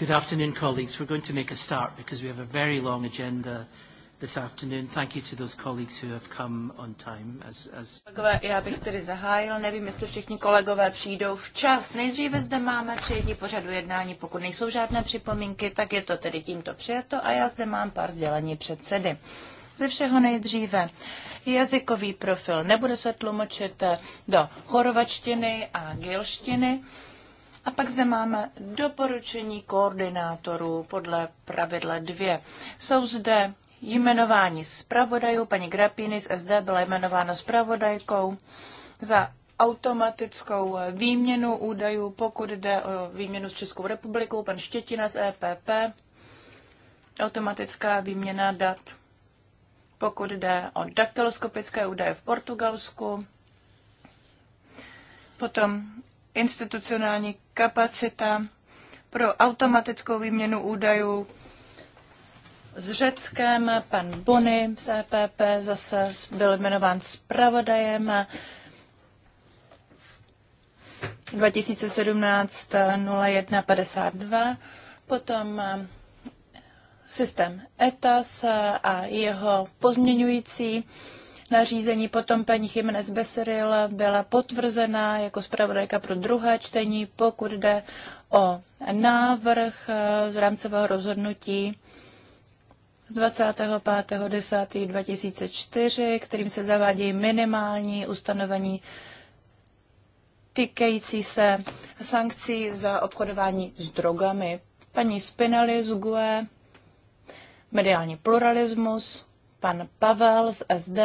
Good afternoon, colleagues. We're going to make a start because we have a very long agenda this afternoon. Thank you to those colleagues who have come on time. As, as... Kolegové, já bych tedy zahájil. Nevím, jestli všichni kolegové přijdou včas. Nejdříve zde máme přijetí pořadu jednání. Pokud nejsou žádné připomínky, tak je to tedy tímto přijeto a já zde mám pár sdělení předsedy. Ze všeho nejdříve jazykový profil nebude se tlumočit do chorvačtiny a gilštiny. A pak zde máme doporučení koordinátorů podle pravidla 2. Jsou zde jmenování zpravodajů. Paní Grapini z SD byla jmenována zpravodajkou za automatickou výměnu údajů, pokud jde o výměnu s Českou republikou. Pan Štětina z EPP, automatická výměna dat, pokud jde o daktyloskopické údaje v Portugalsku. Potom institucionální kapacita pro automatickou výměnu údajů s Řeckem. Pan Bony z EPP zase byl jmenován zpravodajem 2017 52 Potom eh, systém ETAS a jeho pozměňující nařízení. Potom paní Jiménez Besiril byla potvrzena jako zpravodajka pro druhé čtení, pokud jde o návrh eh, rámcového rozhodnutí z 25.10.2004, kterým se zavádějí minimální ustanovení týkající se sankcí za obchodování s drogami. Paní Spinelli z GUE, mediální pluralismus, pan Pavel z SD.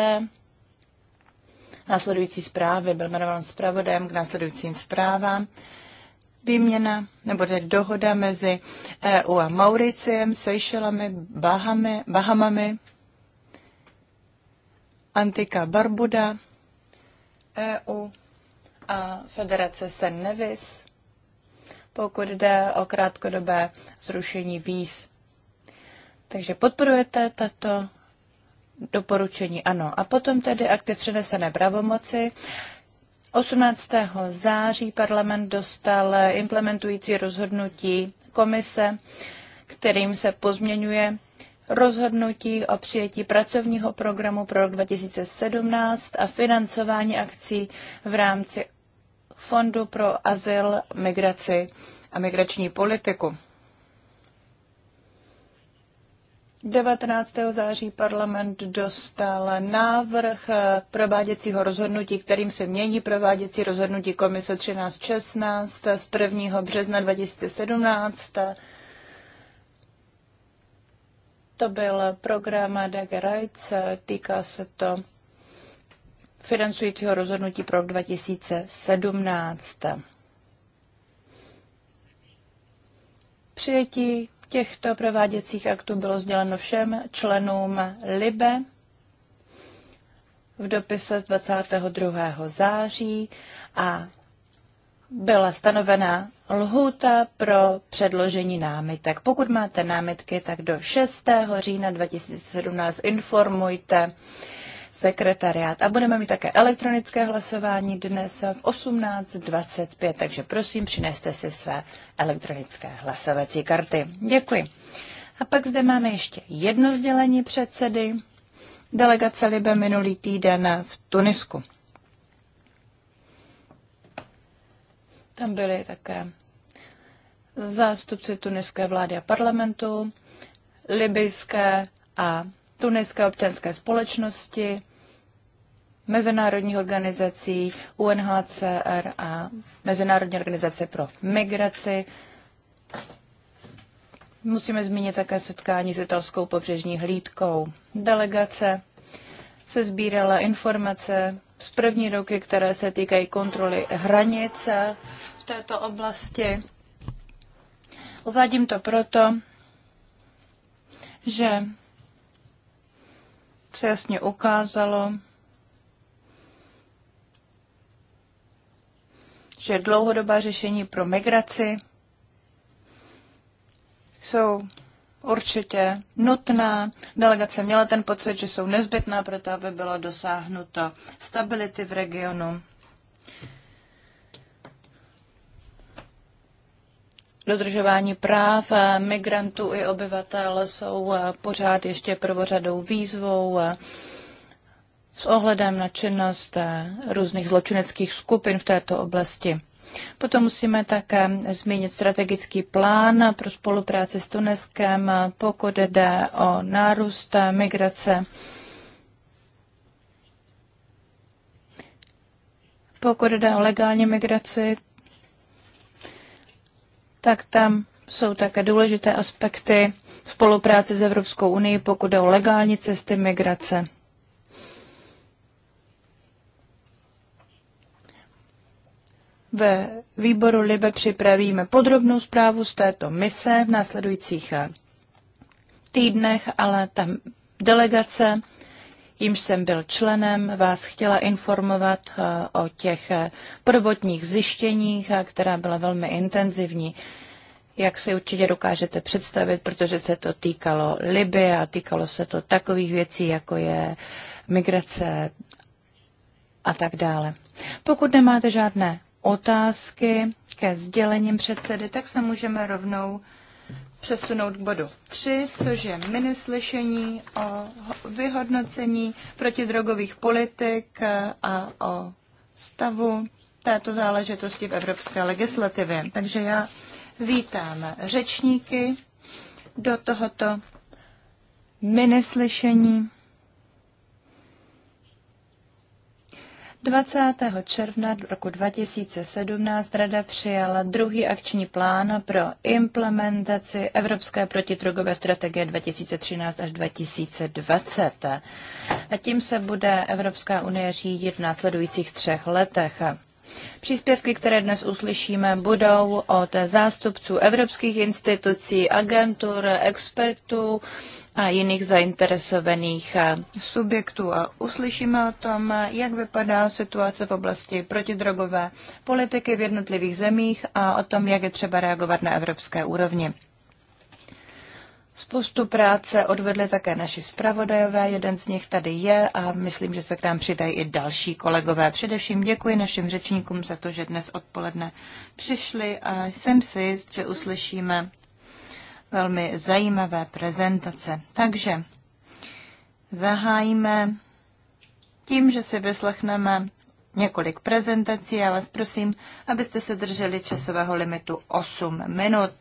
Následující zprávy byl jmenován zpravodem k následujícím zprávám. Výměna nebo tedy dohoda mezi EU a Mauriciem, Seychellami, Bahami, Bahamami, Antika Barbuda, EU a Federace Sen Nevis, pokud jde o krátkodobé zrušení víz. Takže podporujete tato doporučení ano. A potom tedy akty přenesené pravomoci. 18. září parlament dostal implementující rozhodnutí komise, kterým se pozměňuje rozhodnutí o přijetí pracovního programu pro rok 2017 a financování akcí v rámci Fondu pro azyl, migraci a migrační politiku. 19. září parlament dostal návrh prováděcího rozhodnutí, kterým se mění prováděcí rozhodnutí komise 1316 z 1. března 2017. To byl program DG Rights, týká se to financujícího rozhodnutí pro 2017. Přijetí těchto prováděcích aktů bylo sděleno všem členům LIBE v dopise z 22. září a byla stanovena lhůta pro předložení námitek. Pokud máte námitky, tak do 6. října 2017 informujte sekretariát. A budeme mít také elektronické hlasování dnes v 18.25, takže prosím, přineste si své elektronické hlasovací karty. Děkuji. A pak zde máme ještě jedno sdělení předsedy. Delegace Libe minulý týden v Tunisku. Tam byly také zástupci tuniské vlády a parlamentu, libyjské a tuniské občanské společnosti, mezinárodních organizací, UNHCR a Mezinárodní organizace pro migraci. Musíme zmínit také setkání s italskou pobřežní hlídkou. Delegace se sbírala informace z první roky, které se týkají kontroly hranice v této oblasti. Uvádím to proto, že se jasně ukázalo, že dlouhodobá řešení pro migraci jsou určitě nutná. Delegace měla ten pocit, že jsou nezbytná pro to, aby bylo dosáhnuto stability v regionu dodržování práv eh, migrantů i obyvatel jsou eh, pořád ještě prvořadou výzvou eh, s ohledem na činnost různých zločineckých skupin v této oblasti. Potom musíme také zmínit strategický plán pro spolupráci s Tuneskem, pokud jde o nárůst migrace. Pokud jde o legální migraci, tak tam jsou také důležité aspekty spolupráce s Evropskou unii, pokud jde o legální cesty migrace. Ve výboru Libe připravíme podrobnou zprávu z této mise v následujících týdnech, ale ta delegace jimž jsem byl členem, vás chtěla informovat eh, o těch eh, prvotních zjištěních, eh, která byla velmi intenzivní, jak si určitě dokážete představit, protože se to týkalo Libie a týkalo se to takových věcí, jako je migrace a tak dále. Pokud nemáte žádné otázky ke sdělením předsedy, tak se můžeme rovnou přesunout k bodu 3, což je minislyšení o vyhodnocení protidrogových politik a o stavu této záležitosti v evropské legislativě. Takže já vítám řečníky do tohoto minislyšení. 20. června roku 2017 Rada přijala druhý akční plán pro implementaci Evropské protidrogové strategie 2013 až 2020. A tím se bude Evropská unie řídit v následujících třech letech. Příspěvky, které dnes uslyšíme, budou od zástupců evropských institucí, agentur, expertů a jiných zainteresovaných subjektů a uslyšíme o tom, jak vypadá situace v oblasti protidrogové politiky v jednotlivých zemích a o tom, jak je třeba reagovat na evropské úrovni. Spoustu práce odvedli také naši zpravodajové, jeden z nich tady je a myslím, že se k nám přidají i další kolegové. Především děkuji našim řečníkům za to, že dnes odpoledne přišli a jsem si že uslyšíme velmi zajímavé prezentace. Takže zahájíme tím, že si vyslechneme několik prezentací. Já vás prosím, abyste se drželi časového limitu 8 minut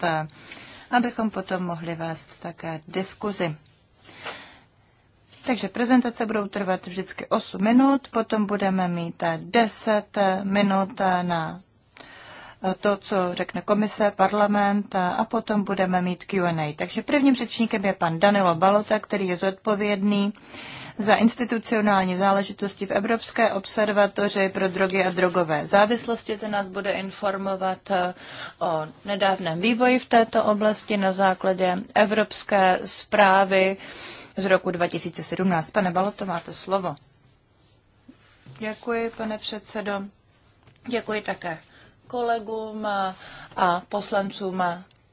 abychom potom mohli vést také diskuzi. Takže prezentace budou trvat vždycky 8 minut, potom budeme mít 10 minut na to, co řekne komise, parlament a potom budeme mít Q&A. Takže prvním řečníkem je pan Danilo Balota, který je zodpovědný za institucionální záležitosti v Evropské observatoři pro drogy a drogové závislosti. Ten nás bude informovat eh, o nedávném vývoji v této oblasti na základě Evropské zprávy z roku 2017. Pane Baloto, máte slovo. Děkuji, pane předsedo. Děkuji také kolegům a poslancům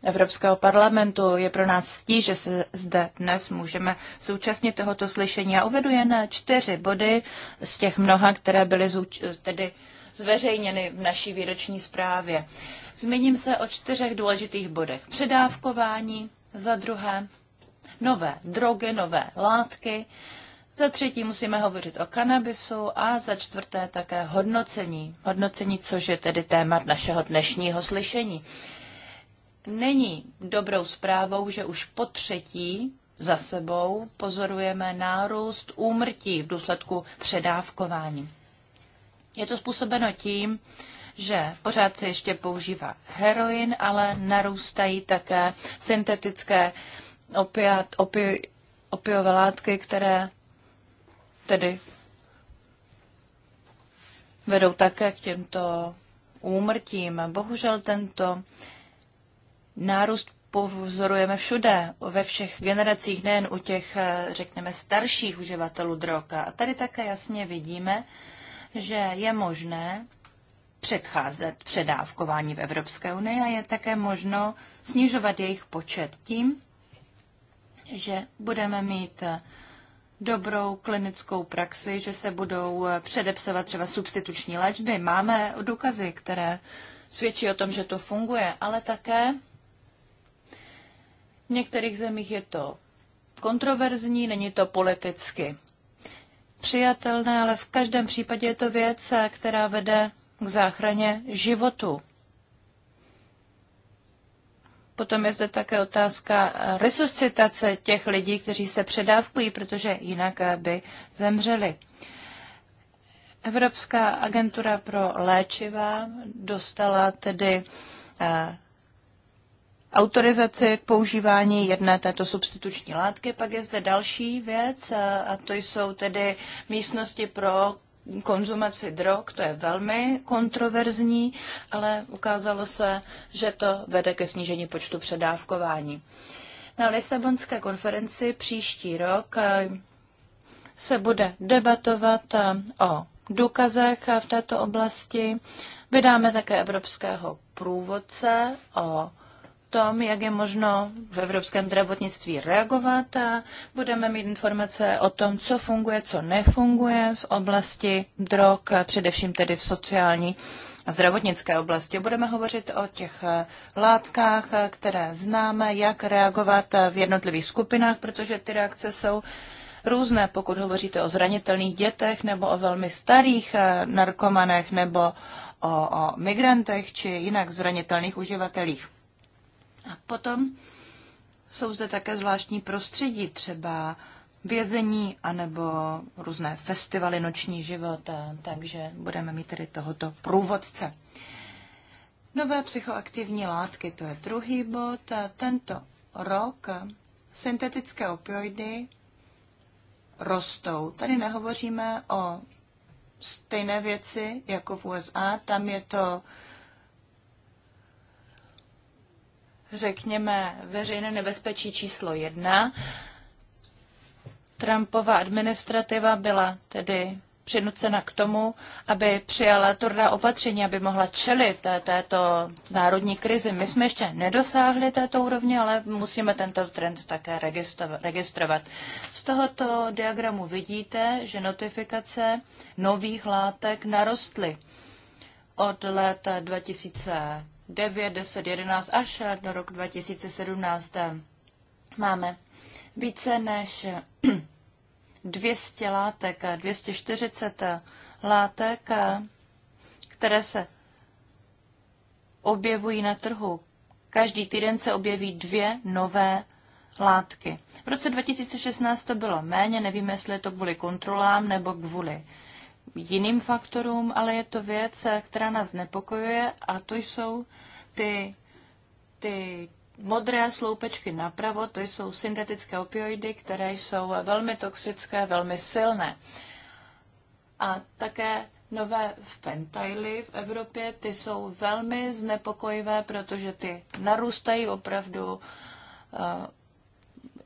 Evropského parlamentu. Je pro nás stí, že se zde dnes můžeme současně tohoto slyšení. Já uvedu jen čtyři body z těch mnoha, které byly zúč- tedy zveřejněny v naší výroční zprávě. Zmíním se o čtyřech důležitých bodech. Předávkování, za druhé nové drogy, nové látky, za třetí musíme hovořit o kanabisu a za čtvrté také hodnocení. Hodnocení, což je tedy téma našeho dnešního slyšení není dobrou zprávou, že už po třetí za sebou pozorujeme nárůst úmrtí v důsledku předávkování. Je to způsobeno tím, že pořád se ještě používá heroin, ale narůstají také syntetické opiat, opi, opiové látky, které tedy vedou také k těmto úmrtím. Bohužel tento nárůst pozorujeme všude, ve všech generacích, nejen u těch, eh, řekněme, starších uživatelů drog. A tady také jasně vidíme, že je možné předcházet předávkování v Evropské unii a je také možno snižovat jejich počet tím, že budeme mít eh, dobrou klinickou praxi, že se budou eh, předepsovat třeba substituční léčby. Máme důkazy, které svědčí o tom, že to funguje, ale také v některých zemích je to kontroverzní, není to politicky přijatelné, ale v každém případě je to věc, která vede k záchraně životu. Potom je zde také otázka resuscitace těch lidí, kteří se předávkují, protože jinak by zemřeli. Evropská agentura pro léčiva dostala tedy eh, autorizaci k používání jedné této substituční látky. Pak je zde další věc a to jsou tedy místnosti pro konzumaci drog, to je velmi kontroverzní, ale ukázalo se, že to vede ke snížení počtu předávkování. Na Lisabonské konferenci příští rok se bude debatovat o důkazech v této oblasti. Vydáme také evropského průvodce o tom, jak je možno v evropském zdravotnictví reagovat a budeme mít informace o tom, co funguje, co nefunguje v oblasti drog, především tedy v sociální a zdravotnické oblasti. Budeme hovořit o těch látkách, které známe, jak reagovat v jednotlivých skupinách, protože ty reakce jsou různé, pokud hovoříte o zranitelných dětech nebo o velmi starých eh, narkomanech nebo o, o migrantech či jinak zranitelných uživatelích. A potom jsou zde také zvláštní prostředí, třeba vězení anebo různé festivaly, noční život, takže budeme mít tedy tohoto průvodce. Nové psychoaktivní látky, to je druhý bod. Tento rok syntetické opioidy rostou. Tady nehovoříme o stejné věci jako v USA, tam je to řekněme, veřejné nebezpečí číslo jedna. Trumpova administrativa byla tedy přinucena k tomu, aby přijala tvrdá opatření, aby mohla čelit této národní krizi. My jsme ještě nedosáhli této úrovně, ale musíme tento trend také registrovat. Z tohoto diagramu vidíte, že notifikace nových látek narostly od let 2000 9, 10, 11 až do roku 2017 máme více než 200 látek, 240 látek, které se objevují na trhu. Každý týden se objeví dvě nové látky. V roce 2016 to bylo méně, nevíme, jestli je to kvůli kontrolám nebo kvůli jiným faktorům, ale je to věc, která nás nepokojuje a to jsou ty, ty modré sloupečky napravo, to jsou syntetické opioidy, které jsou velmi toxické, velmi silné. A také nové fentanyly v Evropě, ty jsou velmi znepokojivé, protože ty narůstají opravdu eh,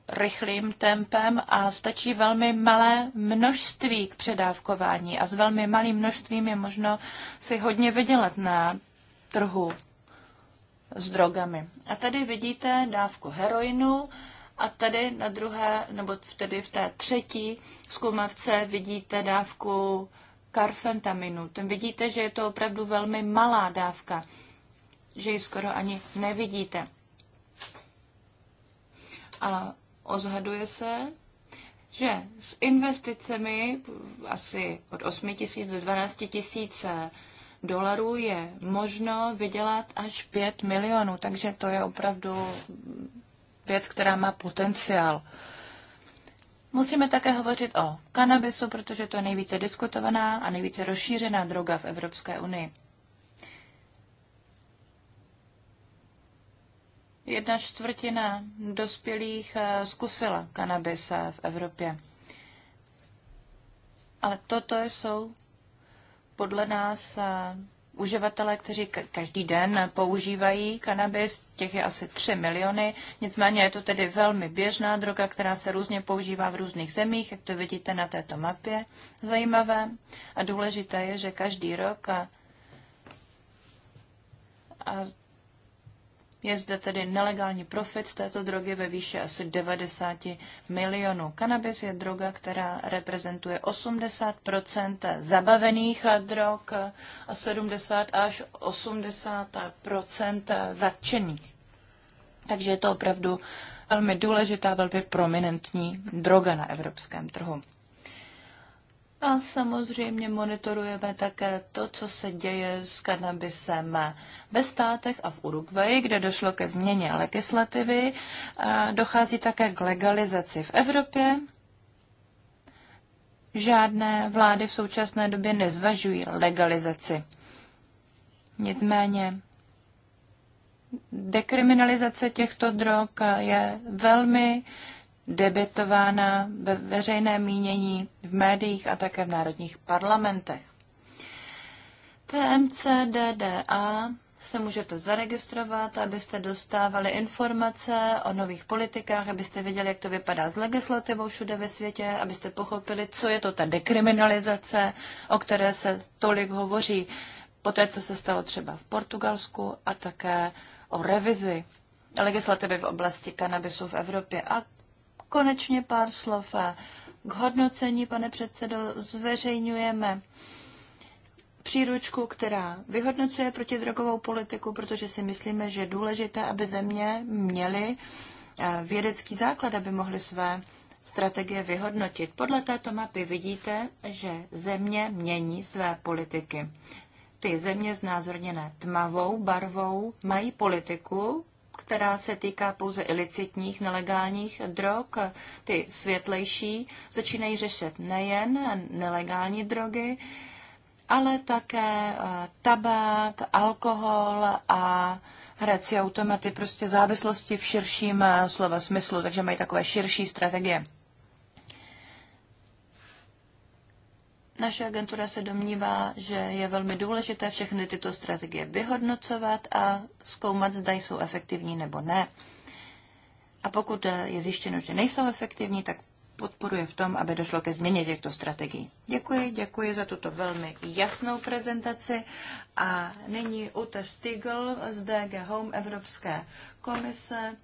rychlým tempem a stačí velmi malé množství k předávkování a s velmi malým množstvím je možno si hodně vydělat na trhu s drogami. A tady vidíte dávku heroinu a tady na druhé, nebo tedy v té třetí zkoumavce vidíte dávku karfentaminu. Ten vidíte, že je to opravdu velmi malá dávka, že ji skoro ani nevidíte. A Ozhaduje se, že s investicemi asi od 8 tisíc do 12 tisíc dolarů je možno vydělat až 5 milionů, takže to je opravdu věc, která má potenciál. Musíme také hovořit o kanabisu, protože to je nejvíce diskutovaná a nejvíce rozšířená droga v Evropské unii. jedna čtvrtina dospělých eh, zkusila kanabis eh, v Evropě. Ale toto jsou podle nás eh, uživatelé, kteří každý den používají kanabis, těch je asi 3 miliony, nicméně je to tedy velmi běžná droga, která se různě používá v různých zemích, jak to vidíte na této mapě. Zajímavé a důležité je, že každý rok a, a je zde tedy nelegální profit této drogy ve výši asi 90 milionů. Kanabis je droga, která reprezentuje 80 zabavených drog a 70 až 80 zatčených. Takže je to opravdu velmi důležitá, velmi prominentní droga na evropském trhu. A samozřejmě monitorujeme také to, co se děje s kanabisem ve státech a v Uruguayi, kde došlo ke změně legislativy. Dochází také k legalizaci v Evropě. Žádné vlády v současné době nezvažují legalizaci. Nicméně dekriminalizace těchto drog je velmi uh, debetována ve veřejném mínění, v médiích a také v národních parlamentech. PMCDDA se můžete zaregistrovat, abyste dostávali informace o nových politikách, abyste věděli, jak to vypadá s legislativou všude ve světě, abyste pochopili, co je to ta dekriminalizace, o které se tolik hovoří po té, co se stalo třeba v Portugalsku a také o revizi legislativy v oblasti kanabisu v Evropě. A konečně pár slov k hodnocení, pane předsedo, zveřejňujeme příručku, která vyhodnocuje protidrogovou politiku, protože si myslíme, že je důležité, aby země měly eh, vědecký základ, aby mohly své strategie vyhodnotit. Podle této mapy vidíte, že země mění své politiky. Ty země znázorněné tmavou barvou mají politiku, která se týká pouze ilicitních, nelegálních drog. Ty světlejší začínají řešit nejen nelegální drogy, ale také eh, tabák, alkohol a hrací automaty, prostě závislosti v širším eh, slova smyslu, takže mají takové širší strategie. Naše agentura se domnívá, že je velmi důležité všechny tyto strategie vyhodnocovat a zkoumat, zda jsou efektivní nebo ne. A pokud je zjištěno, že nejsou efektivní, tak podporuje v tom, aby došlo ke změně těchto strategií. Děkuji, děkuji za tuto velmi jasnou prezentaci. A nyní Ute Stigl z DG Home Evropské komise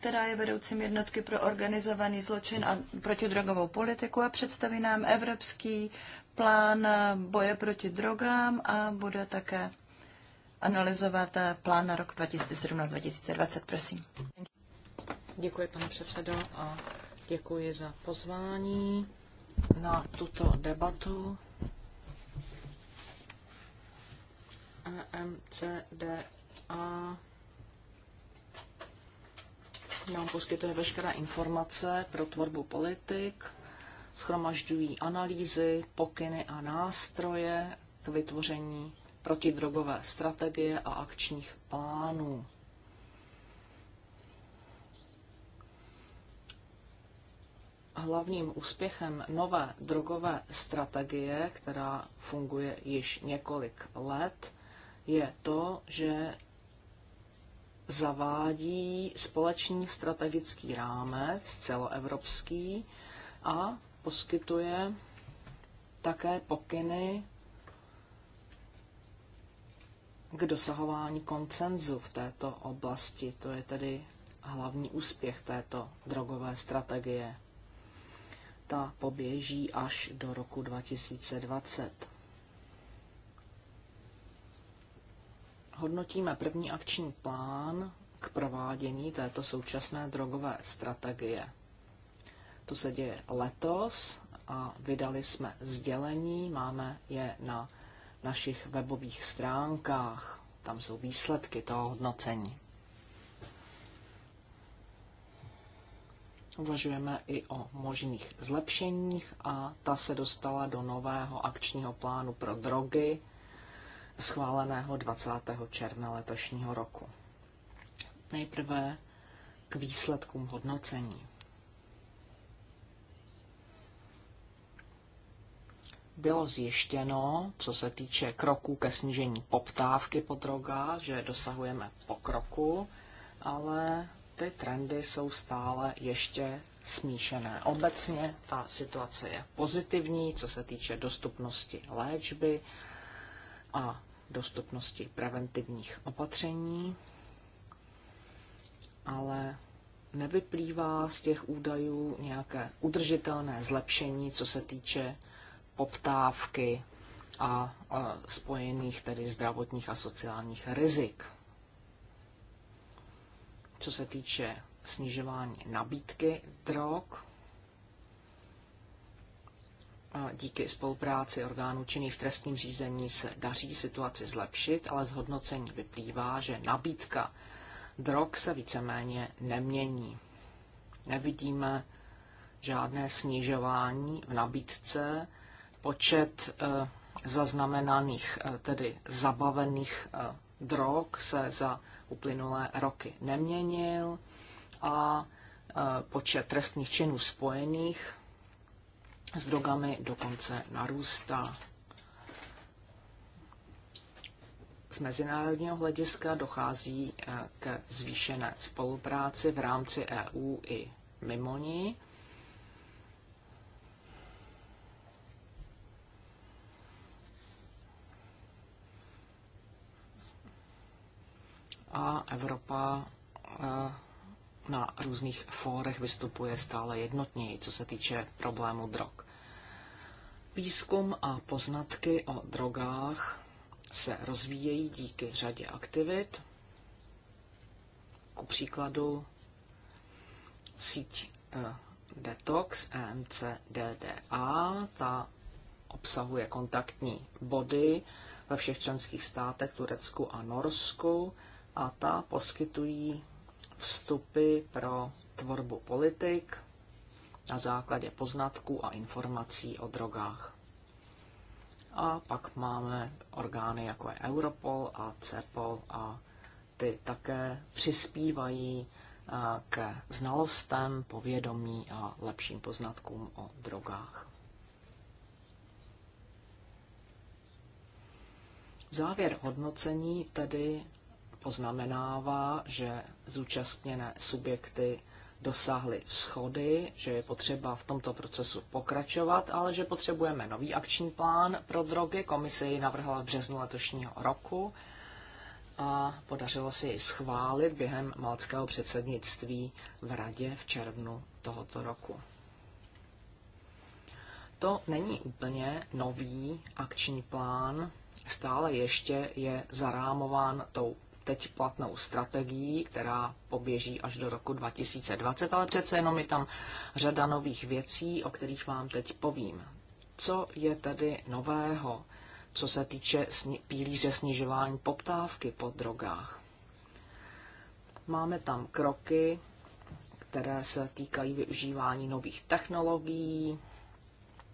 která je vedoucím jednotky pro organizovaný zločin a protidrogovou politiku a představí nám evropský plán boje proti drogám a bude také analyzovat plán na rok 2017-2020. Prosím. Děkuji, pane předsedo, a děkuji za pozvání na tuto debatu. EMCDA nám poskytuje veškeré informace pro tvorbu politik, schromažďují analýzy, pokyny a nástroje k vytvoření protidrogové strategie a akčních plánů. Hlavním úspěchem nové drogové strategie, která funguje již několik let, je to, že zavádí společný strategický rámec celoevropský a poskytuje také pokyny k dosahování koncenzu v této oblasti. To je tedy hlavní úspěch této drogové strategie. Ta poběží až do roku 2020. hodnotíme první akční plán k provádění této současné drogové strategie. To se děje letos a vydali jsme sdělení, máme je na našich webových stránkách. Tam jsou výsledky toho hodnocení. Uvažujeme i o možných zlepšeních a ta se dostala do nového akčního plánu pro drogy, schváleného 20. června letošního roku. Nejprve k výsledkům hodnocení. Bylo zjištěno, co se týče kroků ke snížení poptávky po drogách, že dosahujeme pokroku, ale ty trendy jsou stále ještě smíšené. Obecně ta situace je pozitivní, co se týče dostupnosti léčby a dostupnosti preventivních opatření, ale nevyplývá z těch údajů nějaké udržitelné zlepšení, co se týče poptávky a, spojených tedy zdravotních a sociálních rizik. Co se týče snižování nabídky drog, díky spolupráci orgánů činných v trestním řízení se daří situaci zlepšit, ale z hodnocení vyplývá, že nabídka drog se víceméně nemění. Nevidíme žádné snižování v nabídce. Počet eh, zaznamenaných, eh, tedy zabavených eh, drog se za uplynulé roky neměnil a počet trestných činů spojených s drogami dokonce narůstá. Z mezinárodního hlediska dochází eh, ke zvýšené spolupráci v rámci EU i mimo ní. A Evropa eh, na různých fórech vystupuje stále jednotněji, co se týče problému drog. Výzkum a poznatky o drogách se rozvíjejí díky řadě aktivit. Ku příkladu síť eh, Detox e MCDDA, ta obsahuje kontaktní body ve všech členských státech, Turecku a Norsku a ta poskytují vstupy pro tvorbu politik na základě poznatků a informací o drogách. A pak máme orgány jako je Europol a CEPOL a ty také přispívají eh, ke znalostem, povědomí a lepším poznatkům o drogách. Závěr hodnocení tedy poznamenává, že zúčastněné subjekty dosáhly schody, že je potřeba v tomto procesu pokračovat, ale že potřebujeme nový akční plán pro drogy. Komise ji navrhla v březnu letošního roku a podařilo se ji schválit během malckého předsednictví v Radě v červnu tohoto roku. To není úplně nový akční plán, stále ještě je zarámován tou teď platnou strategií, která poběží až do roku 2020, ale přece jenom je tam řada nových věcí, o kterých vám teď povím. Co je tedy nového, co se týče sni- snižování poptávky po drogách? Máme tam kroky, které se týkají využívání nových technologií,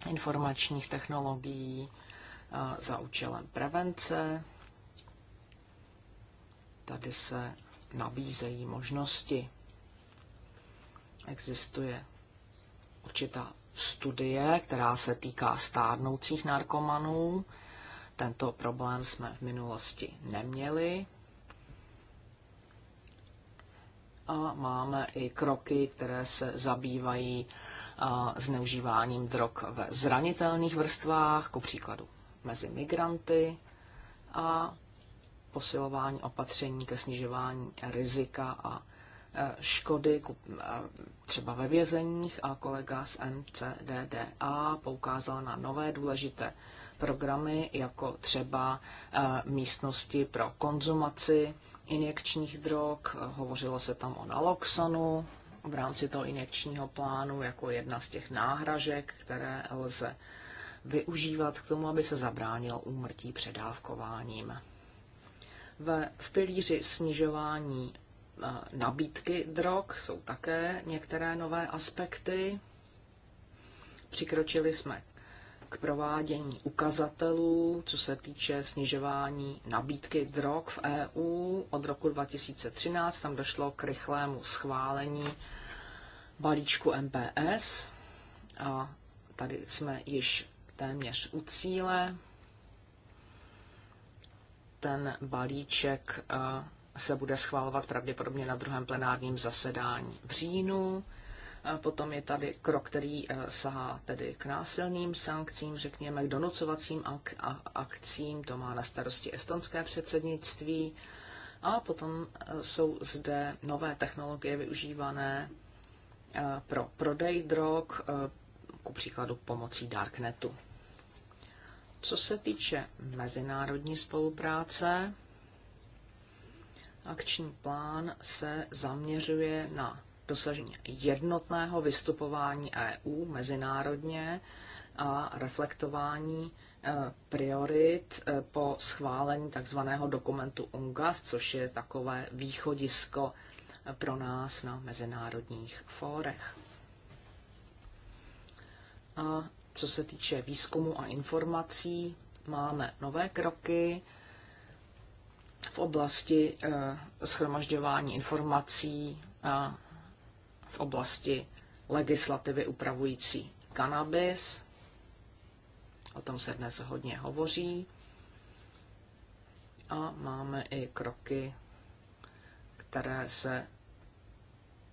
informačních technologií eh, za účelem prevence, Tady se nabízejí možnosti. Existuje určitá studie, která se týká stárnoucích narkomanů. Tento problém jsme v minulosti neměli. A máme i kroky, které se zabývají zneužíváním drog ve zranitelných vrstvách, ku příkladu mezi migranty. A posilování opatření ke snižování rizika a e, škody e, třeba ve vězeních a kolega z MCDDA poukázal na nové důležité programy, jako třeba e, místnosti pro konzumaci injekčních drog. Hovořilo se tam o naloxonu v rámci toho injekčního plánu jako jedna z těch náhražek, které lze využívat k tomu, aby se zabránil úmrtí předávkováním. Ve, v pilíři snižování e, nabídky drog jsou také některé nové aspekty. Přikročili jsme k provádění ukazatelů, co se týče snižování nabídky drog v EU. Od roku 2013 tam došlo k rychlému schválení balíčku MPS a tady jsme již téměř u cíle ten balíček eh, se bude schvalovat pravděpodobně na druhém plenárním zasedání v říjnu. Eh, potom je tady krok, který eh, sahá tedy k násilným sankcím, řekněme k donucovacím ak- a- akcím, to má na starosti estonské předsednictví. A potom jsou zde nové technologie využívané pro prodej drog, ku příkladu pomocí Darknetu. Co se týče mezinárodní spolupráce, akční plán se zaměřuje na dosažení jednotného vystupování EU mezinárodně a reflektování eh, priorit eh, po schválení takzvaného dokumentu UNGAS, což je takové východisko eh, pro nás na mezinárodních fórech. A co se týče výzkumu a informací, máme nové kroky v oblasti eh, schromažďování informací v oblasti legislativy upravující kanabis. O tom se dnes hodně hovoří. A máme i kroky, které se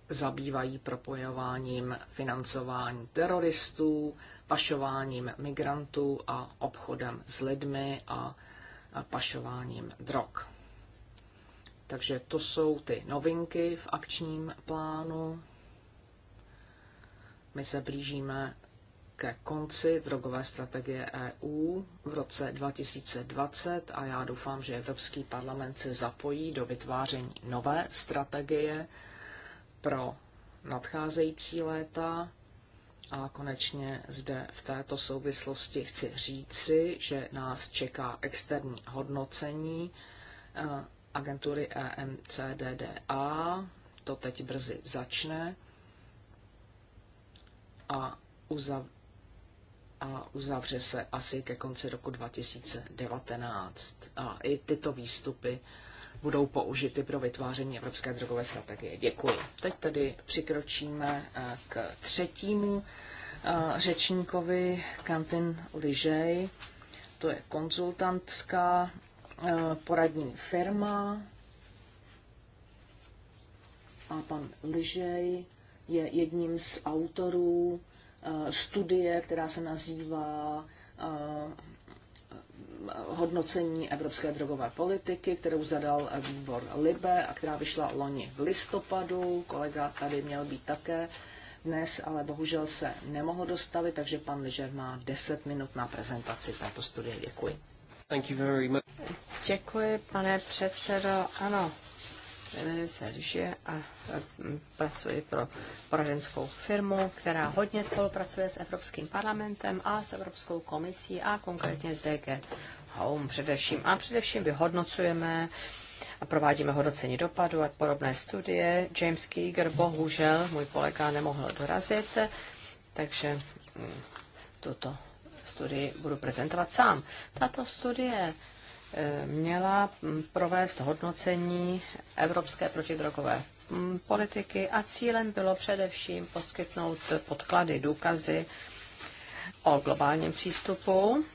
zabývají propojováním financování teroristů, pašováním migrantů a obchodem s lidmi a pašováním drog. Takže to jsou ty novinky v akčním plánu. My se blížíme ke konci drogové strategie EU v roce 2020 a já doufám, že Evropský parlament se zapojí do vytváření nové strategie pro nadcházející léta. A konečně zde v této souvislosti chci říci, že nás čeká externí hodnocení eh, agentury EMCDDA. To teď brzy začne. A, uzav- a uzavře se asi ke konci roku 2019. A i tyto výstupy budou použity pro vytváření evropské drogové strategie. Děkuji. Teď tedy přikročíme eh, k třetímu eh, řečníkovi, Kantin Ližej. To je konzultantská eh, poradní firma. A pan Ližej je jedním z autorů studie, která se nazývá hodnocení evropské drogové politiky, kterou zadal výbor Libe a která vyšla loni v listopadu. Kolega tady měl být také dnes, ale bohužel se nemohl dostavit, takže pan Ližer má 10 minut na prezentaci této studie. Děkuji. Thank you very much. Děkuji, pane předsedo. Ano, jmenuji se Ližer a pracuji pro poradenskou firmu, která hodně spolupracuje s Evropským parlamentem a s Evropskou komisí a konkrétně s DG Home především. A především vyhodnocujeme a provádíme hodnocení dopadu a podobné studie. James Keeger, bohužel, můj kolega nemohl dorazit, takže mm, tuto studii budu prezentovat sám. Tato studie e, měla mm, provést hodnocení evropské protidrogové mm, politiky a cílem bylo především poskytnout podklady, důkazy o globálním přístupu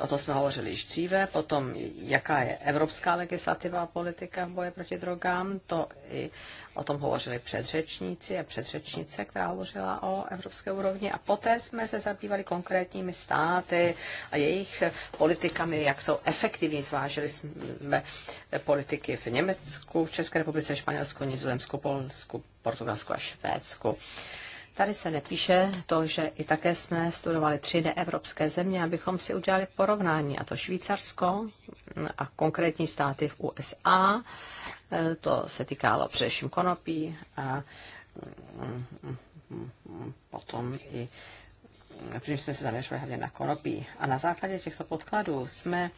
o to jsme hovořili již dříve, potom jaká je evropská legislativa a politika v boje proti drogám, to i o tom hovořili předřečníci a předřečnice, která hovořila o evropské úrovni a poté jsme se zabývali konkrétními státy a jejich politikami, jak jsou efektivní, zvážili jsme politiky v Německu, v České republice, Španělsku, Nizozemsku, Polsku, Portugalsku a Švédsku. Tady se nepíše to, že i také jsme studovali tři neevropské země, abychom si udělali porovnání, a to Švýcarsko a konkrétní státy v USA. E, to se týkalo především konopí a mm, mm, mm, potom i protože jsme se zaměřili hlavně na konopí. A na základě těchto podkladů jsme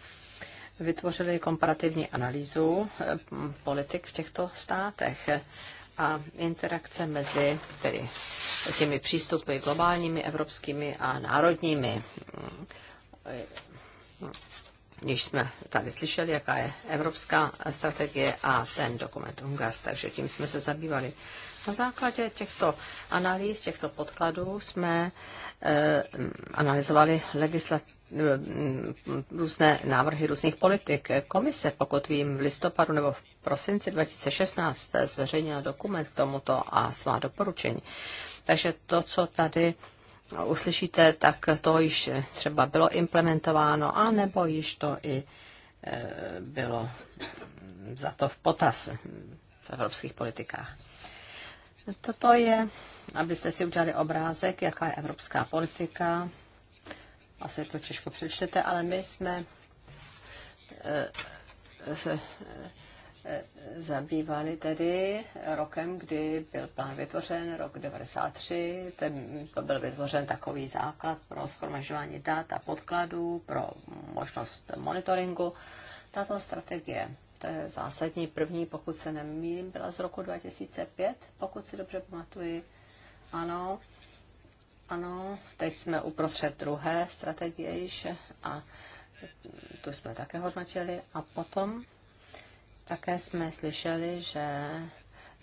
vytvořili komparativní analýzu e, politik v těchto státech a interakce mezi tedy těmi přístupy globálními, evropskými a národními. Když jsme tady slyšeli, jaká je evropská strategie a ten dokument UNGAS, takže tím jsme se zabývali. Na základě těchto analýz, těchto podkladů jsme eh, analyzovali legislativní eh, různé návrhy různých politik. Komise, pokud vím, v listopadu nebo v prosinci 2016 zveřejnila dokument k tomuto a svá doporučení. Takže to, co tady uslyšíte, tak to již třeba bylo implementováno, a nebo již to i e, bylo za to v potaz v evropských politikách. Toto je, abyste si udělali obrázek, jaká je evropská politika. Asi to těžko přečtete, ale my jsme se e, Eh, zabývali tedy rokem, kdy byl plán vytvořen, rok 1993. Ten, to byl vytvořen takový základ pro schromažďování dat a podkladů, pro možnost monitoringu. Tato strategie, to je zásadní první, pokud se nemýlím, byla z roku 2005, pokud si dobře pamatuji. Ano, ano, teď jsme uprostřed druhé strategie již a tu jsme také hodnotili. A potom také jsme slyšeli, že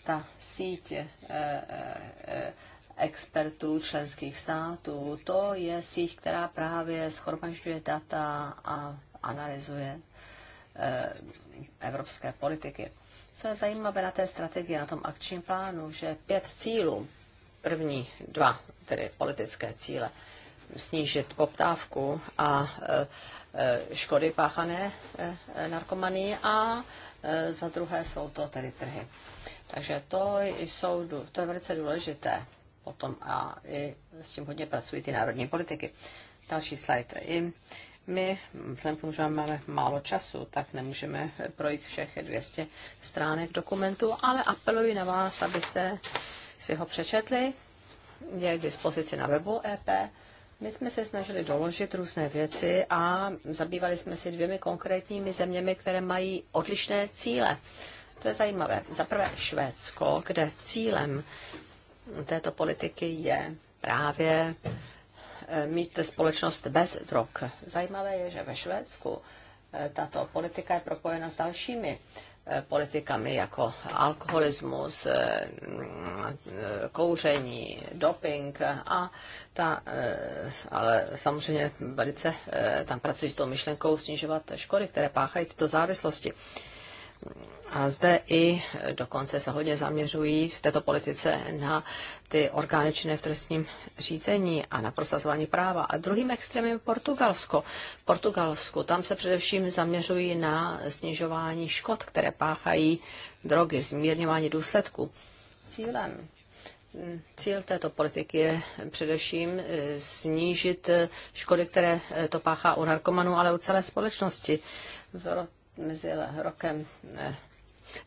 ta síť eh, eh, expertů členských států, to je síť, která právě schromažďuje data a analyzuje eh, evropské politiky. Co je zajímavé na té strategii, na tom akčním plánu, že pět cílů, první dva, tedy politické cíle, snížit poptávku a škody páchané narkomanii a E, za druhé jsou to tedy trhy. Takže to, jsou, to je velice důležité potom a i s tím hodně pracují ty národní politiky. Další slide. I my, vzhledem k tomu, že máme málo času, tak nemůžeme projít všech 200 stránek dokumentu, ale apeluji na vás, abyste si ho přečetli. Je k dispozici na webu EP my jsme se snažili doložit různé věci a zabývali jsme se dvěmi konkrétními zeměmi, které mají odlišné cíle. To je zajímavé. Za prvé Švédsko, kde cílem této politiky je právě eh, mít společnost bez drog. Zajímavé je, že ve Švédsku eh, tato politika je propojena s dalšími Eh, politikami jako alkoholismus, eh, eh, kouření, doping a ta, ale samozřejmě velice tam pracují s tou myšlenkou snižovat škody, které páchají tyto závislosti. A zde i dokonce se hodně zaměřují v této politice na ty orgány činné v trestním řízení a na prosazování práva. A druhým extrémem je Portugalsko. Portugalsku tam se především zaměřují na snižování škod, které páchají drogy, zmírňování důsledků. Cílem Cíl této politiky je především eh, snížit eh, škody, které eh, to páchá u narkomanů, ale u celé společnosti. V mezi rokem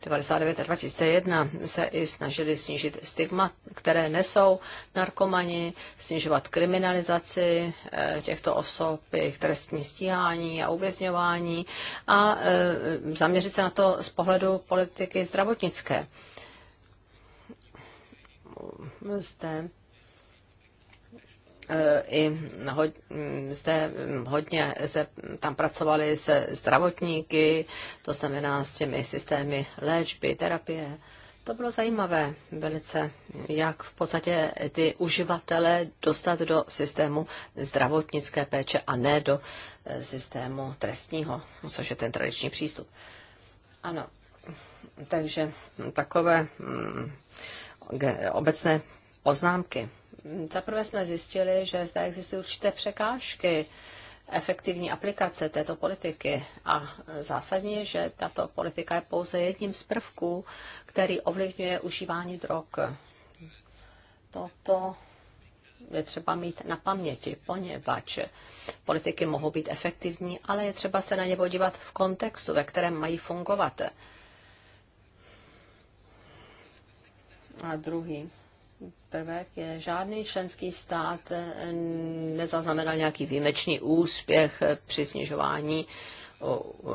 99 eh, a 2001 se i snažili snížit stigma, které nesou narkomani, snižovat kriminalizaci eh, těchto osob, jejich trestní stíhání a uvězňování a eh, zaměřit se na to z pohledu politiky zdravotnické. Zde Eh, i mm, zde mm, hodně se tam pracovali se zdravotníky, to znamená s těmi systémy léčby, terapie. To bylo zajímavé velice, jak v podstatě ty uživatele dostat do systému zdravotnické péče a ne do eh, systému trestního, což je ten tradiční přístup. Ano, takže takové mm, obecné poznámky. Zaprvé jsme zjistili, že zde existují určité překážky efektivní aplikace této politiky a zásadně, že tato politika je pouze jedním z prvků, který ovlivňuje užívání drog. Toto je třeba mít na paměti, poněvadž politiky mohou být efektivní, ale je třeba se na ně podívat v kontextu, ve kterém mají fungovat. A druhý prvek je, žádný členský stát eh, nezaznamenal nějaký výjimečný úspěch eh, při snižování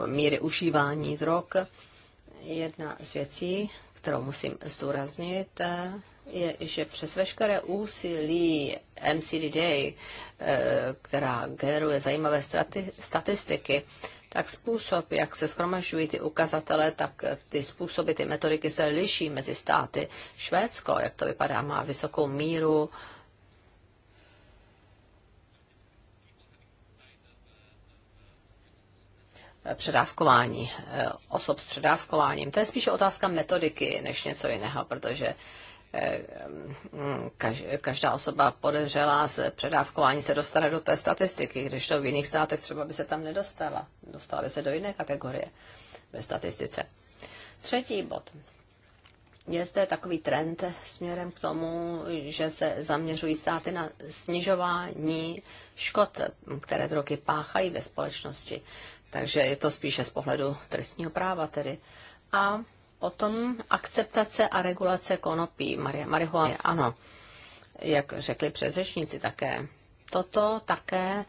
míry užívání drog. Jedna z věcí, kterou musím zdůraznit, eh, je, že přes veškeré úsilí MCDD, která generuje zajímavé statistiky, tak způsob, jak se schromažďují ty ukazatele, tak ty způsoby, ty metodiky se liší mezi státy. Švédsko, jak to vypadá, má vysokou míru předávkování, eh, osob s předávkováním. To je spíše otázka metodiky než něco jiného, protože každá osoba podezřelá z předávkování se dostane do té statistiky, když to v jiných státech třeba by se tam nedostala. Dostala by se do jiné kategorie ve statistice. Třetí bod. Je zde takový trend směrem k tomu, že se zaměřují státy na snižování škod, které drogy páchají ve společnosti. Takže je to spíše z pohledu trestního práva tedy. A Potom akceptace a regulace konopí, marihuany, ano, jak řekli předřečníci také. Toto také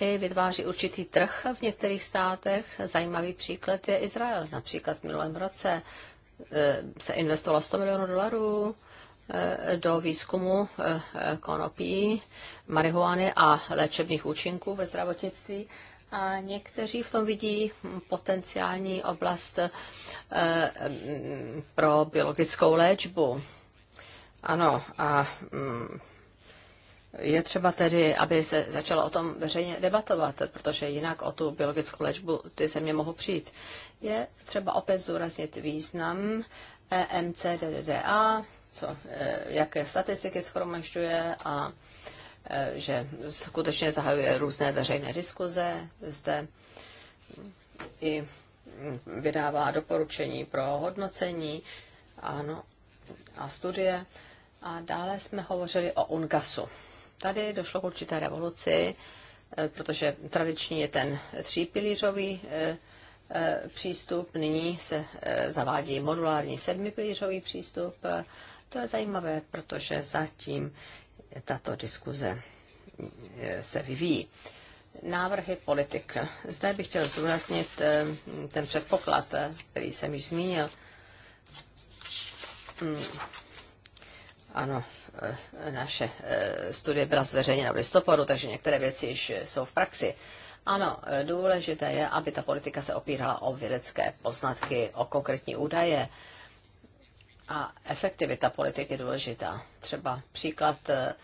i vytváří určitý trh v některých státech. Zajímavý příklad je Izrael. Například v minulém roce eh, se investovalo 100 milionů dolarů eh, do výzkumu eh, konopí, marihuany a léčebných účinků ve zdravotnictví a někteří v tom vidí potenciální oblast eh, mm, pro biologickou léčbu. Ano, a mm, je třeba tedy, aby se začalo o tom veřejně debatovat, protože jinak o tu biologickou léčbu ty země mohou přijít. Je třeba opět zúraznit význam EMCDDA, co, eh, jaké statistiky schromažďuje a Eh, že skutečně zahajuje různé veřejné diskuze zde i vydává doporučení pro hodnocení ano, a studie. A dále jsme hovořili o UNGASu. Tady došlo k určité revoluci, eh, protože tradiční je ten třípilířový eh, přístup, nyní se zavádí modulární sedmipilířový přístup. To je zajímavé, protože zatím tato diskuze eh, se vyvíjí. Návrhy politik. Zde bych chtěl zúraznit eh, ten předpoklad, eh, který jsem již zmínil. Hmm. Ano, naše studie byla zveřejněna v listopadu, takže některé věci již jsou v praxi. Ano, důležité je, aby ta politika se opírala o vědecké poznatky, o konkrétní údaje, a efektivita politiky je důležitá. Třeba příklad eh,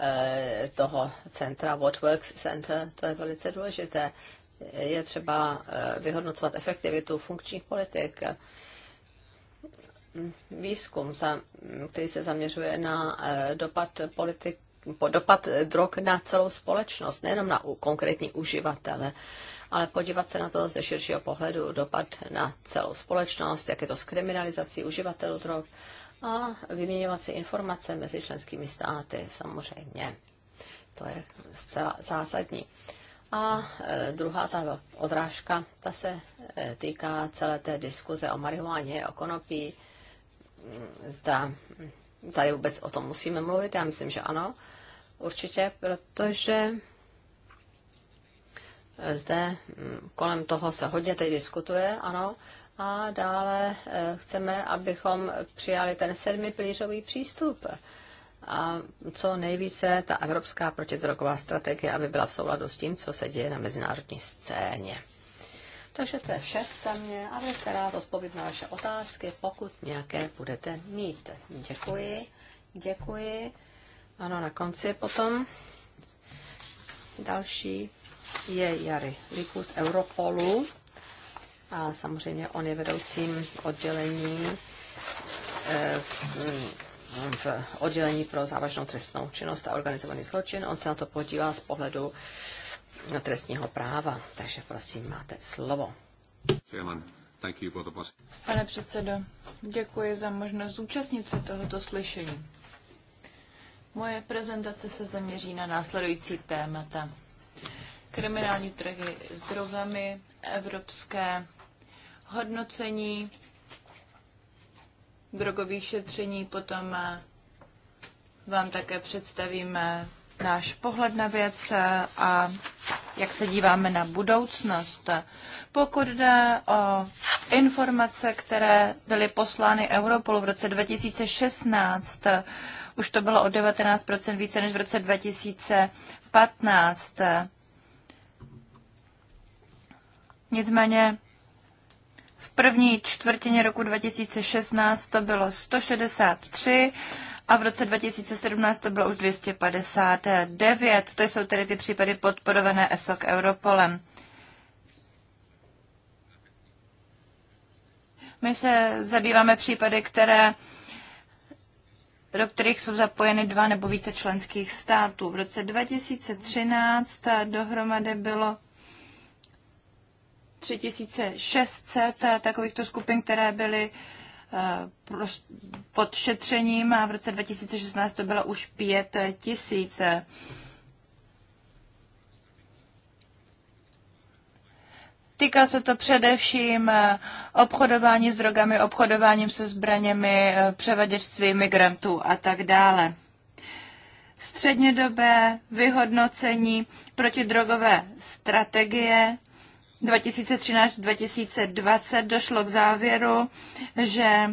eh, toho centra, What Works Center, to je velice důležité. Je třeba eh, vyhodnocovat efektivitu funkčních politik. Výzkum, který se zaměřuje na dopad politik, dopad drog na celou společnost, nejenom na konkrétní uživatele, ale podívat se na to ze širšího pohledu, dopad na celou společnost, jak je to s kriminalizací uživatelů drog a vyměňovat si informace mezi členskými státy samozřejmě. To je zcela zásadní. A e, druhá ta odrážka, ta se e, týká celé té diskuze o marihuáně, o konopí. Mm, zda tady vůbec o tom musíme mluvit, já myslím, že ano, určitě, protože zde mm, kolem toho se hodně teď diskutuje, ano, a dále eh, chceme, abychom přijali ten sedmipilířový přístup a co nejvíce ta evropská protidrogová strategie, aby byla v souladu s tím, co se děje na mezinárodní scéně. Takže to je vše za mě a bych rád odpovědět na vaše otázky, pokud nějaké budete mít. Děkuji, děkuji. Ano, na konci potom. Další je Jary Likus z Europolu a samozřejmě on je vedoucím oddělení eh, v oddělení pro závažnou trestnou činnost a organizovaný zločin. On se na to podívá z pohledu trestního práva. Takže prosím, máte slovo. Pane předsedo, děkuji za možnost zúčastnit se tohoto slyšení. Moje prezentace se zaměří na následující témata. Kriminální trhy s drogami, evropské hodnocení, drogových šetření, potom eh, vám také představíme eh, náš pohled na věc eh, a jak se díváme na budoucnost. Pokud jde o informace, které byly poslány Europolu v roce 2016, už to bylo o 19% více než v roce 2015. Nicméně v první čtvrtině roku 2016 to bylo 163 a v roce 2017 to bylo už 259. To jsou tedy ty případy podporované ESOK Europolem. My se zabýváme případy, které do kterých jsou zapojeny dva nebo více členských států. V roce 2013 dohromady bylo 3600 takovýchto skupin, které byly eh, pod šetřením a v roce 2016 to bylo už 5000. Týká se to především eh, obchodování s drogami, obchodováním se zbraněmi, eh, převaděčství migrantů a tak dále. Střednědobé vyhodnocení protidrogové strategie 2013-2020 došlo k závěru, že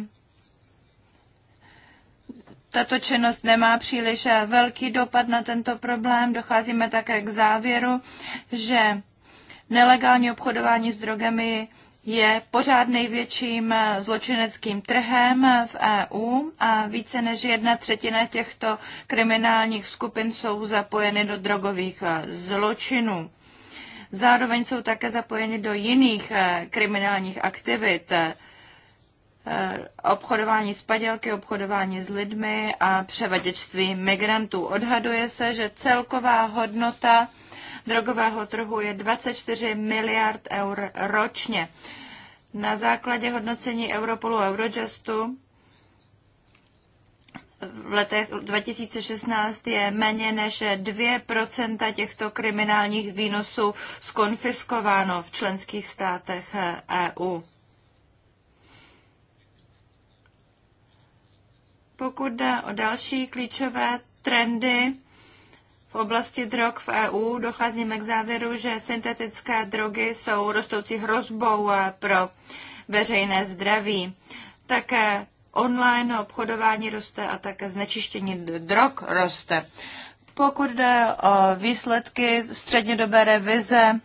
tato činnost nemá příliš eh, velký dopad na tento problém. Docházíme také k závěru, že nelegální obchodování s drogami je pořád největším eh, zločineckým trhem v EU a více než jedna třetina těchto kriminálních skupin jsou zapojeny do drogových eh, zločinů. Zároveň jsou také zapojeny do jiných eh, kriminálních aktivit, obchodování s padělky, obchodování s lidmi a převaděčství migrantů. Odhaduje se, že celková hodnota drogového trhu je 24 miliard eur ročně. Na základě hodnocení Europolu a Eurojustu v letech 2016 je méně než 2% těchto kriminálních výnosů skonfiskováno v členských státech EU. Pokud jde o další klíčové trendy, v oblasti drog v EU docházíme k závěru, že syntetické drogy jsou rostoucí hrozbou pro veřejné zdraví. Také online obchodování roste a také znečištění drog roste. Pokud jde o výsledky střednědobé revize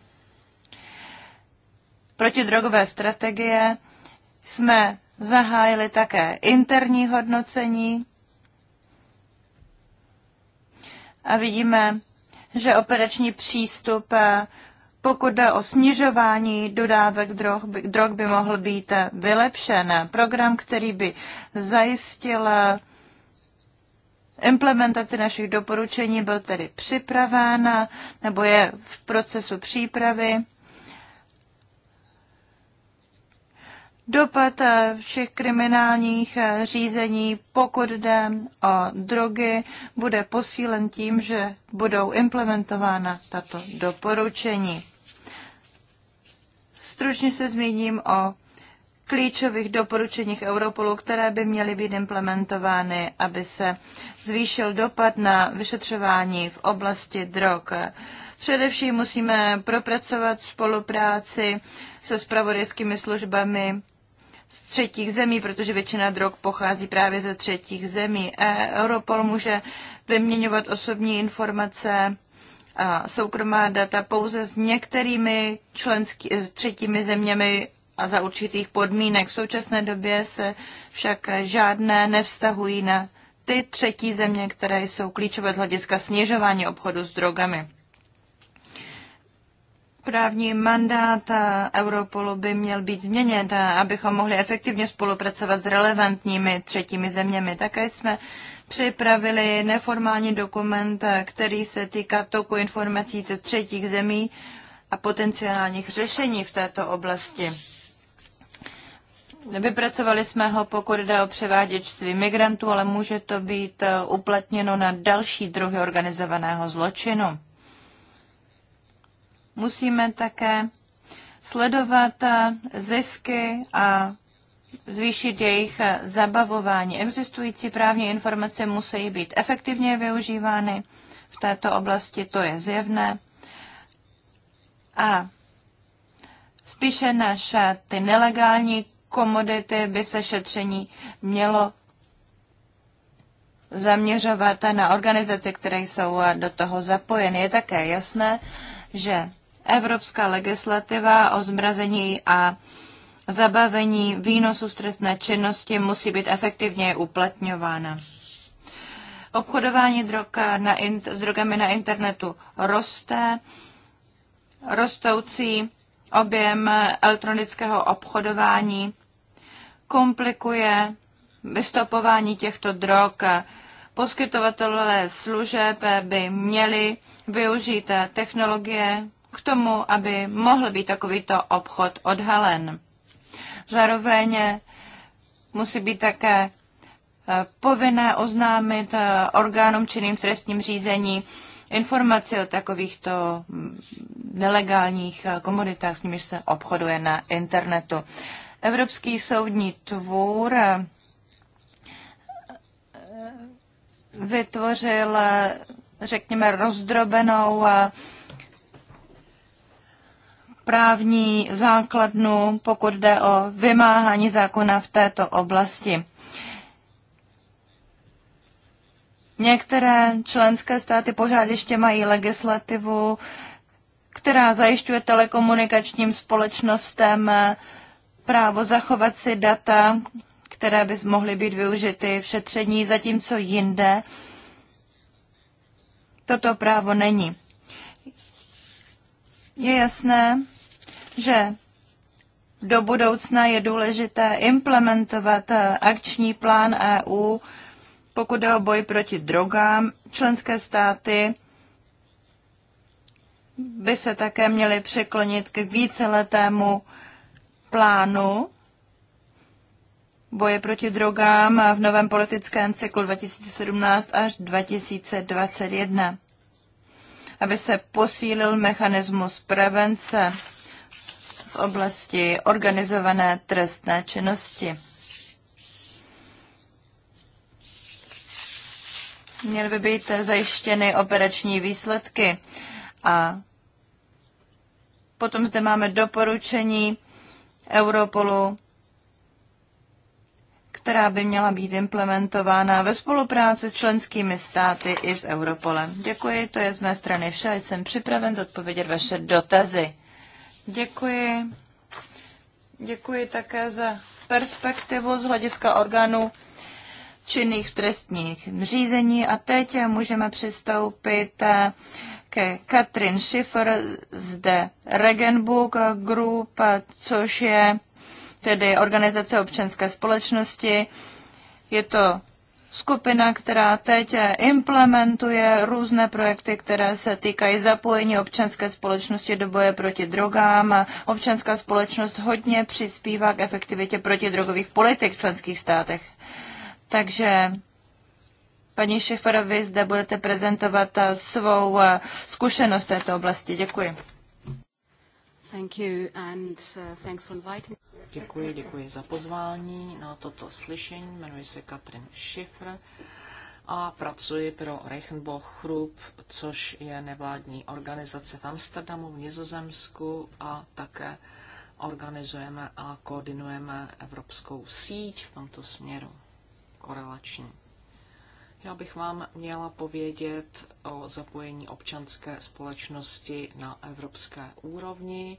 protidrogové strategie, jsme zahájili také interní hodnocení a vidíme, že operační přístup, eh, pokud jde o snižování dodávek drog, drog by mohl být eh, vylepšen. Program, který by zajistil eh, implementaci našich doporučení byl tedy připraven nebo je v procesu přípravy dopad eh, všech kriminálních eh, řízení, pokud jde o drogy, bude posílen tím, že budou implementována tato doporučení. Stručně se zmíním o klíčových doporučeních Europolu, které by měly být implementovány, aby se zvýšil dopad na vyšetřování v oblasti drog. Především musíme propracovat spolupráci se spravodajskými službami z třetích zemí, protože většina drog pochází právě ze třetích zemí. E, Europol může vyměňovat osobní informace a soukromá data pouze s některými členský, e, třetími zeměmi a za určitých podmínek. V současné době se však žádné nevztahují na ty třetí země, které jsou klíčové z hlediska snižování obchodu s drogami. Právní mandát Europolu by měl být změněn, abychom mohli efektivně spolupracovat s relevantními třetími zeměmi. Také jsme připravili neformální dokument, který se týká toku informací ze třetích zemí a potenciálních řešení v této oblasti. Vypracovali jsme ho, pokud jde o převáděčství migrantů, ale může to být uplatněno na další druhy organizovaného zločinu musíme také sledovat eh, zisky a zvýšit jejich eh, zabavování. Existující právní informace musí být efektivně využívány v této oblasti, to je zjevné. A spíše než eh, ty nelegální komodity by se šetření mělo zaměřovat na organizace, které jsou do toho zapojeny. Je také jasné, že evropská legislativa o zmrazení a zabavení výnosu z trestné činnosti musí být efektivně uplatňována. Obchodování droga na in, s drogami na internetu roste, rostoucí objem elektronického obchodování komplikuje vystopování těchto drog. Poskytovatelé služeb by měli využít technologie, k tomu, aby mohl být takovýto obchod odhalen. Zároveň musí být také eh, povinné oznámit eh, orgánům činným v trestním řízení informaci o takovýchto mm, nelegálních eh, komoditách, s nimiž se obchoduje na internetu. Evropský soudní tvůr vytvořil, řekněme, rozdrobenou právní základnu, pokud jde o vymáhání zákona v této oblasti. Některé členské státy pořád ještě mají legislativu, která zajišťuje telekomunikačním společnostem právo zachovat si data, které by mohly být využity v šetření, zatímco jinde toto právo není. Je jasné, že do budoucna je důležité implementovat eh, akční plán EU, pokud jde o boj proti drogám. Členské státy by se také měly překlonit k víceletému plánu boje proti drogám v novém politickém cyklu 2017 až 2021, aby se posílil mechanismus prevence oblasti organizované trestné činnosti. Měly by být zajištěny operační výsledky a potom zde máme doporučení Europolu, která by měla být implementována ve spolupráci s členskými státy i s Europolem. Děkuji, to je z mé strany vše. Jsem připraven zodpovědět vaše dotazy. Děkuji. Děkuji také za perspektivu z hlediska orgánů činných v trestních řízení. A teď můžeme přistoupit eh, ke Katrin Schiffer The Regenbook Group, což je tedy organizace občanské společnosti. Je to skupina, která teď implementuje různé projekty, které se týkají zapojení občanské společnosti do boje proti drogám. Občanská společnost hodně přispívá k efektivitě protidrogových politik v členských státech. Takže paní Šeferovi zde budete prezentovat svou eh, zkušenost v této oblasti. Děkuji. Uh, děkuji, děkuji za pozvání na toto slyšení. Jmenuji se Katrin Schiffer a pracuji pro Reichenbach Group, což je nevládní organizace v Amsterdamu, v Nizozemsku a také organizujeme a koordinujeme evropskou síť v tomto směru korelační. Já bych vám měla povědět o zapojení občanské společnosti na evropské úrovni.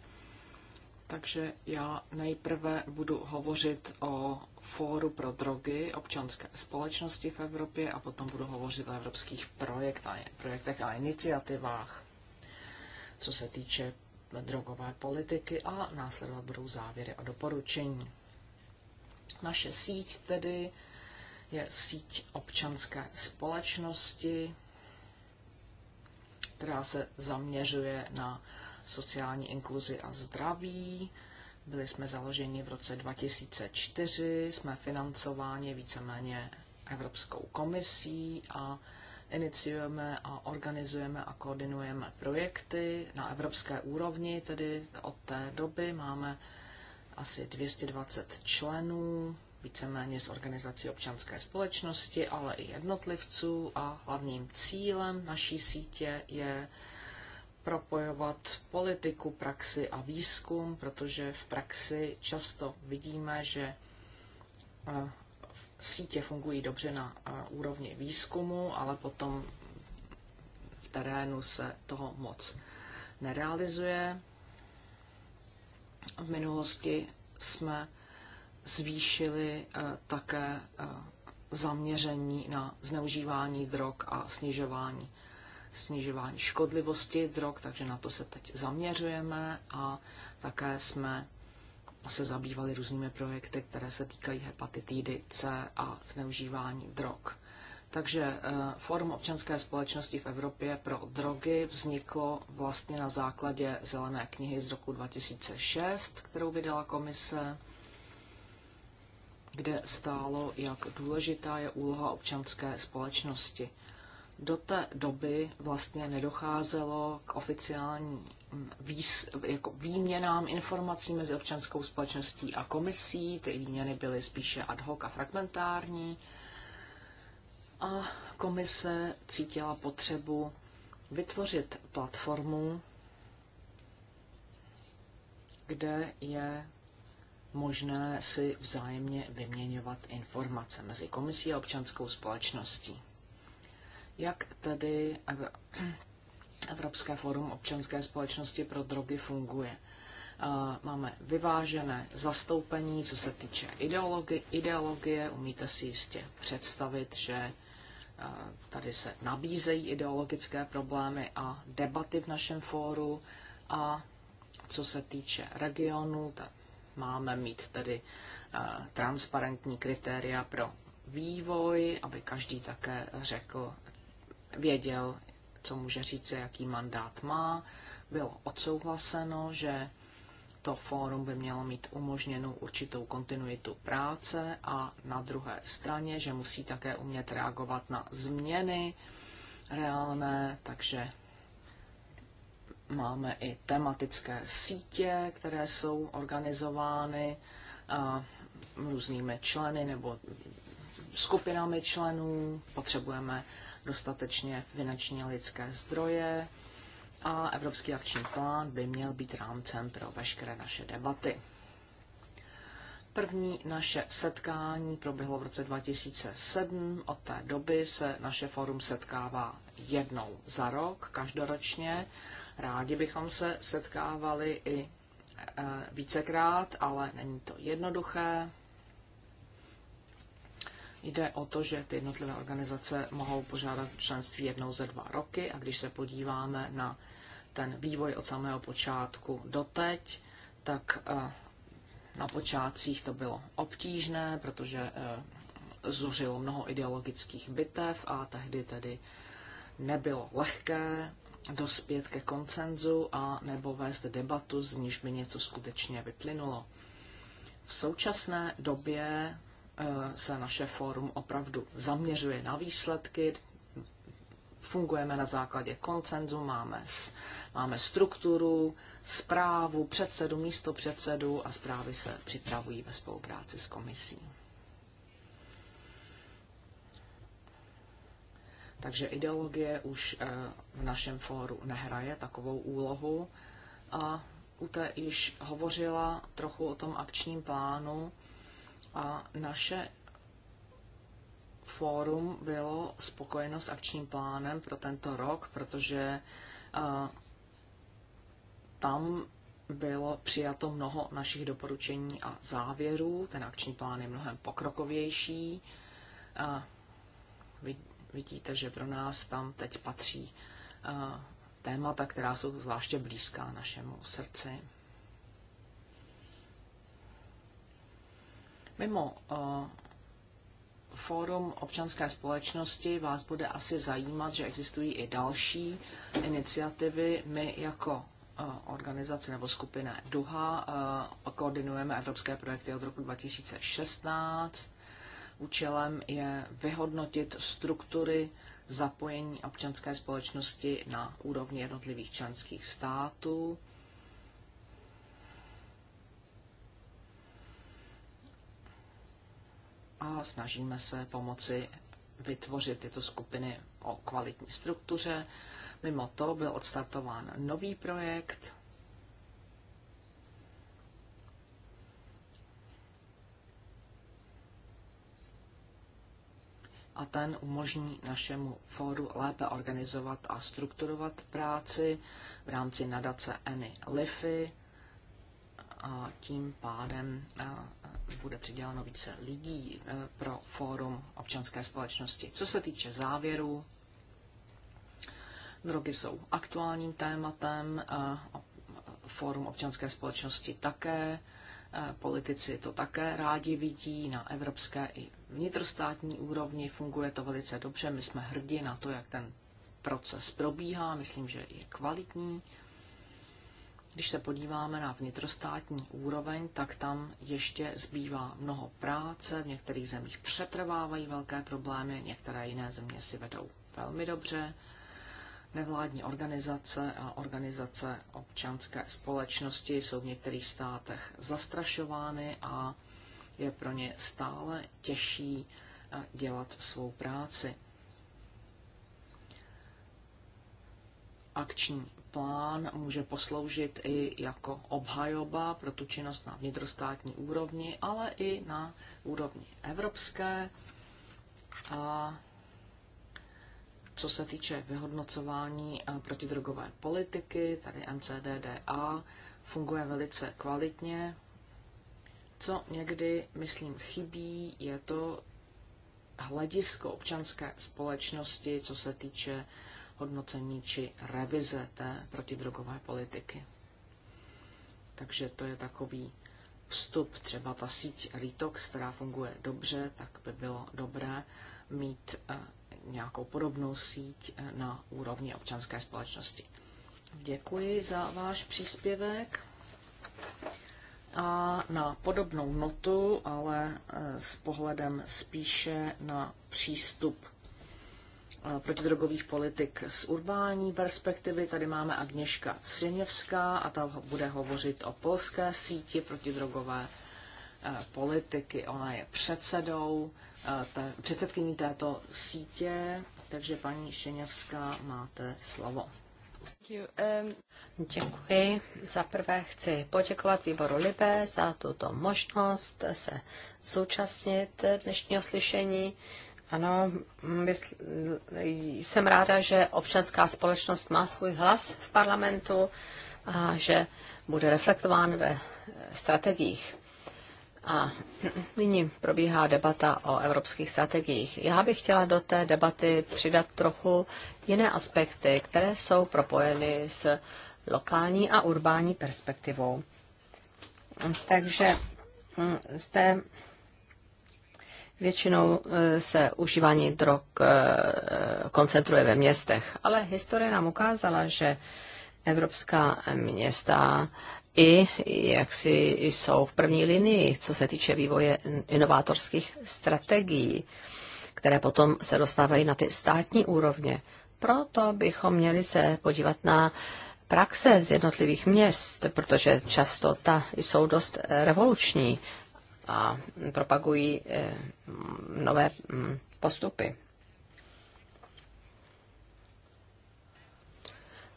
Takže já nejprve budu hovořit o Fóru pro drogy občanské společnosti v Evropě a potom budu hovořit o evropských projektech a iniciativách, co se týče drogové politiky a následovat budou závěry a doporučení. Naše síť tedy je síť občanské společnosti, která se zaměřuje na sociální inkluzi a zdraví. Byli jsme založeni v roce 2004, jsme financováni víceméně Evropskou komisí a iniciujeme a organizujeme a koordinujeme projekty na evropské úrovni, tedy od té doby máme asi 220 členů víceméně z organizací občanské společnosti, ale i jednotlivců a hlavním cílem naší sítě je propojovat politiku, praxi a výzkum, protože v praxi často vidíme, že eh, sítě fungují dobře na eh, úrovni výzkumu, ale potom v terénu se toho moc nerealizuje. V minulosti jsme zvýšili eh, také eh, zaměření na zneužívání drog a snižování, snižování škodlivosti drog, takže na to se teď zaměřujeme a také jsme se zabývali různými projekty, které se týkají hepatitidy C a zneužívání drog. Takže eh, Forum občanské společnosti v Evropě pro drogy vzniklo vlastně na základě zelené knihy z roku 2006, kterou vydala komise kde stálo, jak důležitá je úloha občanské společnosti. Do té doby vlastně nedocházelo k oficiální výs, jako výměnám informací mezi občanskou společností a komisí. Ty výměny byly spíše ad hoc a fragmentární. A komise cítila potřebu vytvořit platformu, kde je možné si vzájemně vyměňovat informace mezi komisí a občanskou společností. Jak tedy Evropské fórum občanské společnosti pro drogy funguje? Máme vyvážené zastoupení, co se týče ideologie. ideologie. Umíte si jistě představit, že tady se nabízejí ideologické problémy a debaty v našem fóru a co se týče regionu, tak Máme mít tedy eh, transparentní kritéria pro vývoj, aby každý také řekl, věděl, co může říct, jaký mandát má. Bylo odsouhlaseno, že to fórum by mělo mít umožněnou určitou kontinuitu práce a na druhé straně, že musí také umět reagovat na změny reálné, takže Máme i tematické sítě, které jsou organizovány různými členy nebo skupinami členů. Potřebujeme dostatečně finanční a lidské zdroje a Evropský akční plán by měl být rámcem pro veškeré naše debaty. První naše setkání proběhlo v roce 2007. Od té doby se naše fórum setkává jednou za rok, každoročně, Rádi bychom se setkávali i e, vícekrát, ale není to jednoduché. Jde o to, že ty jednotlivé organizace mohou požádat členství jednou ze dva roky a když se podíváme na ten vývoj od samého počátku doteď, tak e, na počátcích to bylo obtížné, protože e, zuřilo mnoho ideologických bitev a tehdy tedy nebylo lehké dospět ke koncenzu a nebo vést debatu, z níž by něco skutečně vyplynulo. V současné době eh, se naše fórum opravdu zaměřuje na výsledky, fungujeme na základě koncenzu, máme, máme strukturu, zprávu, předsedu, místo předsedu a zprávy se připravují ve spolupráci s komisí. Takže ideologie už eh, v našem fóru nehraje takovou úlohu. A Ute již hovořila trochu o tom akčním plánu a naše fórum bylo spokojeno s akčním plánem pro tento rok, protože eh, tam bylo přijato mnoho našich doporučení a závěrů. Ten akční plán je mnohem pokrokovější. Eh, Vidíte, že pro nás tam teď patří eh, témata, která jsou zvláště blízká našemu srdci. Mimo eh, Fórum občanské společnosti vás bude asi zajímat, že existují i další iniciativy. My jako eh, organizace nebo skupina Duha koordinujeme evropské projekty od roku 2016. Účelem je vyhodnotit struktury zapojení občanské společnosti na úrovni jednotlivých členských států. A snažíme se pomoci vytvořit tyto skupiny o kvalitní struktuře. Mimo to byl odstartován nový projekt, a ten umožní našemu fóru lépe organizovat a strukturovat práci v rámci nadace Eny Lify a tím pádem bude přiděleno více lidí e, pro fórum občanské společnosti. Co se týče závěrů, drogy jsou aktuálním tématem, e, fórum občanské společnosti také, e, politici to také rádi vidí na evropské i vnitrostátní úrovni, funguje to velice dobře, my jsme hrdí na to, jak ten proces probíhá, myslím, že je kvalitní. Když se podíváme na vnitrostátní úroveň, tak tam ještě zbývá mnoho práce, v některých zemích přetrvávají velké problémy, některé jiné země si vedou velmi dobře. Nevládní organizace a organizace občanské společnosti jsou v některých státech zastrašovány a je pro ně stále těžší eh, dělat svou práci. Akční plán může posloužit i jako obhajoba pro tu činnost na vnitrostátní úrovni, ale i na úrovni evropské. A co se týče vyhodnocování eh, protidrogové politiky, tady MCDDA funguje velice kvalitně. Co někdy, myslím, chybí, je to hledisko občanské společnosti, co se týče hodnocení či revize té protidrogové politiky. Takže to je takový vstup, třeba ta síť Retox, která funguje dobře, tak by bylo dobré mít eh, nějakou podobnou síť eh, na úrovni občanské společnosti. Děkuji za váš příspěvek. A na podobnou notu, ale e, s pohledem spíše na přístup e, protidrogových politik z urbání perspektivy. Tady máme Agněška Sřeněvská a ta bude hovořit o polské síti protidrogové e, politiky. Ona je předsedou, te, předsedkyní této sítě, takže paní Šeněvská máte slovo. Um, Děkuji. Za prvé chci poděkovat výboru Libe za tuto možnost se zúčastnit dnešního slyšení. Ano, jsem ráda, že občanská společnost má svůj hlas v parlamentu a že bude reflektován ve strategiích. A nyní probíhá debata o evropských strategiích. Já bych chtěla do té debaty přidat trochu jiné aspekty, které jsou propojeny s lokální a urbání perspektivou. Takže hm, zde většinou eh, se užívání drog eh, koncentruje ve městech, ale historie nám ukázala, že evropská města i jak si jsou v první linii, co se týče vývoje inovátorských strategií, které potom se dostávají na ty státní úrovně. Proto bychom měli se podívat na praxe z jednotlivých měst, protože často ta jsou dost revoluční a propagují eh, nové postupy.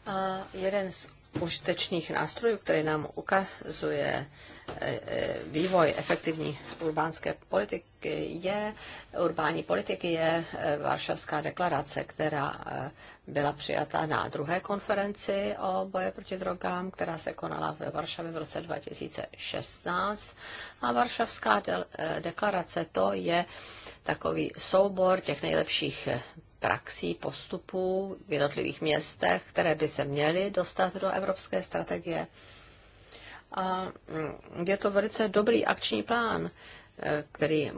A jeden z užitečných nástrojů, které nám ukazuje eh, eh, vývoj efektivní urbánské politiky, je urbání politiky je eh, Varšavská deklarace, která byla přijata na druhé konferenci o boje proti drogám, která se konala ve Varšavě v roce 2016. A Varšavská deklarace to je takový soubor těch nejlepších praxí, postupů v jednotlivých městech, které by se měly dostat do evropské strategie. A mm, je to velice dobrý akční plán, eh, který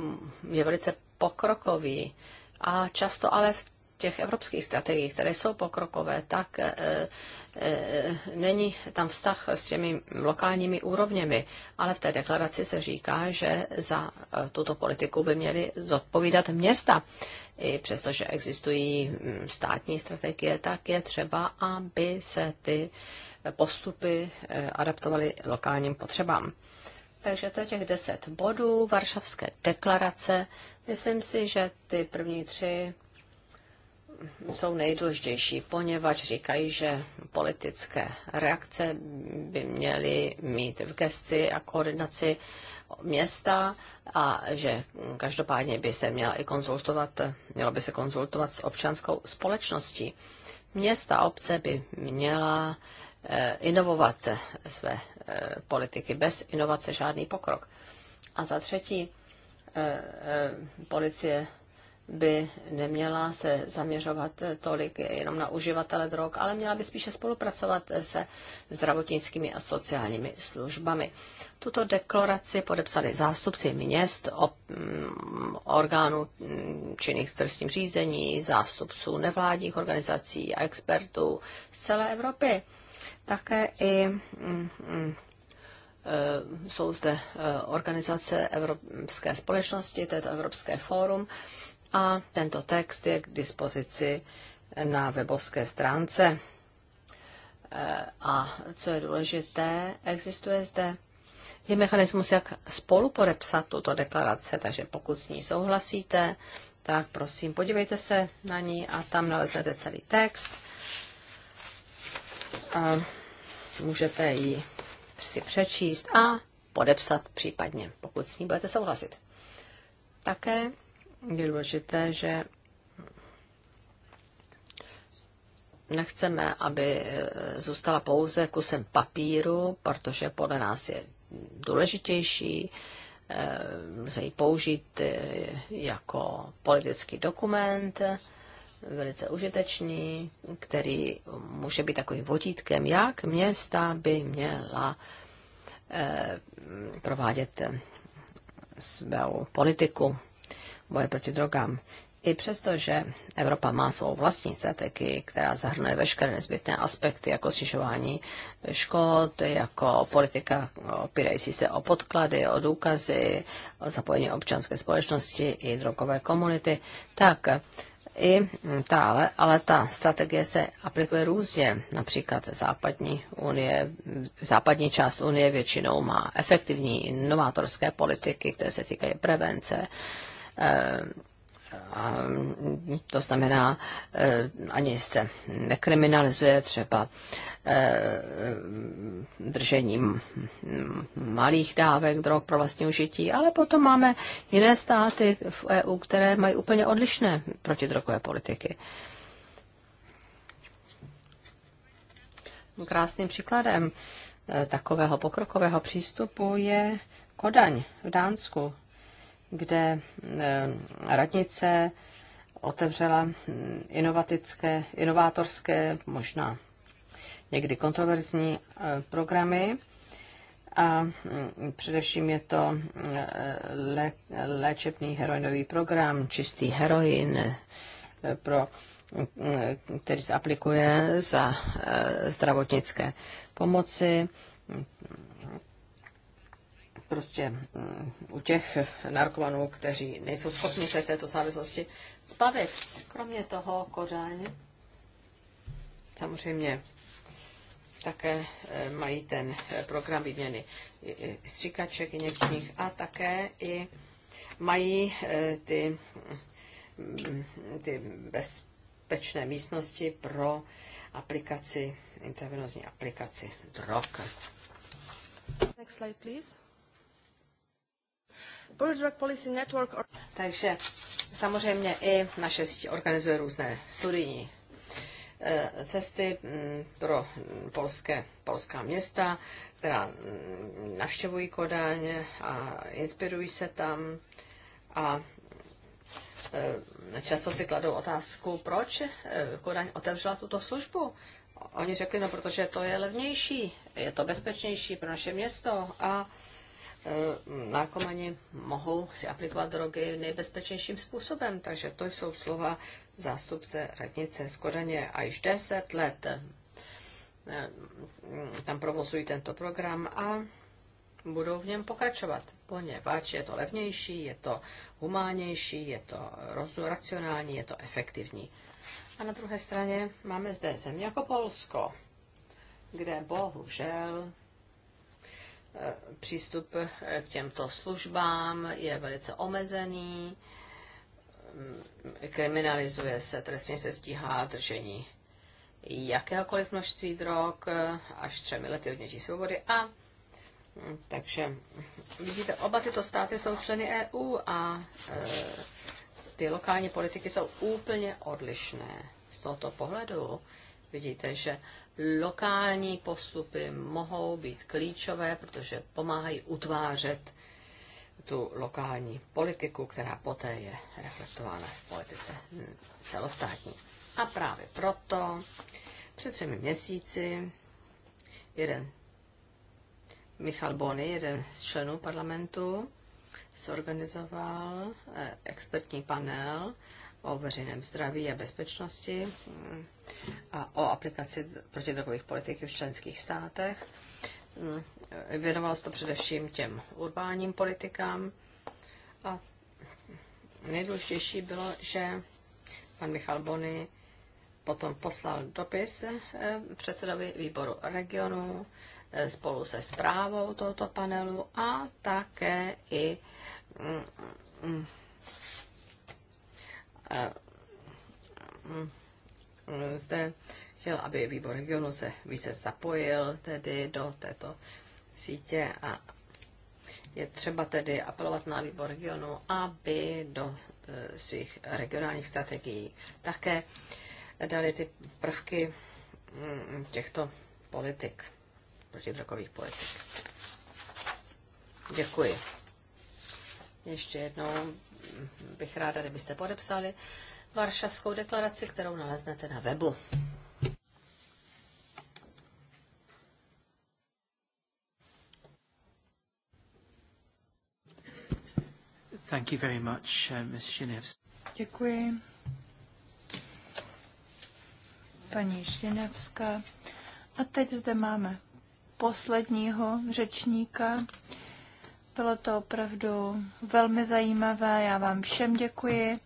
je velice pokrokový a často ale v těch evropských strategií, které jsou pokrokové, tak eh, eh, není tam vztah s těmi lokálními úrovněmi, ale v té deklaraci se říká, že za eh, tuto politiku by měly zodpovídat města. I přestože existují hm, státní strategie, tak je třeba, aby se ty postupy adaptovaly lokálním potřebám. Takže to je těch deset bodů Varšavské deklarace. Myslím si, že ty první tři jsou nejdůležitější, poněvadž říkají, že politické reakce by měly mít v gesci a koordinaci města a že každopádně by se měla i konzultovat, mělo by se konzultovat s občanskou společností. Města a obce by měla eh, inovovat své eh, politiky. Bez inovace žádný pokrok. A za třetí, eh, policie by neměla se zaměřovat tolik jenom na uživatele drog, ale měla by spíše spolupracovat se zdravotnickými a sociálními službami. Tuto deklaraci podepsali zástupci měst, mm, orgánů mm, činných v trestním řízení, zástupců nevládních organizací a expertů z celé Evropy. Také i mm, e, jsou zde e, organizace Evropské společnosti, to je to Evropské fórum a tento text je k dispozici na webovské stránce. Eh, a co je důležité, existuje zde je mechanismus, jak spolu podepsat tuto deklarace. takže pokud s ní souhlasíte, tak prosím, podívejte se na ní a tam naleznete celý text. A můžete ji si přečíst a podepsat případně, pokud s ní budete souhlasit. Také je důležité, že nechceme, aby eh, zůstala pouze kusem papíru, protože podle nás je důležitější, eh, se ji použít eh, jako politický dokument, velice užitečný, který může být takovým vodítkem, jak města by měla provádět svou politiku boje proti drogám. I přesto, že Evropa má svou vlastní strategii, která zahrnuje veškeré nezbytné aspekty, jako snižování škod, jako politika opírající se o podklady, o důkazy, o zapojení občanské společnosti i drogové komunity, tak i ta, ale ta strategie se aplikuje různě. Například západní unie, západní část unie většinou má efektivní inovátorské politiky, které se týkají prevence, Eh, a to znamená, eh, ani se nekriminalizuje třeba eh, držením malých dávek drog pro vlastní užití, ale potom máme jiné státy v EU, které mají úplně odlišné protidrogové politiky. Krásným příkladem takového pokrokového přístupu je Kodaň v Dánsku, kde eh, radnice otevřela hm, inovatické, inovátorské, možná někdy kontroverzní eh, programy. A hm, především je to eh, lé, léčebný heroinový program, čistý heroin, pro, hm, který se aplikuje za zdravotnické pomoci prostě mm, u těch narkomanů, kteří nejsou schopni se této závislosti zbavit. Kromě toho Kodáň samozřejmě také e, mají ten e, program výměny stříkaček injekčních a také i mají e, ty, mm, ty bezpečné místnosti pro aplikaci, intravenozní aplikaci drog. Next slide, please. Takže samozřejmě i naše síť organizuje různé studijní eh, cesty mm, pro mm, polské, polská města, která mm, navštěvují Kodáň a inspirují se tam a eh, často si kladou otázku, proč eh, Kodaň otevřela tuto službu. Oni řekli, no protože to je levnější, je to bezpečnější pro naše město a Eh, narkomani mohou si aplikovat drogy nejbezpečnějším způsobem. Takže to jsou slova zástupce radnice z Kodaně a již 10 let eh, mm, tam provozují tento program a budou v něm pokračovat, poněvadž je to levnější, je to humánější, je to racionální, je to efektivní. A na druhé straně máme zde země jako Polsko, kde bohužel přístup k těmto službám je velice omezený, kriminalizuje se, trestně se stíhá držení jakéhokoliv množství drog až třemi lety odnětí svobody a hm, takže vidíte, oba tyto státy jsou členy EU a e, ty lokální politiky jsou úplně odlišné. Z tohoto pohledu vidíte, že lokální postupy mohou být klíčové, protože pomáhají utvářet tu lokální politiku, která poté je reflektována v politice celostátní. A právě proto před třemi měsíci jeden Michal Bony, jeden z členů parlamentu, zorganizoval eh, expertní panel o veřejném zdraví a bezpečnosti hm, a o aplikaci protidrogových politiky v členských státech. Mm, věnovalo se to především těm urbánním politikám a nejdůležitější bylo, že pan Michal Bony potom poslal dopis eh, předsedovi výboru regionu eh, spolu se zprávou tohoto panelu a také i mm, mm, eh, Eh, zde chtěl, aby výbor regionu se více zapojil tedy do této sítě a je třeba tedy apelovat na výbor regionu, aby do eh, svých regionálních strategií také dali ty prvky mm, těchto politik, protidrokových politik. Děkuji. Ještě jednou bych ráda, kdybyste podepsali Varšavskou deklaraci, kterou naleznete na webu. Thank you very much, uh, Ms. Shinevs. Děkuji. Paní Šinevská. A teď zde máme posledního řečníka. Bylo to opravdu velmi zajímavé. Já vám všem děkuji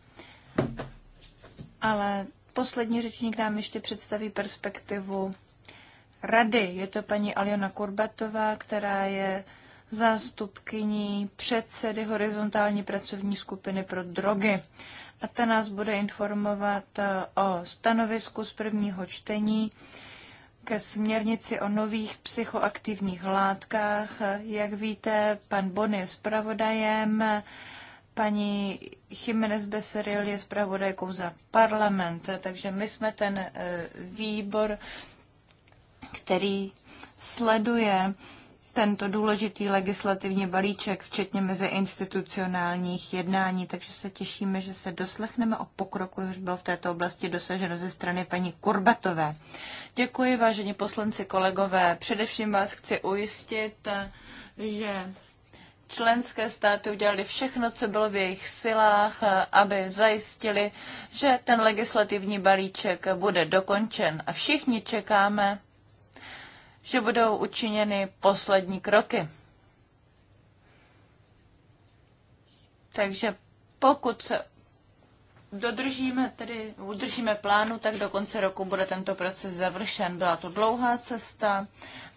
ale poslední řečník nám ještě představí perspektivu rady. Je to paní Aliona Kurbatová, která je zástupkyní předsedy horizontální pracovní skupiny pro drogy. A ta nás bude informovat o stanovisku z prvního čtení ke směrnici o nových psychoaktivních látkách. Jak víte, pan Bon je zpravodajem. Paní Jiménez Beseril je zpravodajkou za parlament, takže my jsme ten eh, výbor, který sleduje tento důležitý legislativní balíček, včetně mezi institucionálních jednání, takže se těšíme, že se doslechneme o pokroku, jehož bylo v této oblasti dosaženo ze strany paní Kurbatové. Děkuji, vážení poslanci, kolegové. Především vás chci ujistit, že členské státy udělali všechno, co bylo v jejich silách, eh, aby zajistili, že ten legislativní balíček bude dokončen. A všichni čekáme, že budou učiněny poslední kroky. Takže pokud se dodržíme, tedy udržíme plánu, tak do konce roku bude tento proces završen. Byla to dlouhá cesta,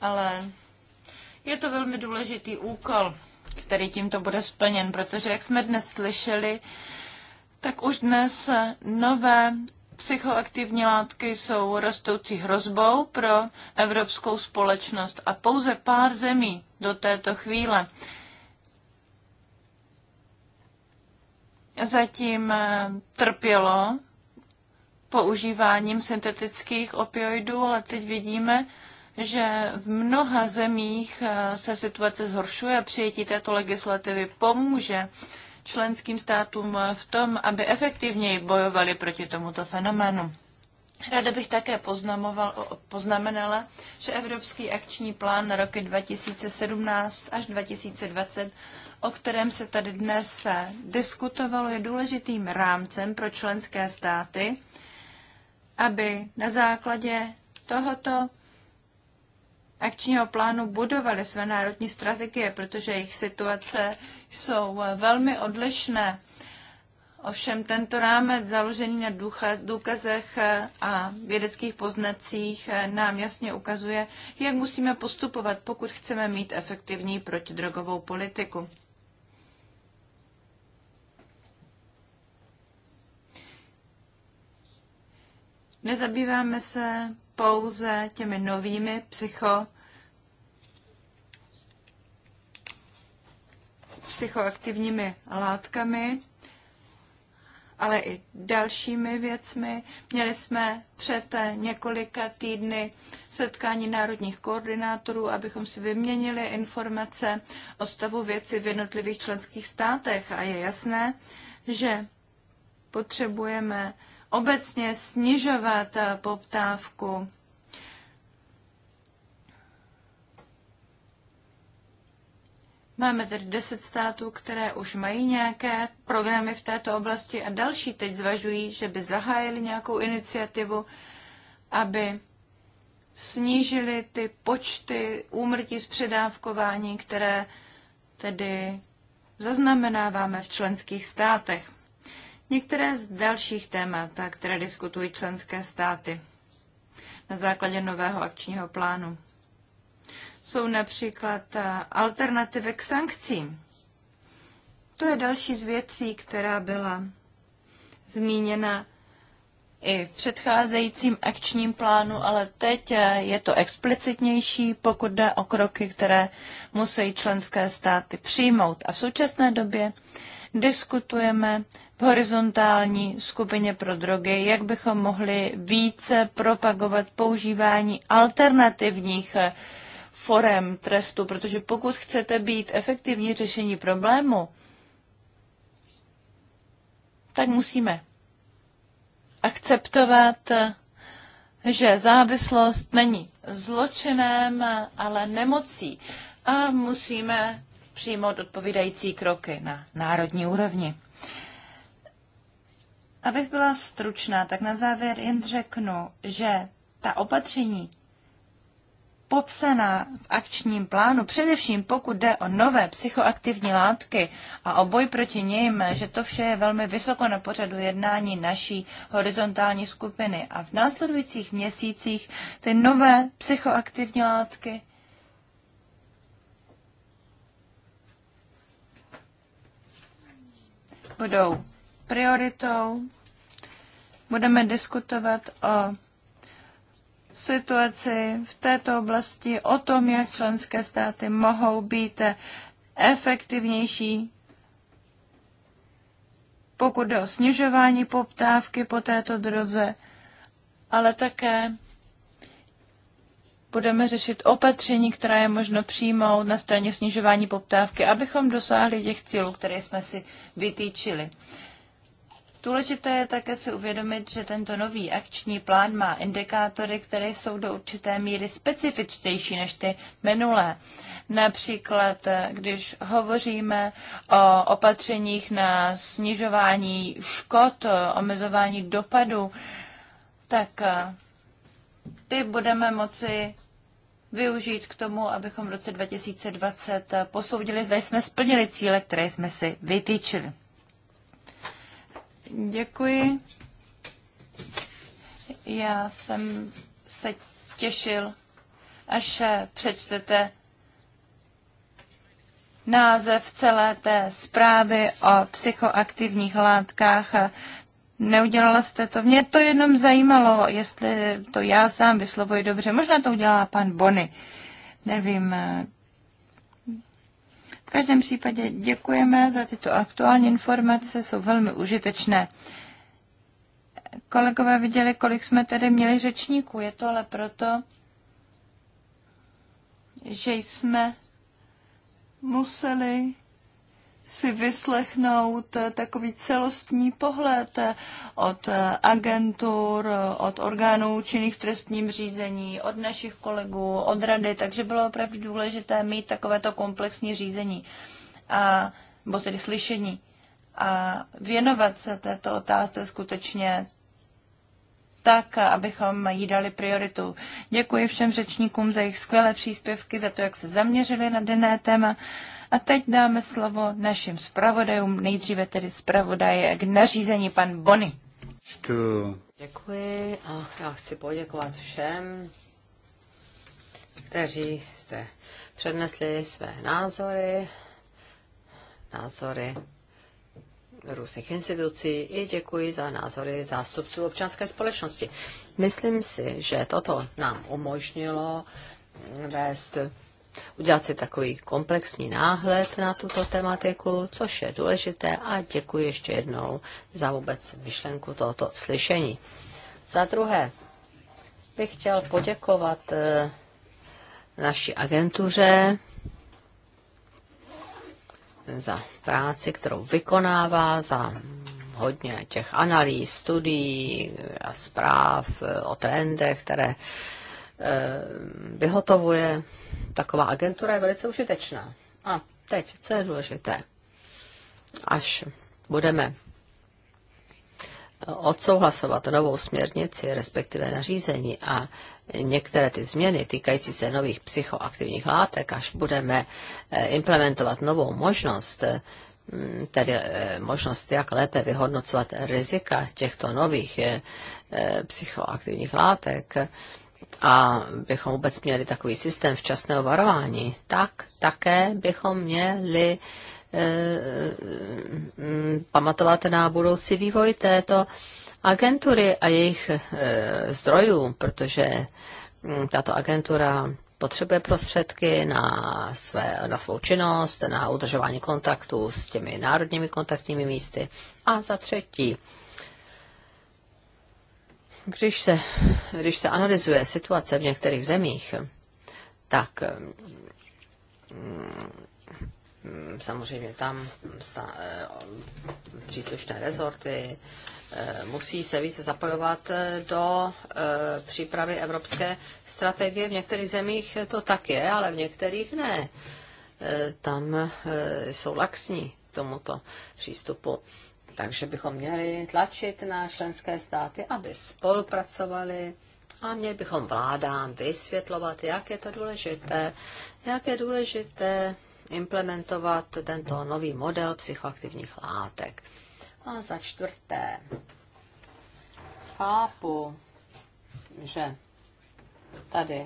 ale je to velmi důležitý úkol který tímto bude splněn, protože jak jsme dnes slyšeli, tak už dnes nové psychoaktivní látky jsou rostoucí hrozbou pro evropskou společnost a pouze pár zemí do této chvíle zatím eh, trpělo používáním syntetických opioidů, ale teď vidíme, že v mnoha zemích eh, se situace zhoršuje a přijetí této legislativy pomůže členským státům v tom, aby efektivněji bojovali proti tomuto fenoménu. Ráda bych také poznamenala, že Evropský akční plán na roky 2017 až 2020, o kterém se tady dnes diskutovalo, je důležitým rámcem pro členské státy, aby na základě tohoto akčního plánu budovali své národní strategie, protože jejich situace jsou velmi odlišné. Ovšem tento rámec založený na důkazech a vědeckých poznacích nám jasně ukazuje, jak musíme postupovat, pokud chceme mít efektivní protidrogovou politiku. Nezabýváme se pouze těmi novými psycho psychoaktivními látkami, ale i dalšími věcmi. Měli jsme před několika týdny setkání národních koordinátorů, abychom si vyměnili informace o stavu věci v jednotlivých členských státech. A je jasné, že potřebujeme obecně snižovat eh, poptávku. Máme tedy 10 států, které už mají nějaké programy v této oblasti a další teď zvažují, že by zahájili nějakou iniciativu, aby snížili ty počty úmrtí z předávkování, které tedy zaznamenáváme v členských státech. Některé z dalších témat, které diskutují členské státy na základě nového akčního plánu, jsou například eh, alternativy k sankcím. To je další z věcí, která byla zmíněna i v předcházejícím akčním plánu, ale teď eh, je to explicitnější, pokud jde o kroky, které musí členské státy přijmout. A v současné době diskutujeme v horizontální skupině pro drogy, jak bychom mohli více propagovat používání alternativních eh, forem trestu, protože pokud chcete být efektivní řešení problému, tak musíme akceptovat, eh, že závislost není zločinem, ale nemocí a musíme přijmout odpovídající kroky na národní úrovni. Abych byla stručná, tak na závěr jen řeknu, že ta opatření popsaná v akčním plánu, především pokud jde o nové psychoaktivní látky a o boj proti nim, že to vše je velmi vysoko na pořadu jednání naší horizontální skupiny. A v následujících měsících ty nové psychoaktivní látky budou prioritou. Budeme diskutovat o situaci v této oblasti, o tom, jak členské státy mohou být efektivnější, pokud jde o snižování poptávky po této droze, ale také budeme řešit opatření, která je možno přijmout na straně snižování poptávky, abychom dosáhli těch cílů, které jsme si vytýčili. Důležité je také si uvědomit, že tento nový akční plán má indikátory, které jsou do určité míry specifičtější než ty minulé. Například, když hovoříme o opatřeních na snižování škod, omezování dopadů, tak eh, ty budeme moci využít k tomu, abychom v roce 2020 posoudili, zda jsme splnili cíle, které jsme si vytýčili. Děkuji. Já jsem se těšil, až přečtete název celé té zprávy o psychoaktivních látkách. Neudělala jste to. Mě to jenom zajímalo, jestli to já sám vyslovuji dobře. Možná to udělá pan Bony. Nevím, v každém případě děkujeme za tyto aktuální informace, jsou velmi užitečné. Kolegové viděli, kolik jsme tady měli řečníků. Je to ale proto, že jsme museli si vyslechnout eh, takový celostní pohled eh, od eh, agentur, od orgánů činných v trestním řízení, od našich kolegů, od rady, takže bylo opravdu důležité mít takovéto komplexní řízení, a, nebo tedy slyšení. A věnovat se této otázce skutečně tak, abychom jí dali prioritu. Děkuji všem řečníkům za jejich skvělé příspěvky, za to, jak se zaměřili na dané téma. A teď dáme slovo našim zpravodajům, nejdříve tedy zpravodaje k nařízení pan Bony. Čtu. Děkuji a já chci poděkovat všem, kteří jste přednesli své názory, názory různých institucí i děkuji za názory zástupců občanské společnosti. Myslím si, že toto nám umožnilo vést udělat si takový komplexní náhled na tuto tematiku, což je důležité a děkuji ještě jednou za vůbec myšlenku tohoto slyšení. Za druhé bych chtěl poděkovat eh, naší agentuře za práci, kterou vykonává, za hodně těch analýz, studií a zpráv o trendech, které Eh, vyhotovuje taková agentura, je velice užitečná. A teď, co je důležité? Až budeme eh, odsouhlasovat novou směrnici, respektive nařízení a některé ty změny týkající se nových psychoaktivních látek, až budeme eh, implementovat novou možnost, tedy možnost, jak lépe vyhodnocovat rizika těchto nových psychoaktivních látek, a bychom vůbec měli takový systém včasného varování, tak také bychom měli e, mm, pamatovat na budoucí vývoj této agentury a jejich e, zdrojů, protože mm, tato agentura potřebuje prostředky na, své, na svou činnost, na udržování kontaktu s těmi národními kontaktními místy. A za třetí, když se, když se analyzuje situace v některých zemích, tak mm, samozřejmě tam stá, eh, příslušné rezorty eh, musí se více zapojovat eh, do přípravy evropské strategie. V některých zemích to tak je, ale v některých ne. Tam jsou laxní tomuto přístupu. Takže bychom měli tlačit na členské státy, aby spolupracovali a měli bychom vládám vysvětlovat, jak je to důležité, jak je důležité implementovat tento nový model psychoaktivních látek. A za čtvrté, chápu, že tady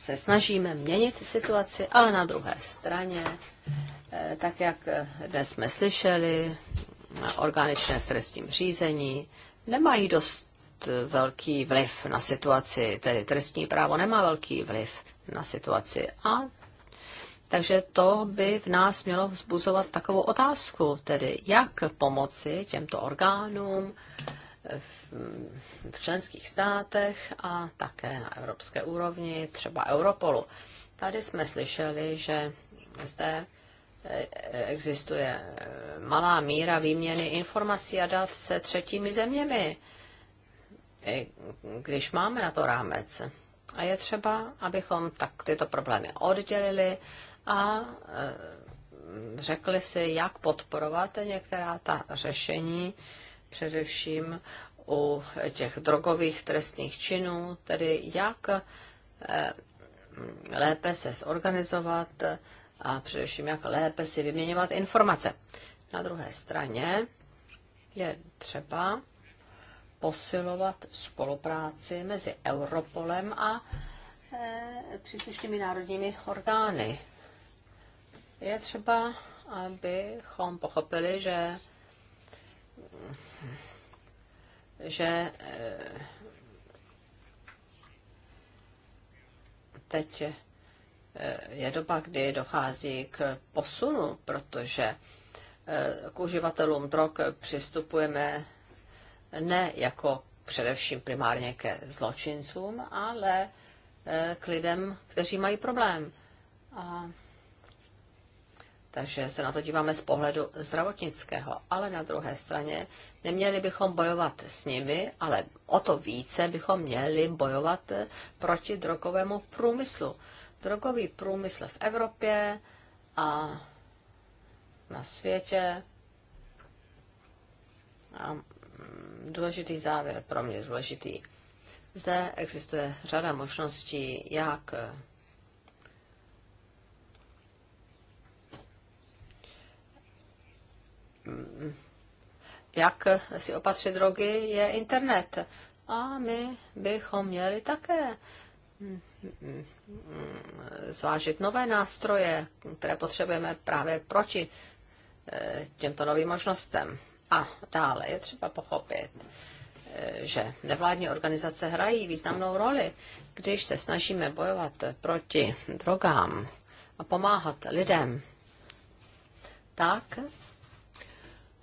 se snažíme měnit situaci, ale na druhé straně, eh, tak jak dnes jsme slyšeli, orgány činné v trestním řízení nemají dost velký vliv na situaci, tedy trestní právo nemá velký vliv na situaci. A takže to by v nás mělo vzbuzovat takovou otázku, tedy jak pomoci těmto orgánům v členských státech a také na evropské úrovni, třeba Europolu. Tady jsme slyšeli, že zde existuje malá míra výměny informací a dat se třetími zeměmi, když máme na to rámec. A je třeba, abychom tak tyto problémy oddělili a e, řekli si, jak podporovat některá ta řešení, především u těch drogových trestných činů, tedy jak e, lépe se zorganizovat, a především jak lépe si vyměňovat informace. Na druhé straně je třeba posilovat spolupráci mezi Europolem a e, příslušnými národními orgány. Je třeba, abychom pochopili, že že e, teď Eh, je doba, kdy dochází k posunu, protože eh, k uživatelům drog přistupujeme ne jako především primárně ke zločincům, ale eh, k lidem, kteří mají problém. A... Takže se na to díváme z pohledu zdravotnického. Ale na druhé straně neměli bychom bojovat s nimi, ale o to více bychom měli bojovat proti drogovému průmyslu drogový průmysl v Evropě a na světě. A mm, důležitý závěr, pro mě důležitý. Zde existuje řada možností, jak eh, jak si opatřit drogy, je internet. A my bychom měli také hm, zvážit nové nástroje, které potřebujeme právě proti eh, těmto novým možnostem. A dále je třeba pochopit, eh, že nevládní organizace hrají významnou roli, když se snažíme bojovat proti drogám a pomáhat lidem, tak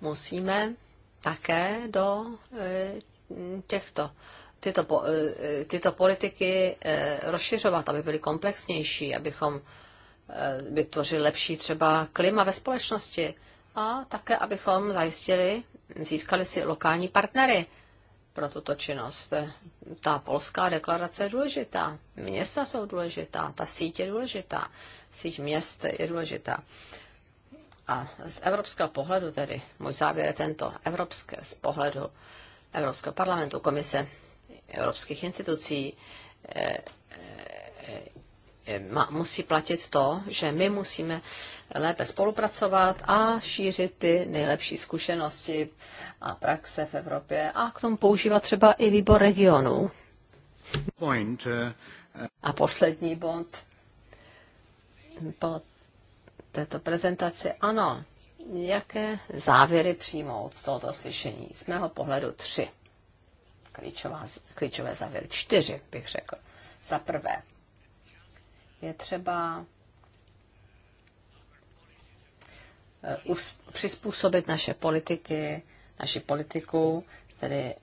musíme také do eh, těchto tyto, eh, eh, tyto politiky eh, rozšiřovat, aby byly komplexnější, abychom vytvořili lepší třeba klima ve společnosti a také, abychom zajistili, získali si lokální partnery pro tuto činnost. Ta polská deklarace je důležitá, města jsou důležitá, ta sítě je důležitá, síť měst je důležitá. A z evropského pohledu tedy, můj závěr je tento, evropské, z pohledu Evropského parlamentu, komise evropských institucí eh, eh, eh, musí platit to, že my musíme lépe spolupracovat a šířit ty nejlepší zkušenosti a praxe v Evropě a k tomu používat třeba i výbor regionů. A poslední bod po této prezentaci. Ano, jaké závěry přijmout z tohoto slyšení? Z mého pohledu tři klíčová, klíčové závěry. Čtyři bych řekl. Za prvé, je třeba eh, přizpůsobit naše politiky, naši politiku, tedy,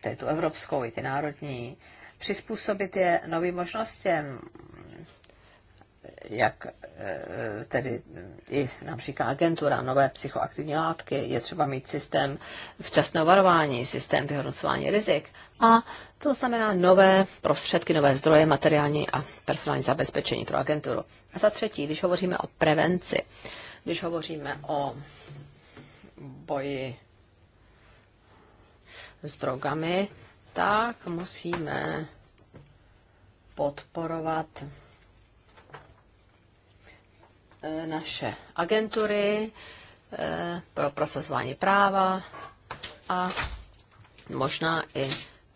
tedy tu evropskou i ty národní, přizpůsobit je novým možnostem, jak eh, tedy i nám říká agentura, nové psychoaktivní látky, je třeba mít systém včasného varování, systém vyhodnocování rizik a to znamená nové prostředky, nové zdroje, materiální a personální zabezpečení pro agenturu. A za třetí, když hovoříme o prevenci, když hovoříme o boji s drogami, tak musíme podporovat E, naše agentury e, pro prosazování práva a možná i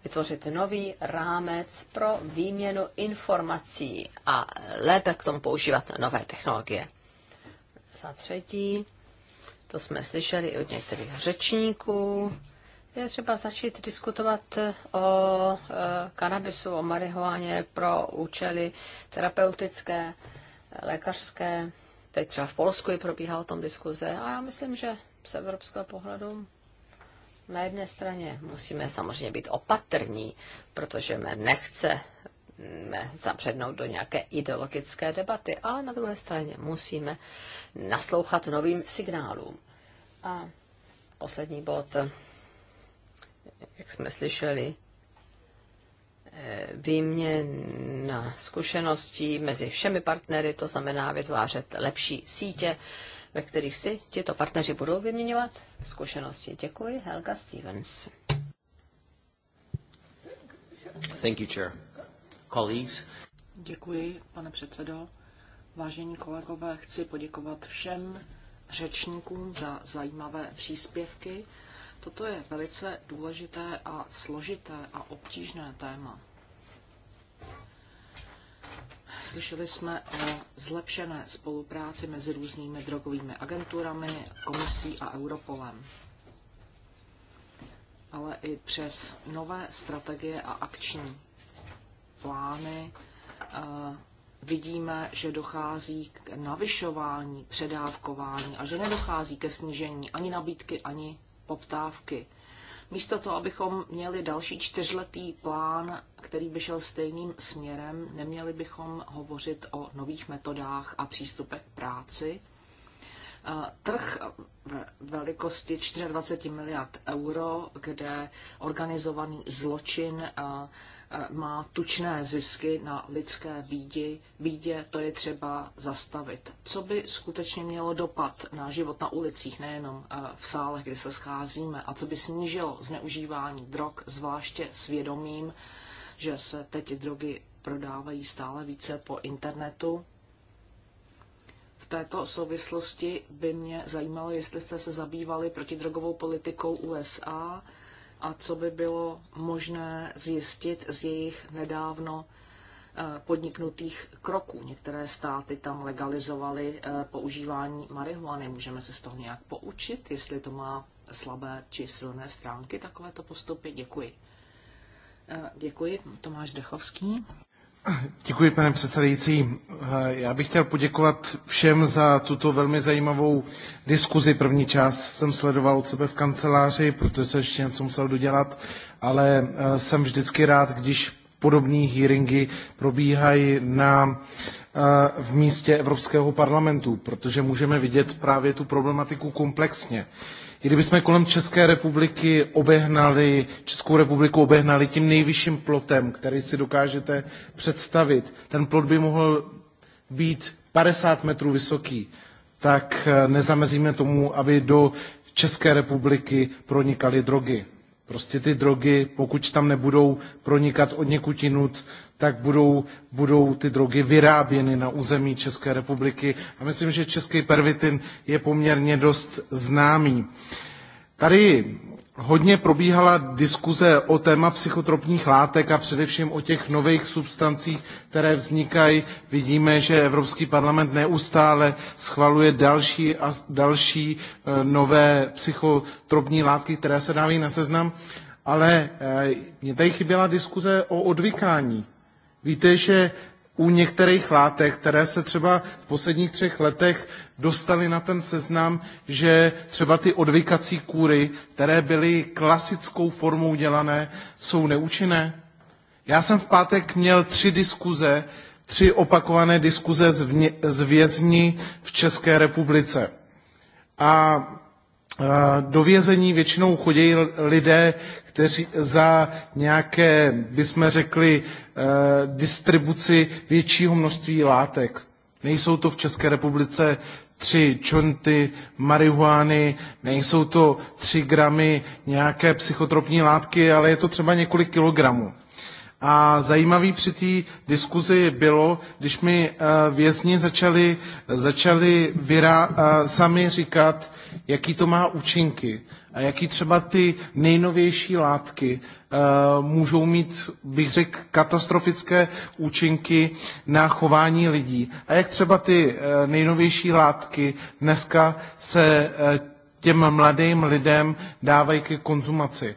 vytvořit nový rámec pro výměnu informací a lépe k tomu používat nové technologie. Za třetí, to jsme slyšeli i od některých řečníků, je třeba začít diskutovat o e, kanabisu, o marihuáně pro účely terapeutické, lékařské, Teď třeba v Polsku i probíhá o tom diskuze a já myslím, že z evropského pohledu na jedné straně musíme samozřejmě být opatrní, protože nechce zapřednout do nějaké ideologické debaty, ale na druhé straně musíme naslouchat novým signálům. A poslední bod, jak jsme slyšeli, výměna zkušeností mezi všemi partnery, to znamená vytvářet lepší sítě, ve kterých si tito partneři budou vyměňovat zkušenosti. Děkuji, Helga Stevens. Thank you, Chair. Colleagues. Děkuji, pane předsedo. Vážení kolegové, chci poděkovat všem řečníkům za zajímavé příspěvky. Toto je velice důležité a složité a obtížné téma. Slyšeli jsme o zlepšené spolupráci mezi různými drogovými agenturami, komisí a Europolem. Ale i přes nové strategie a akční plány eh, vidíme, že dochází k navyšování, předávkování a že nedochází ke snížení ani nabídky, ani poptávky. Místo toho, abychom měli další čtyřletý plán, který by šel stejným směrem, neměli bychom hovořit o nových metodách a přístupech k práci. Eh, trh ve velikosti 24 miliard euro, kde organizovaný zločin eh, má tučné zisky na lidské bídě, bídě, to je třeba zastavit. Co by skutečně mělo dopad na život na ulicích, nejenom eh, v sálech, kde se scházíme, a co by snížilo zneužívání drog, zvláště svědomím, že se teď drogy prodávají stále více po internetu, V této souvislosti by mě zajímalo, jestli jste se zabývali protidrogovou politikou USA, a co by bylo možné zjistit z jejich nedávno eh, podniknutých kroků. Některé státy tam legalizovaly eh, používání marihuany. Můžeme se z toho nějak poučit, jestli to má slabé či silné stránky takovéto postupy. Děkuji. Eh, děkuji, Tomáš Dechovský. Děkuji, pane předsedající. Já bych chtěl poděkovat všem za tuto velmi zajímavou diskuzi. První část jsem sledoval od sebe v kanceláři, protože jsem ještě něco musel dodělat, ale eh, jsem vždycky rád, když podobné hearingy probíhají na, eh, v místě Evropského parlamentu, protože můžeme vidět právě tu problematiku komplexně. I kdybychom kolem České republiky obehnali, Českou republiku obehnali tím nejvyšším plotem, který si dokážete představit, ten plot by mohl být 50 metrů vysoký, tak eh, nezamezíme tomu, aby do České republiky pronikaly drogy. Prostě ty drogy, pokud tam nebudou pronikat od někud jinut, tak budou, budou ty drogy vyráběny na území České republiky. A myslím, že český pervitin je poměrně dost známý. Tady Hodně probíhala diskuze o téma psychotropních látek a především o těch nových substancích, které vznikají. Vidíme, že Evropský parlament neustále schvaluje další a další e, nové psychotropní látky, které se dávají na seznam. Ale e, mě tady chyběla diskuze o odvykání. Víte, že u některých látek, které se třeba v posledních třech letech dostaly na ten seznam, že třeba ty odvykací kůry, které byly klasickou formou dělané, jsou neúčinné? Já jsem v pátek měl tři diskuze, tři opakované diskuze z, vně, z vězni v České republice. A Eh, do vězení většinou chodí lidé, kteří za nějaké, bychom řekli, eh, distribuci většího množství látek. Nejsou to v České republice tři čonty marihuány, nejsou to tři gramy nějaké psychotropní látky, ale je to třeba několik kilogramů. A zajímavý při té diskuzi bylo, když mi eh, vězni začali, začali vyrá, eh, sami říkat, jaký to má účinky a jaký třeba ty nejnovější látky eh, můžou mít, bych řekl, katastrofické účinky na chování lidí. A jak třeba ty nejnovější látky dneska se těm mladým lidem dávají ke konzumaci.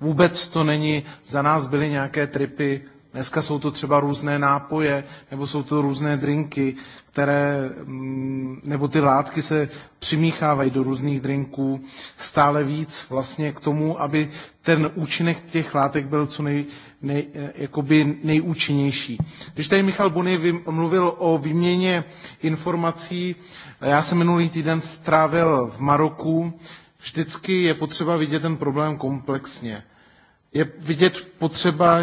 Vůbec to není, za nás byly nějaké tripy, dneska jsou to třeba různé nápoje, nebo jsou to různé drinky, které, mm, nebo ty látky se přimíchávají do různých drinků stále víc vlastně k tomu, aby ten účinek těch látek byl co nej, nej, jakoby nejúčinnější. Když tady Michal Bony mluvil o výměně informací, já jsem minulý týden strávil v Maroku, vždycky je potřeba vidět ten problém komplexně je vidět potřeba,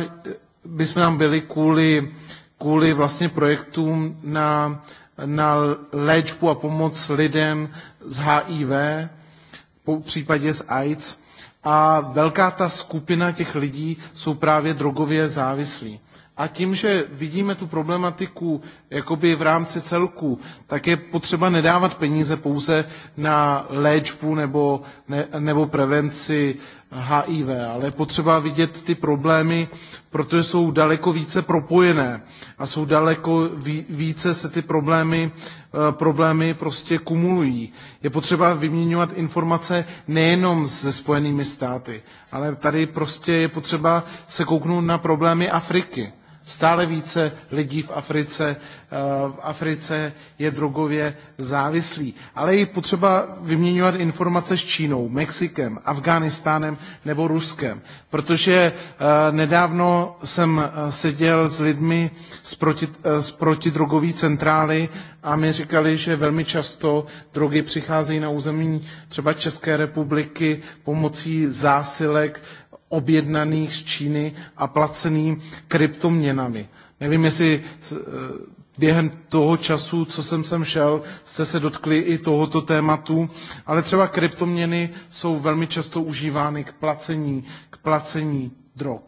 by jsme tam byli kvůli, kvůli vlastně projektům na, na léčbu a pomoc lidem z HIV, po případě z AIDS. A velká ta skupina těch lidí jsou právě drogově závislí. A tím, že vidíme tu problematiku jakoby v rámci celku, tak je potřeba nedávat peníze pouze na léčbu nebo, ne, nebo prevenci HIV, ale je potřeba vidět ty problémy, protože jsou daleko více propojené a jsou daleko více se ty problémy, eh, problémy prostě kumulují. Je potřeba vyměňovat informace nejenom se Spojenými státy, ale tady prostě je potřeba se kouknout na problémy Afriky Stále více lidí v Africe, eh, v Africe je drogově závislí. Ale je potřeba vyměňovat informace s Čínou, Mexikem, Afghánistánem nebo Ruskem, protože eh, nedávno jsem eh, seděl s lidmi z, proti, z protidrogové centrály a mi říkali, že velmi často drogy přicházejí na území třeba České republiky pomocí zásilek, objednaných z Číny a placeným kryptoměnami. Nevím, jestli eh, během toho času, co jsem sem šel, jste se dotkli i tohoto tématu, ale třeba kryptoměny jsou velmi často užívány k placení, k placení drog.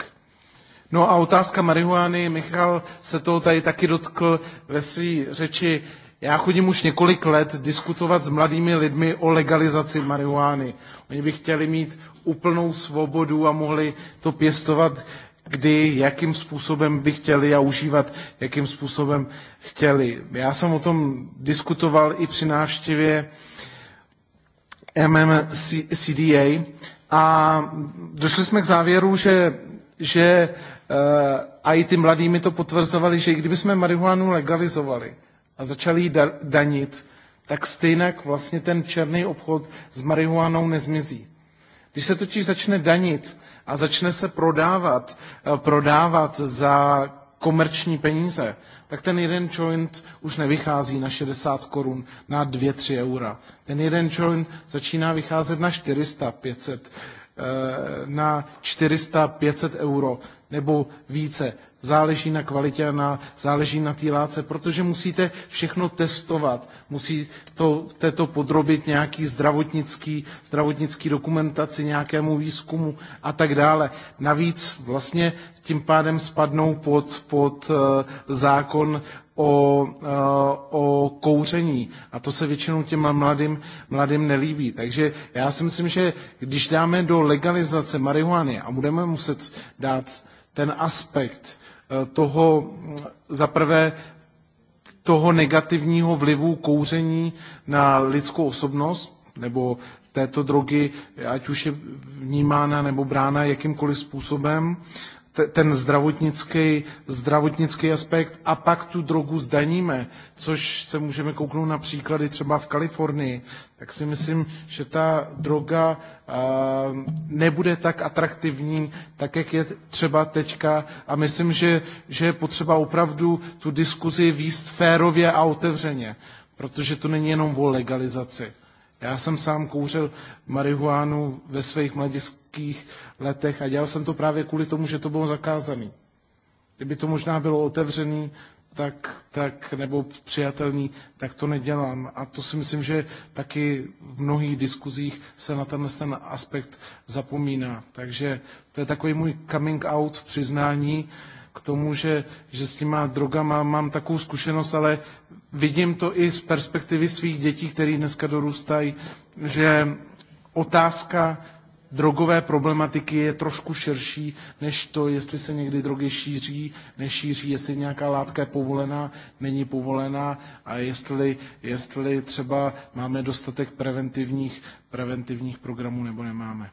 No a otázka marihuany, Michal se toho tady taky dotkl ve své řeči, já chodím už několik let diskutovat s mladými lidmi o legalizaci marihuány. Oni by chtěli mít úplnou svobodu a mohli to pěstovat, kdy, jakým způsobem by chtěli a užívat, jakým způsobem chtěli. Já jsem o tom diskutoval i při návštěvě MMCDA a došli jsme k závěru, že, že eh, a i ty mladými to potvrzovali, že i kdybychom marihuanu legalizovali, a začali ji danit, tak stejně vlastně ten černý obchod s marihuanou nezmizí. Když se totiž začne danit a začne se prodávat, eh, prodávat za komerční peníze, tak ten jeden joint už nevychází na 60 korun, na 2-3 eura. Ten jeden joint začíná vycházet na 400, 500, eh, na 400, 500 euro nebo více záleží na kvalitě, na, záleží na té láce, protože musíte všechno testovat, musíte to podrobit nějaký zdravotnický, zdravotnický dokumentaci, nějakému výzkumu a tak dále. Navíc vlastně tím pádem spadnou pod, pod eh, zákon o, eh, o kouření. A to se většinou těm mladým, mladým nelíbí. Takže já si myslím, že když dáme do legalizace marihuany a budeme muset dát ten aspekt Eh, toho zaprvé toho negativního vlivu kouření na lidskou osobnost nebo této drogy, ať už je vnímána nebo brána jakýmkoliv způsobem ten zdravotnický, zdravotnický aspekt a pak tu drogu zdaníme, což se můžeme kouknout na příklady třeba v Kalifornii, tak si myslím, že ta droga nebude tak atraktivní, tak jak je třeba teďka. A myslím, že, že je potřeba opravdu tu diskuzi výst férově a otevřeně, protože to není jenom o legalizaci. Já jsem sám kouřil marihuánu ve svých mladických letech a dělal jsem to právě kvůli tomu, že to bylo zakázané. Kdyby to možná bylo otevřené, tak, tak, nebo přijatelný, tak to nedělám. A to si myslím, že taky v mnohých diskuzích se na tenhle ten aspekt zapomíná. Takže to je takový můj coming out, přiznání k tomu, že, že s těma drogama mám takovou zkušenost, ale Vidím to i z perspektivy svých dětí, které dneska dorůstají, že otázka drogové problematiky je trošku širší než to, jestli se někdy drogy šíří, nešíří, jestli nějaká látka je povolená, není povolená a jestli, jestli třeba máme dostatek preventivních, preventivních programů nebo nemáme.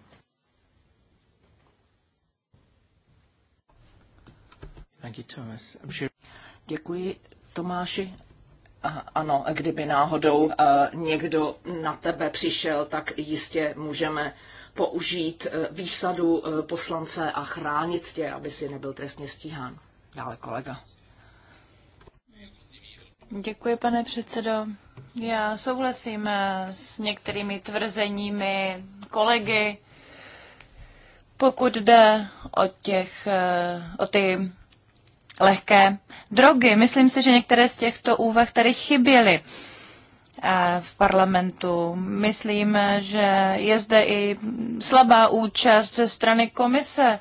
Děkuji, Tomáši. Ano, kdyby náhodou e, někdo na tebe přišel, tak jistě můžeme použít e, výsadu e, poslance a chránit tě, aby si nebyl trestně stíhán. Dále kolega. Děkuji, pane předsedo. Já souhlasím s některými tvrzeními kolegy, pokud jde o, těch, o ty lehké drogy. Myslím si, že některé z těchto úvah tady chyběly eh, v parlamentu. Myslím, že je zde i slabá účast ze strany komise.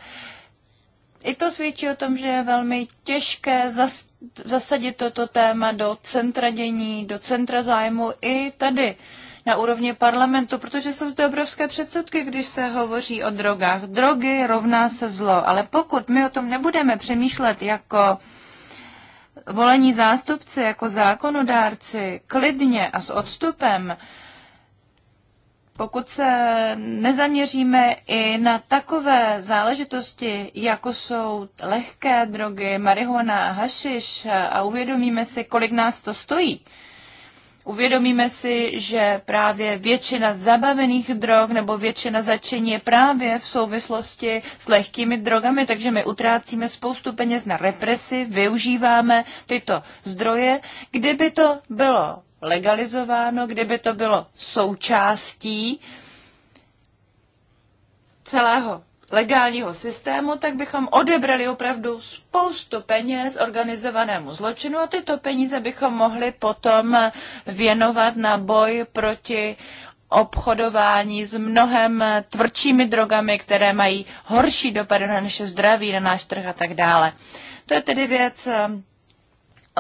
I to svědčí o tom, že je velmi těžké zas, zasadit toto téma do centra dění, do centra zájmu i tady na úrovni parlamentu, protože jsou zde obrovské předsudky, když se hovoří o drogách. Drogy rovná se zlo, ale pokud my o tom nebudeme přemýšlet jako volení zástupci, jako zákonodárci, klidně a s odstupem, pokud se nezaměříme i na takové záležitosti, jako jsou lehké drogy, marihuana, hašiš a uvědomíme si, kolik nás to stojí, Uvědomíme si, že právě většina zabavených drog nebo většina začení je právě v souvislosti s lehkými drogami, takže my utrácíme spoustu peněz na represi, využíváme tyto zdroje. Kdyby to bylo legalizováno, kdyby to bylo součástí celého legálního systému, tak bychom odebrali opravdu spoustu peněz organizovanému zločinu a tyto peníze bychom mohli potom věnovat na boj proti obchodování s mnohem tvrdšími drogami, které mají horší dopady na naše zdraví, na náš trh a tak dále. To je tedy věc,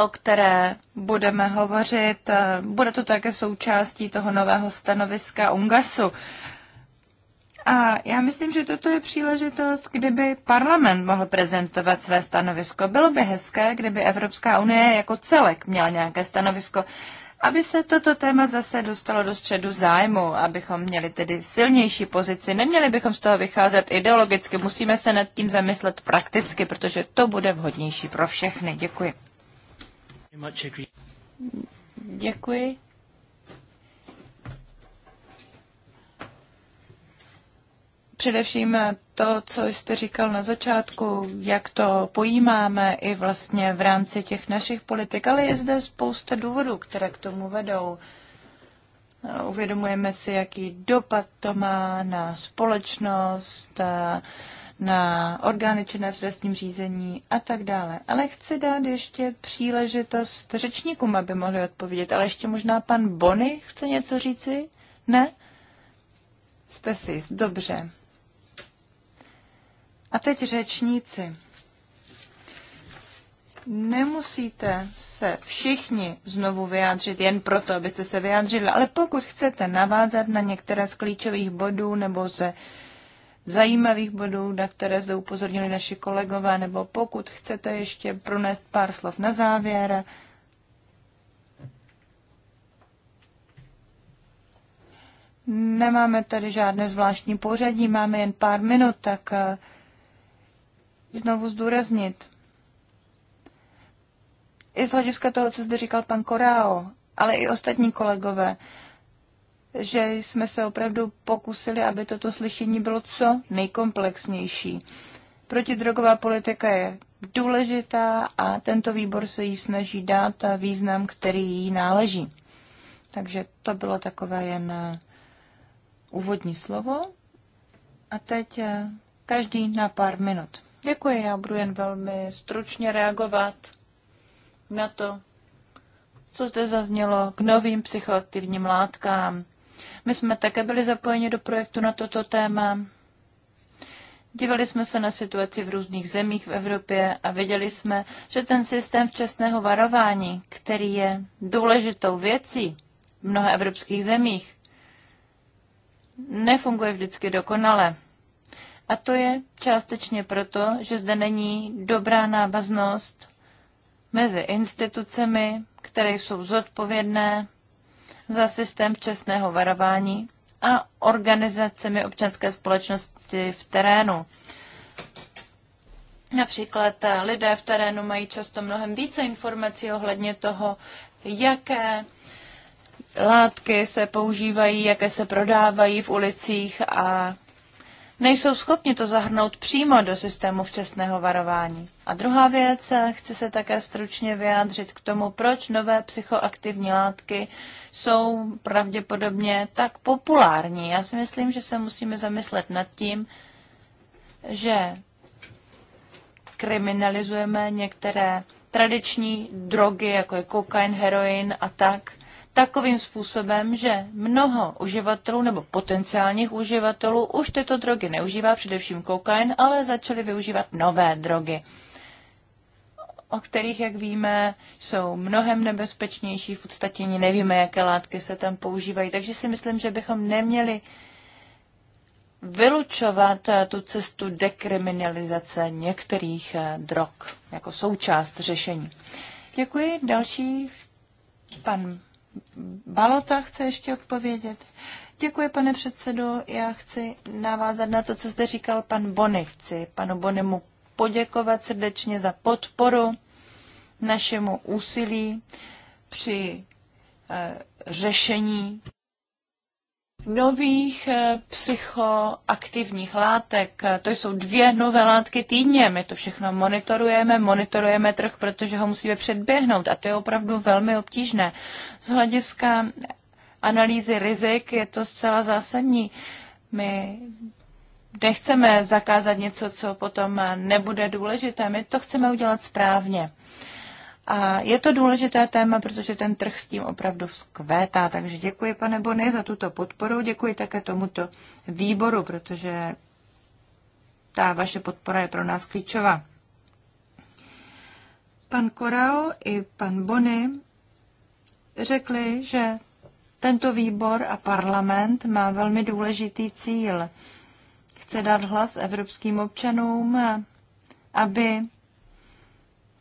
o které budeme hovořit. Bude to také součástí toho nového stanoviska UNGASu. A já myslím, že toto je příležitost, kdyby parlament mohl prezentovat své stanovisko. Bylo by hezké, kdyby Evropská unie jako celek měla nějaké stanovisko, aby se toto téma zase dostalo do středu zájmu, abychom měli tedy silnější pozici. Neměli bychom z toho vycházet ideologicky, musíme se nad tím zamyslet prakticky, protože to bude vhodnější pro všechny. Děkuji. Děkuji. Především to, co jste říkal na začátku, jak to pojímáme i vlastně v rámci těch našich politik, ale je zde spousta důvodů, které k tomu vedou. Uvědomujeme si, jaký dopad to má na společnost, na orgány činné v trestním řízení a tak dále. Ale chci dát ještě příležitost řečníkům, aby mohli odpovědět. Ale ještě možná pan Bony chce něco říci? Ne? Jste si dobře. A teď řečníci. Nemusíte se všichni znovu vyjádřit jen proto, abyste se vyjádřili, ale pokud chcete navázat na některé z klíčových bodů nebo ze zajímavých bodů, na které zde upozornili naši kolegové, nebo pokud chcete ještě pronést pár slov na závěr, Nemáme tady žádné zvláštní pořadí, máme jen pár minut, tak eh, znovu zdůraznit. I z hlediska toho, co zde říkal pan Korao, ale i ostatní kolegové, že jsme se opravdu pokusili, aby toto slyšení bylo co nejkomplexnější. Protidrogová politika je důležitá a tento výbor se jí snaží dát význam, který jí náleží. Takže to bylo takové jen úvodní slovo. A teď eh, každý na pár minut. Děkuji, já budu jen velmi stručně reagovat na to, co zde zaznělo k novým psychoaktivním látkám. My jsme také byli zapojeni do projektu na toto téma. Dívali jsme se na situaci v různých zemích v Evropě a věděli jsme, že ten systém včasného varování, který je důležitou věcí v mnoha evropských zemích, nefunguje vždycky dokonale. A to je částečně proto, že zde není dobrá návaznost mezi institucemi, které jsou zodpovědné za systém včasného varování a organizacemi občanské společnosti v terénu. Například lidé v terénu mají často mnohem více informací ohledně toho, jaké látky se používají, jaké se prodávají v ulicích a nejsou schopni to zahrnout přímo do systému včasného varování. A druhá věc, chci se také stručně vyjádřit k tomu, proč nové psychoaktivní látky jsou pravděpodobně tak populární. Já si myslím, že se musíme zamyslet nad tím, že kriminalizujeme některé tradiční drogy, jako je kokain, heroin a tak – takovým způsobem, že mnoho uživatelů nebo potenciálních uživatelů už tyto drogy neužívá, především kokain, ale začali využívat nové drogy, o kterých, jak víme, jsou mnohem nebezpečnější, v podstatě ani nevíme, jaké látky se tam používají. Takže si myslím, že bychom neměli vylučovat eh, tu cestu dekriminalizace některých eh, drog jako součást řešení. Děkuji. Další pan Balota chce ještě odpovědět. Děkuji, pane předsedo. Já chci navázat na to, co zde říkal pan Bony. Chci panu Bonemu poděkovat srdečně za podporu našemu úsilí při eh, řešení nových eh, psychoaktivních látek. To jsou dvě nové látky týdně. My to všechno monitorujeme, monitorujeme trh, protože ho musíme předběhnout a to je opravdu velmi obtížné. Z hlediska analýzy rizik je to zcela zásadní. My nechceme zakázat něco, co potom nebude důležité. My to chceme udělat správně. A je to důležité téma, protože ten trh s tím opravdu vzkvétá. Takže děkuji, pane Bony, za tuto podporu. Děkuji také tomuto výboru, protože ta vaše podpora je pro nás klíčová. Pan Korao i pan Bony řekli, že tento výbor a parlament má velmi důležitý cíl. Chce dát hlas evropským občanům, aby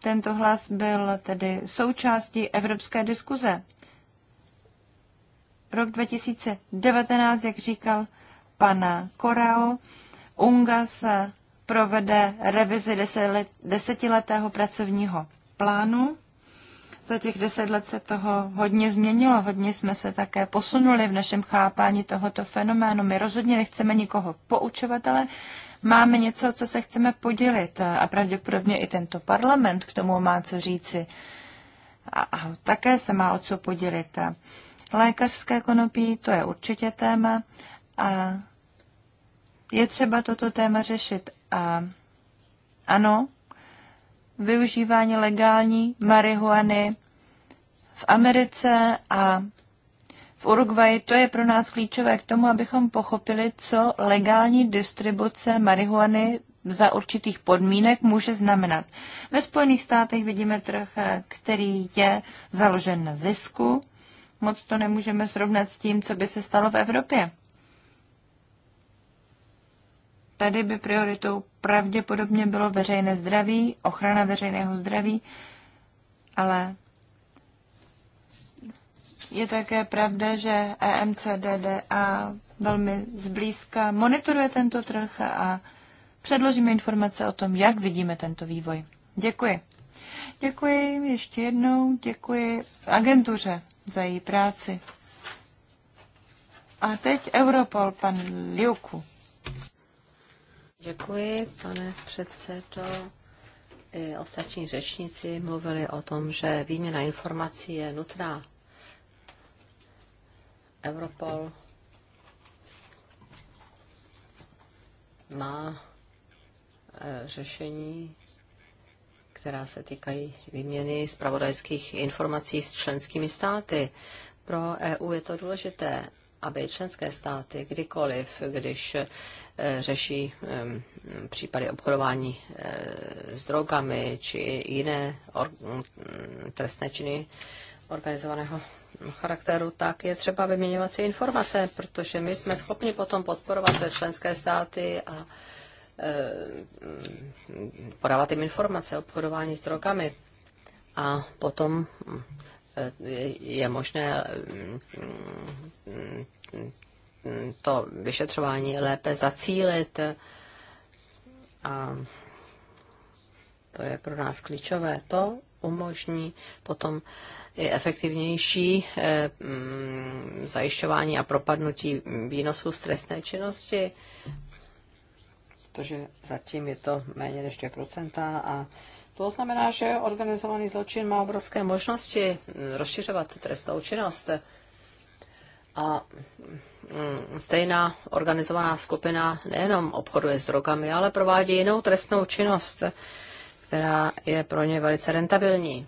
tento hlas byl tedy součástí evropské diskuze. Rok 2019, jak říkal pana Korao, UNGAS provede revizi desetiletého pracovního plánu. Za těch deset let se toho hodně změnilo, hodně jsme se také posunuli v našem chápání tohoto fenoménu. My rozhodně nechceme nikoho poučovat, ale máme něco, co se chceme podělit eh, a pravděpodobně i tento parlament k tomu má co říci a, a také se má o co podělit. Lékařské konopí, to je určitě téma a je třeba toto téma řešit. A ano, využívání legální marihuany v Americe a v Uruguayi, to je pro nás klíčové k tomu, abychom pochopili, co legální distribuce marihuany za určitých podmínek může znamenat. Ve Spojených státech vidíme trh, který je založen na zisku. Moc to nemůžeme srovnat s tím, co by se stalo v Evropě. Tady by prioritou pravděpodobně bylo veřejné zdraví, ochrana veřejného zdraví, ale je také pravda, že EMCDDA velmi zblízka monitoruje tento trh a předložíme informace o tom, jak vidíme tento vývoj. Děkuji. Děkuji ještě jednou, děkuji agentuře za její práci. A teď Europol, pan Liuku. Děkuji, pane předsedo. I ostatní řečníci mluvili o tom, že výměna informací je nutná Europol má eh, řešení, která se týkají výměny zpravodajských informací s členskými státy. Pro EU je to důležité, aby členské státy kdykoliv, když eh, řeší případy obchodování eh, s drogami či jiné trestné činy organizovaného charakteru, tak je třeba vyměňovat si informace, protože my jsme schopni potom podporovat své členské státy a e, podávat jim informace o obchodování s drogami. A potom e, je možné mm, to vyšetřování lépe zacílit. A to je pro nás klíčové. To umožní potom i efektivnější eh, mm, zajišťování a propadnutí výnosů z trestné činnosti, protože zatím je to méně než 2% a to znamená, že organizovaný zločin má obrovské možnosti mm, rozšiřovat trestnou činnost. A mm, stejná organizovaná skupina nejenom obchoduje s drogami, ale provádí jinou trestnou činnost, která je pro ně velice rentabilní.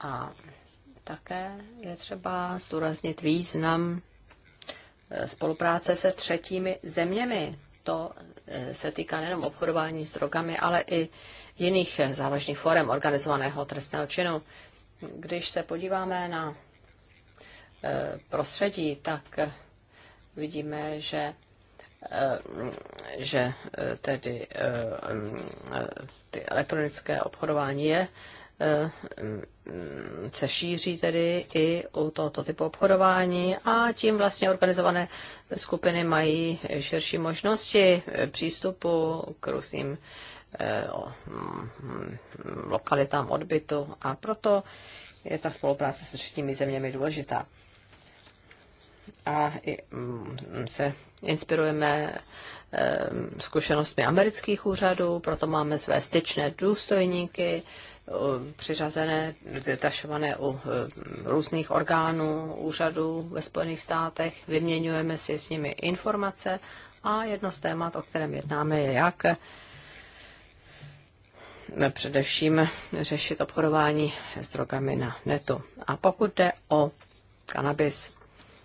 A také je třeba zdůraznit význam eh, spolupráce se třetími zeměmi. To eh, se týká nejenom obchodování s drogami, ale i jiných eh, závažných forem organizovaného trestného činu. Když se podíváme na prostředí, tak vidíme, že Eh, že eh, tedy eh, ty elektronické obchodování je se šíří tedy i u tohoto typu obchodování a tím vlastně organizované skupiny mají širší možnosti přístupu k různým hm, lokalitám odbytu a proto je ta spolupráce s třetími zeměmi důležitá a mm, se inspirujeme zkušenostmi amerických úřadů, proto máme své styčné důstojníky, přiřazené, detašované u různých orgánů, úřadů ve Spojených státech. Vyměňujeme si s nimi informace a jedno z témat, o kterém jednáme, je jak především řešit obchodování s drogami na netu. A pokud jde o kanabis,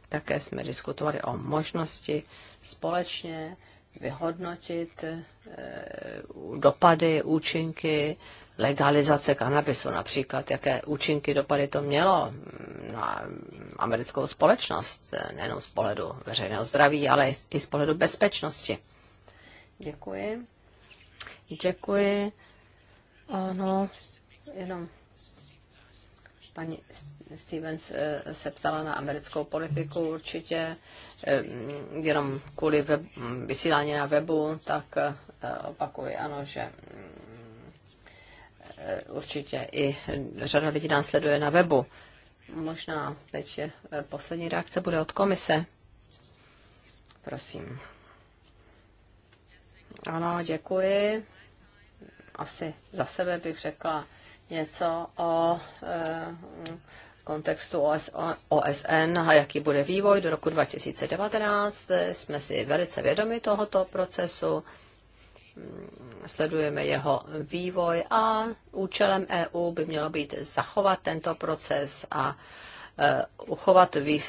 také jsme diskutovali o možnosti společně vyhodnotit eh, dopady, účinky legalizace kanabisu například, jaké účinky, dopady to mělo mm, na americkou společnost, eh, nejenom z pohledu veřejného zdraví, ale i z pohledu bezpečnosti. Děkuji. Děkuji. Ano, jenom paní Stevens eh, se ptala na americkou politiku určitě, eh, jenom kvůli web, mm, vysílání na webu, tak eh, opakuji, ano, že mm, určitě i řada lidí nás sleduje na webu. Možná teď je poslední reakce bude od komise. Prosím. Ano, děkuji. Asi za sebe bych řekla něco o kontextu OSN a jaký bude vývoj do roku 2019. Jsme si velice vědomi tohoto procesu, sledujeme jeho vývoj a účelem EU by mělo být zachovat tento proces a e, uchovat e, e,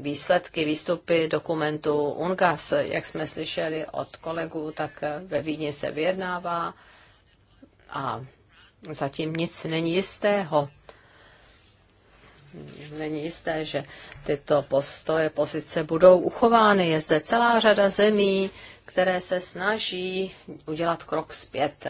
výsledky, výstupy dokumentu UNGAS. Jak jsme slyšeli od kolegů, tak ve Vídni se vyjednává a zatím nic není jistého není jisté, že tyto postoje, pozice budou uchovány. Je zde celá řada zemí, které se snaží udělat krok zpět.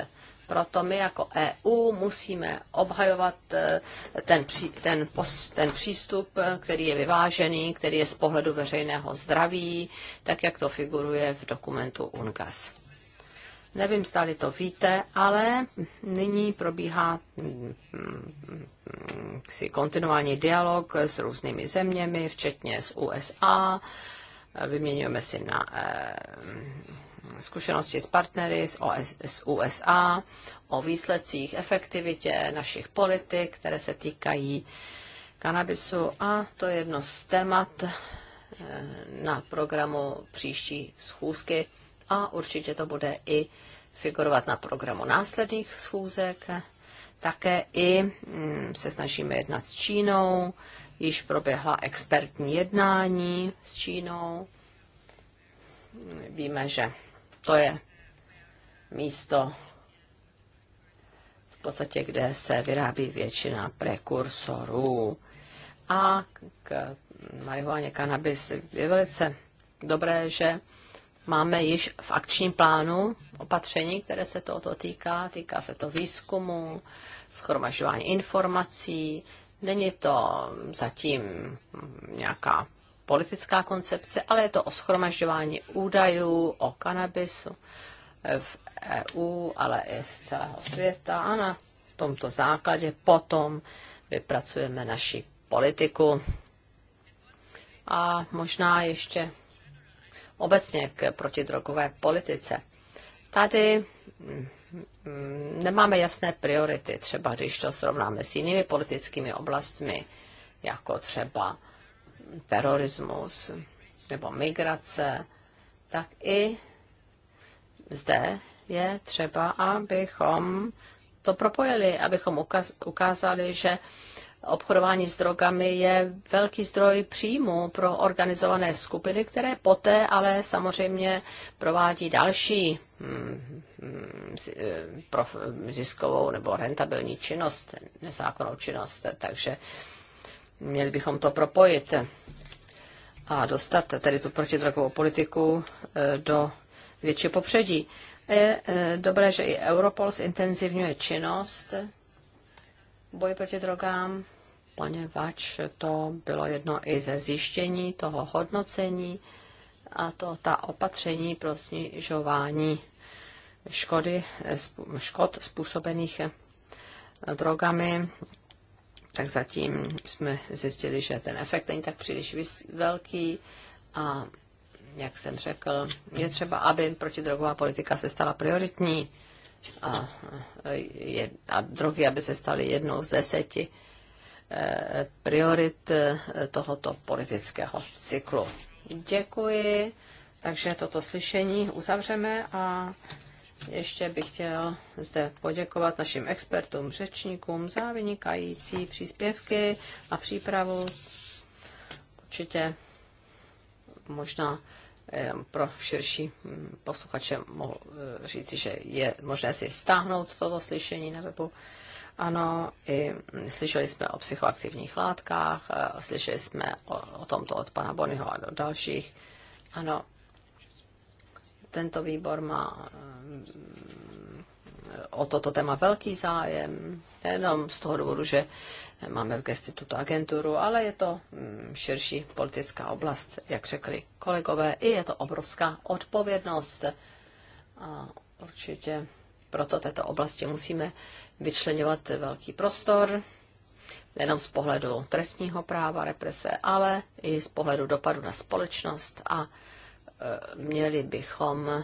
Proto my jako EU musíme obhajovat eh, ten, pří, ten, pos, ten přístup, který je vyvážený, který je z pohledu veřejného zdraví, tak jak to figuruje v dokumentu UNGAS. Nevím, stále to víte, ale nyní probíhá mm, mm, si kontinuální dialog s různými zeměmi, včetně s USA. Vyměňujeme si na eh, zkušenosti s partnery z, OS, z USA, o výsledcích, efektivitě našich politik, které se týkají kanabisu a to je jedno z témat eh, na programu příští schůzky a určitě to bude i figurovat na programu následných schůzek. Také i mm, se snažíme jednat s Čínou, již proběhla expertní jednání s Čínou. Víme, že to je místo v podstatě, kde se vyrábí většina prekursorů. A k marihuaně kanabis je velice dobré, že Máme již v akčním plánu opatření, které se tohoto týká. Týká se to výzkumu, schromažování informací. Není to zatím nějaká politická koncepce, ale je to o schromažďování údajů, o kanabisu v EU, ale i z celého světa. A na tomto základě potom vypracujeme naši politiku. A možná ještě obecně k protidrogové politice. Tady mm, nemáme jasné priority, třeba když to srovnáme s jinými politickými oblastmi, jako třeba terorismus nebo migrace, tak i zde je třeba, abychom to propojili, abychom ukázali, že obchodování s drogami je velký zdroj příjmu pro organizované skupiny, které poté ale samozřejmě provádí další hmm, hmm, eh, ziskovou nebo rentabilní činnost, nezákonnou činnost, takže měli bychom to propojit a dostat tedy tu protidrogovou politiku eh, do větší popředí. Je eh, dobré, že i Europol zintenzivňuje činnost boj proti drogám poněvadž to bylo jedno i ze zjištění toho hodnocení a to ta opatření pro snižování škody, škod způsobených eh, drogami, tak zatím jsme zjistili, že ten efekt není tak příliš velký a jak jsem řekl, je třeba, aby protidrogová politika se stala prioritní a, a, eh, a drogy, aby se staly jednou z deseti priorit eh, tohoto politického cyklu. Děkuji. Takže toto slyšení uzavřeme a ještě bych chtěl zde poděkovat našim expertům, řečníkům za vynikající příspěvky a přípravu. Určitě možná eh, pro širší hm, posluchače mohu eh, říci, že je možné si stáhnout toto slyšení na webu. Ano, i slyšeli jsme o psychoaktivních látkách, e, slyšeli jsme o, o tomto od pana Bonyho a do dalších. Ano, tento výbor má e, o toto téma velký zájem, nejenom z toho důvodu, že máme v gesti tuto agenturu, ale je to mm, širší politická oblast, jak řekli kolegové, i je to obrovská odpovědnost. A určitě proto této oblasti musíme vyčlenovat velký prostor, nejenom z pohledu trestního práva, represe, ale i z pohledu dopadu na společnost a e, měli bychom e,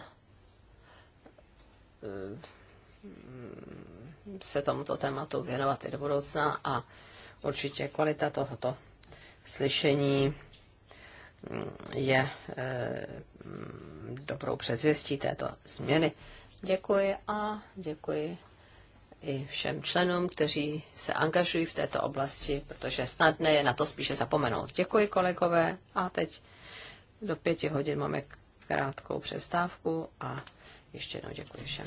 se tomuto tématu věnovat i do budoucna a určitě kvalita tohoto slyšení mm, je e, mm, dobrou předzvěstí této změny. Děkuji a děkuji i všem členům, kteří se angažují v této oblasti, protože snadné je na to spíše zapomenout. Děkuji kolegové a teď do pěti hodin máme krátkou přestávku a ještě jednou děkuji všem.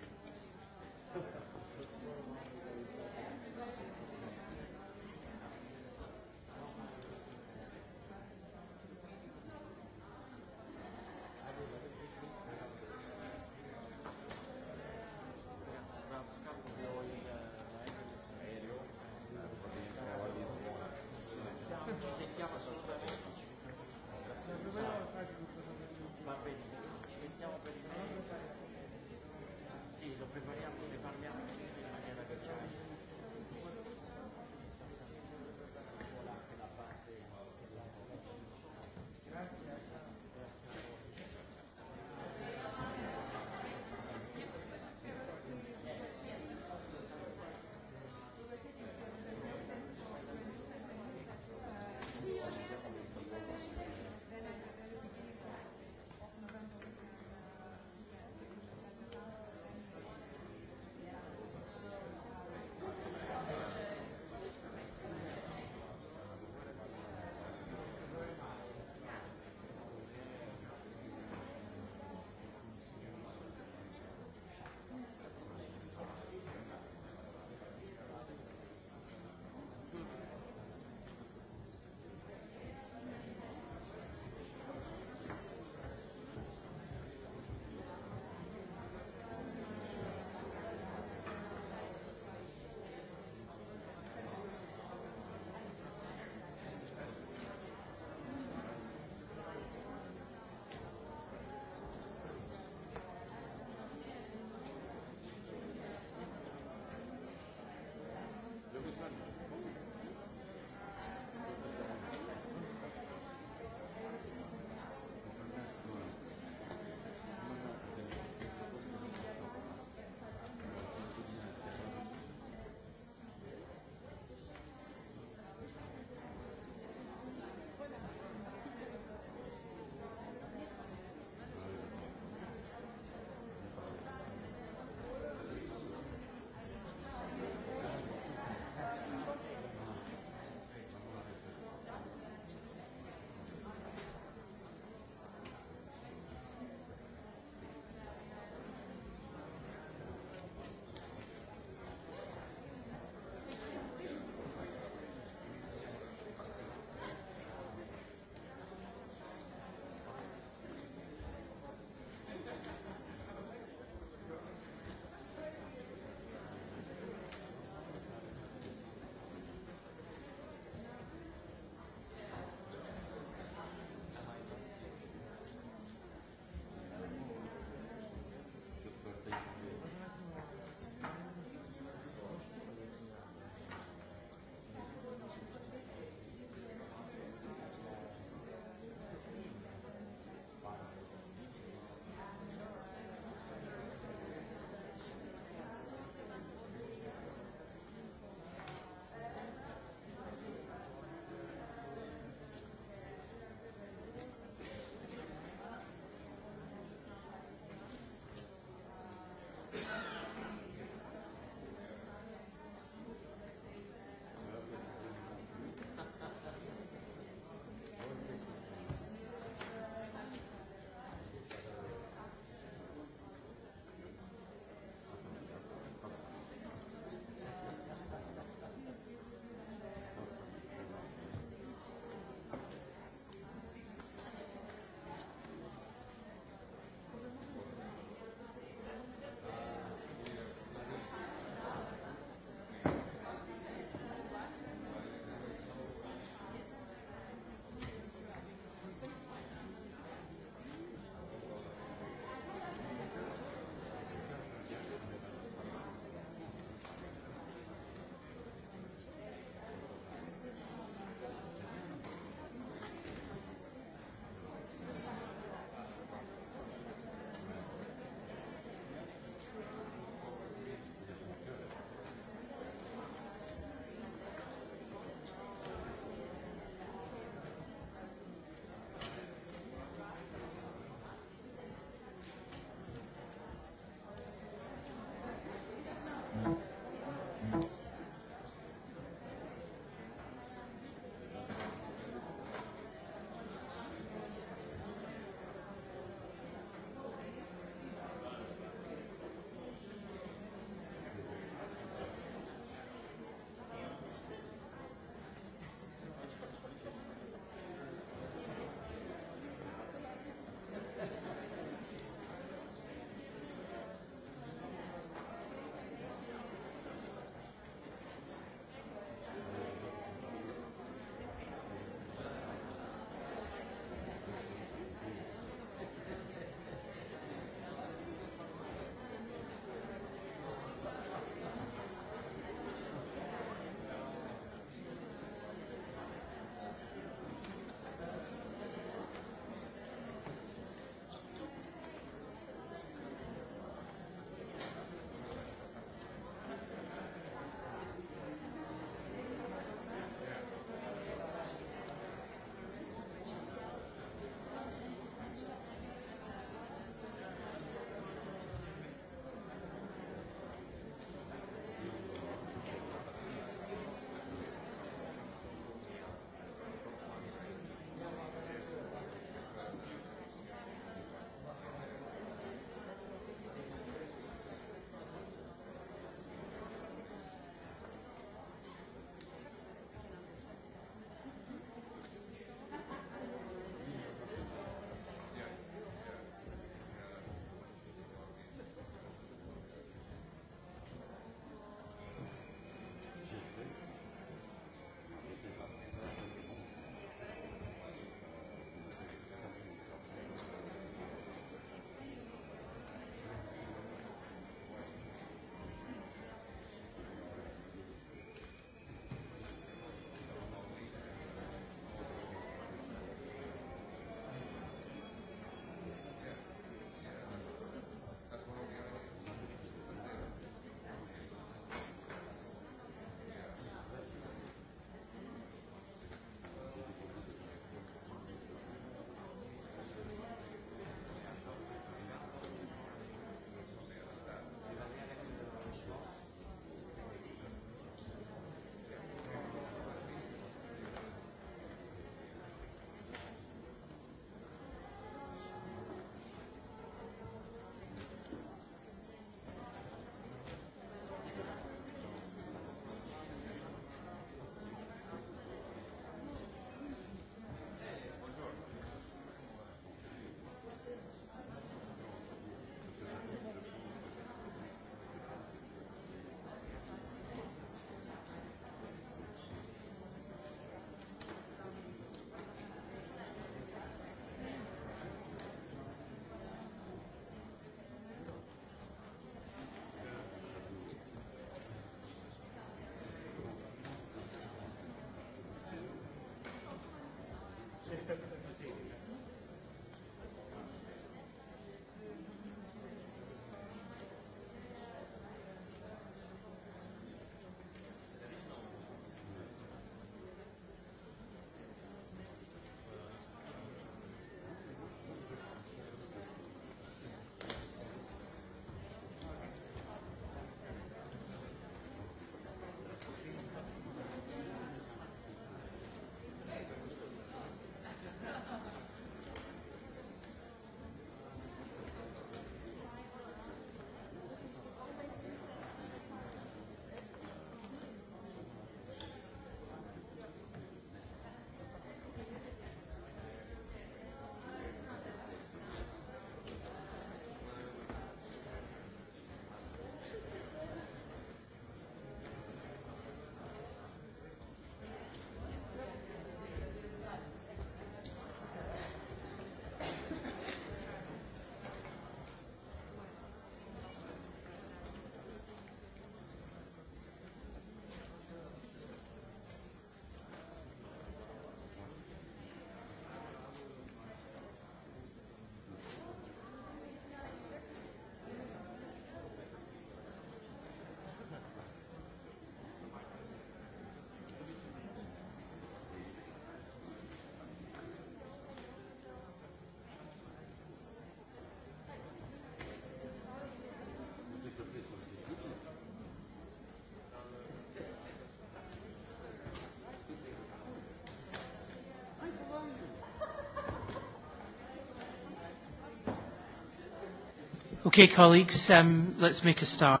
Okay, colleagues, um, let's make a start.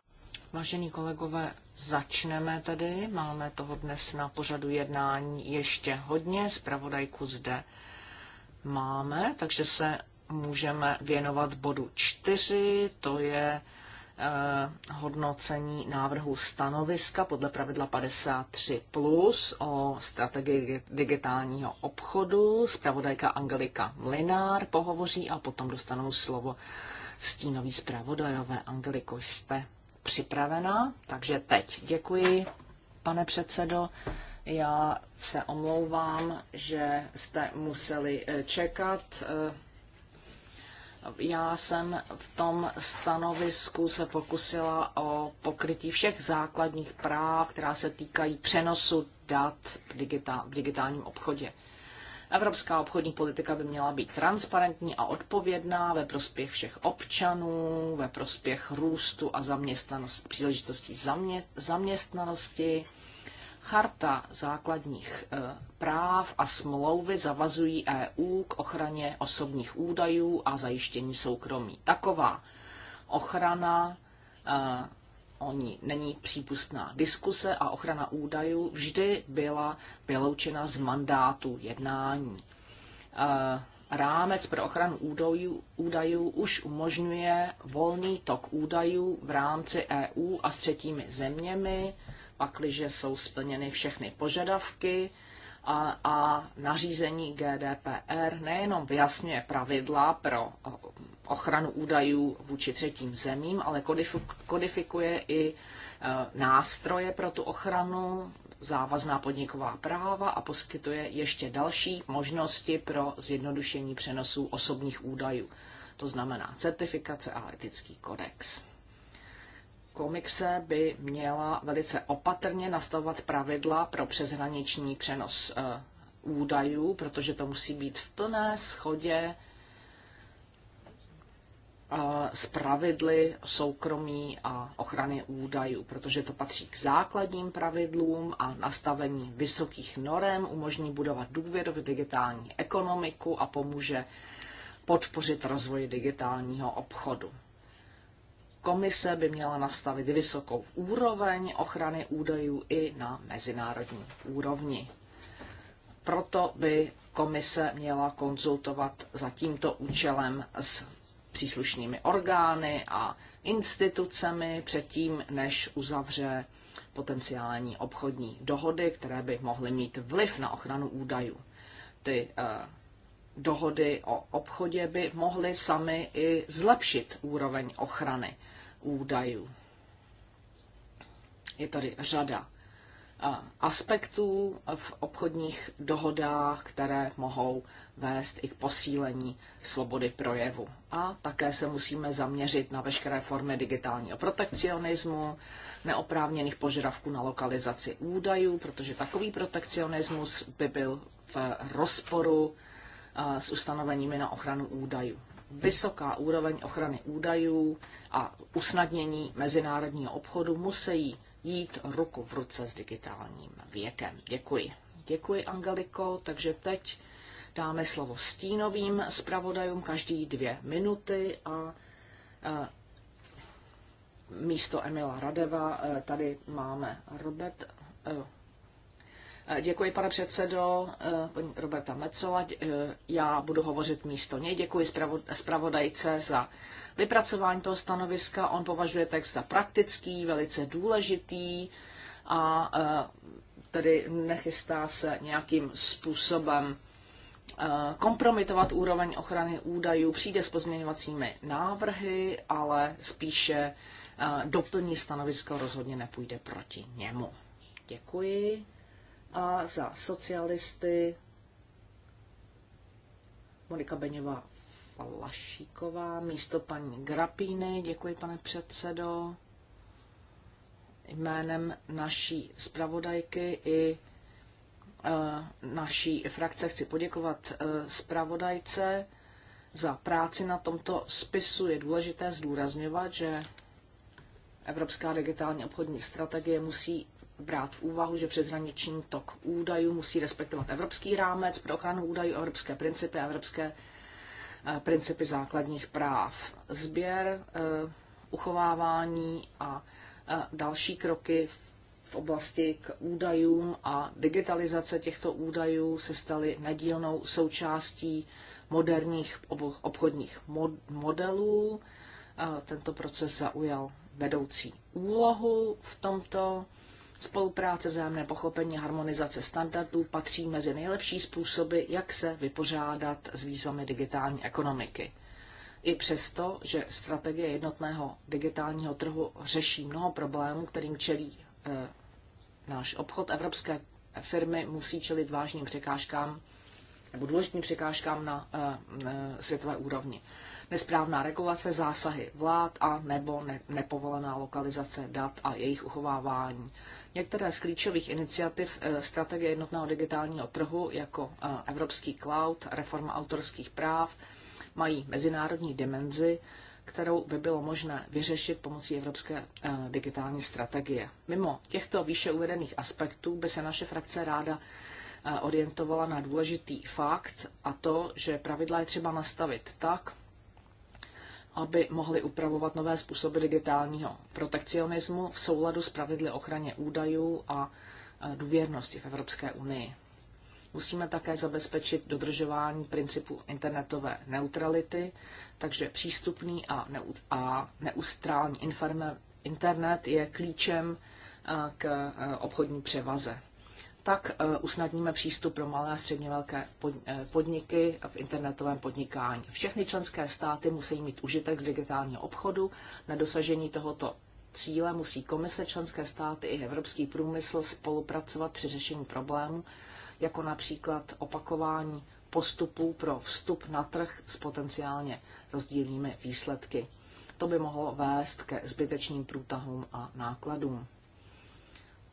Vážení kolegové, začneme tedy. Máme toho dnes na pořadu jednání ještě hodně. Zpravodajku zde máme, takže se můžeme věnovat bodu čtyři. To je eh, hodnocení návrhu stanoviska podle pravidla 53 plus o strategii digitálního obchodu. Spravodajka Angelika Mlinár pohovoří a potom dostanou slovo stínoví zpravodajové. Angeliko, jste připravená, takže teď děkuji, pane předsedo. Já se omlouvám, že jste museli eh, čekat. Eh, já jsem v tom stanovisku se pokusila o pokrytí všech základních práv, která se týkají přenosu dat v, digitál, v digitálním obchodě. Evropská obchodní politika by měla být transparentní a odpovědná ve prospěch všech občanů, ve prospěch růstu a zaměstnanosti, příležitostí zamě, zaměstnanosti. Charta základních eh, práv a smlouvy zavazují EU k ochraně osobních údajů a zajištění soukromí. Taková ochrana eh, o ní není přípustná diskuse a ochrana údajů vždy byla vyloučena z mandátu jednání. Eh, rámec pro ochranu údajů, údajů už umožňuje volný tok údajů v rámci EU a s třetími zeměmi, pakliže jsou splněny všechny požadavky, a, a nařízení GDPR nejenom vyjasňuje pravidla pro eh, ochranu údajů vůči třetím zemím, ale kodifikuje i e, nástroje pro tu ochranu, závazná podniková práva a poskytuje ještě další možnosti pro zjednodušení přenosů osobních údajů. To znamená certifikace a etický kodex. Komikse by měla velice opatrně nastavovat pravidla pro přeshraniční přenos e, údajů, protože to musí být v plné schodě s pravidly soukromí a ochrany údajů, protože to patří k základním pravidlům a nastavení vysokých norem umožní budovat důvěru v digitální ekonomiku a pomůže podpořit rozvoj digitálního obchodu. Komise by měla nastavit vysokou úroveň ochrany údajů i na mezinárodní úrovni. Proto by komise měla konzultovat za tímto účelem s příslušnými orgány a institucemi předtím, než uzavře potenciální obchodní dohody, které by mohly mít vliv na ochranu údajů. Ty eh, dohody o obchodě by mohly sami i zlepšit úroveň ochrany údajů. Je tady řada aspektů v obchodních dohodách, které mohou vést i k posílení svobody projevu. A také se musíme zaměřit na veškeré formy digitálního protekcionismu, neoprávněných požadavků na lokalizaci údajů, protože takový protekcionismus by byl v rozporu s ustanoveními na ochranu údajů. Vysoká úroveň ochrany údajů a usnadnění mezinárodního obchodu musí jít ruku v ruce s digitálním věkem. Děkuji. Děkuji, Angeliko. Takže teď dáme slovo stínovým zpravodajům každý dvě minuty a eh, místo Emila Radeva eh, tady máme Robert eh, Eh, děkuji, pane předsedo, eh, paní Roberta Mecola. Eh, já budu hovořit místo něj. Děkuji zpravodajce za vypracování toho stanoviska. On považuje text za praktický, velice důležitý a tedy nechystá se nějakým způsobem kompromitovat úroveň ochrany údajů, přijde s pozměňovacími návrhy, ale spíše doplní stanovisko, rozhodně nepůjde proti němu. Děkuji a za socialisty Monika Beněva, Lašíková, místo paní Grapíny. Děkuji, pane předsedo. Jménem naší zpravodajky i eh, naší frakce chci poděkovat eh, zpravodajce za práci na tomto spisu. Je důležité zdůrazňovat, že Evropská digitální obchodní strategie musí brát v úvahu, že přeshraniční tok údajů musí respektovat evropský rámec pro ochranu údajů, evropské principy a evropské eh, principy základních práv. Sběr, eh, uchovávání a eh, další kroky v oblasti k údajům a digitalizace těchto údajů se staly nedílnou součástí moderních obchodních modelů. Tento proces zaujal vedoucí úlohu v tomto Spolupráce, vzájemné pochopení, harmonizace standardů patří mezi nejlepší způsoby, jak se vypořádat s výzvami digitální ekonomiky. I přesto, že strategie jednotného digitálního trhu řeší mnoho problémů, kterým čelí e, náš obchod, evropské firmy musí čelit vážným překážkám nebo důležitým překážkám na eh, eh, světové úrovni. Nesprávná regulace, zásahy vlád a nebo ne, nepovolená lokalizace dat a jejich uchovávání. Některé z klíčových iniciativ eh, strategie jednotného digitálního trhu, jako Evropský cloud, reforma autorských práv, mají mezinárodní dimenzi, kterou by bylo možné vyřešit pomocí Evropské digitální strategie. Mimo těchto výše uvedených aspektů by se naše frakce ráda Eh, orientovala na důležitý fakt a to, že pravidla je třeba nastavit tak, aby mohly upravovat nové způsoby digitálního protekcionismu v souladu s pravidly ochraně údajů a eh, důvěrnosti v Evropské unii. Musíme také zabezpečit dodržování principu internetové neutrality, takže přístupný a, neut- a neustrální internet je klíčem eh, k obchodní převaze tak eh, usnadníme přístup pro malé a středně velké eh, podniky v internetovém podnikání. Všechny členské státy musí mít užitek z digitálního obchodu. Na dosažení tohoto cíle musí komise, členské státy i evropský průmysl spolupracovat při řešení problémů, jako například opakování postupů pro vstup na trh s potenciálně rozdílnými výsledky. To by mohlo vést ke zbytečným průtahům a nákladům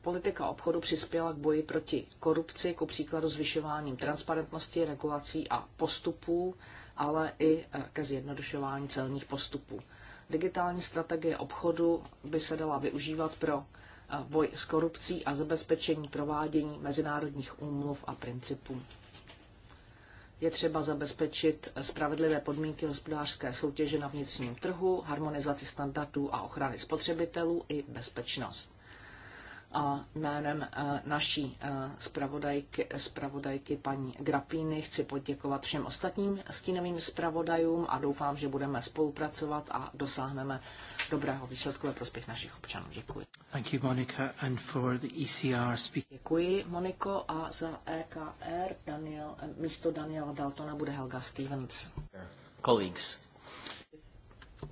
politika obchodu přispěla k boji proti korupci, ku příkladu zvyšováním transparentnosti, regulací a postupů, ale i e, ke zjednodušování celních postupů. Digitální strategie obchodu by se dala využívat pro e, boj s korupcí a zabezpečení provádění mezinárodních úmluv a principů. Je třeba zabezpečit spravedlivé podmínky hospodářské soutěže na vnitřním trhu, harmonizaci standardů a ochrany spotřebitelů i bezpečnost a jménem e, naší spravodajky, e, spravodajky paní Grapíny chci poděkovat všem ostatním stínovým spravodajům a doufám, že budeme spolupracovat a dosáhneme dobrého výsledku ve prospěch našich občanů. Děkuji. Thank you, Monica, and for the ECR speak. Děkuji, Moniko, a za EKR Daniel, e, místo Daniela Daltona bude Helga Stevens. Colleagues.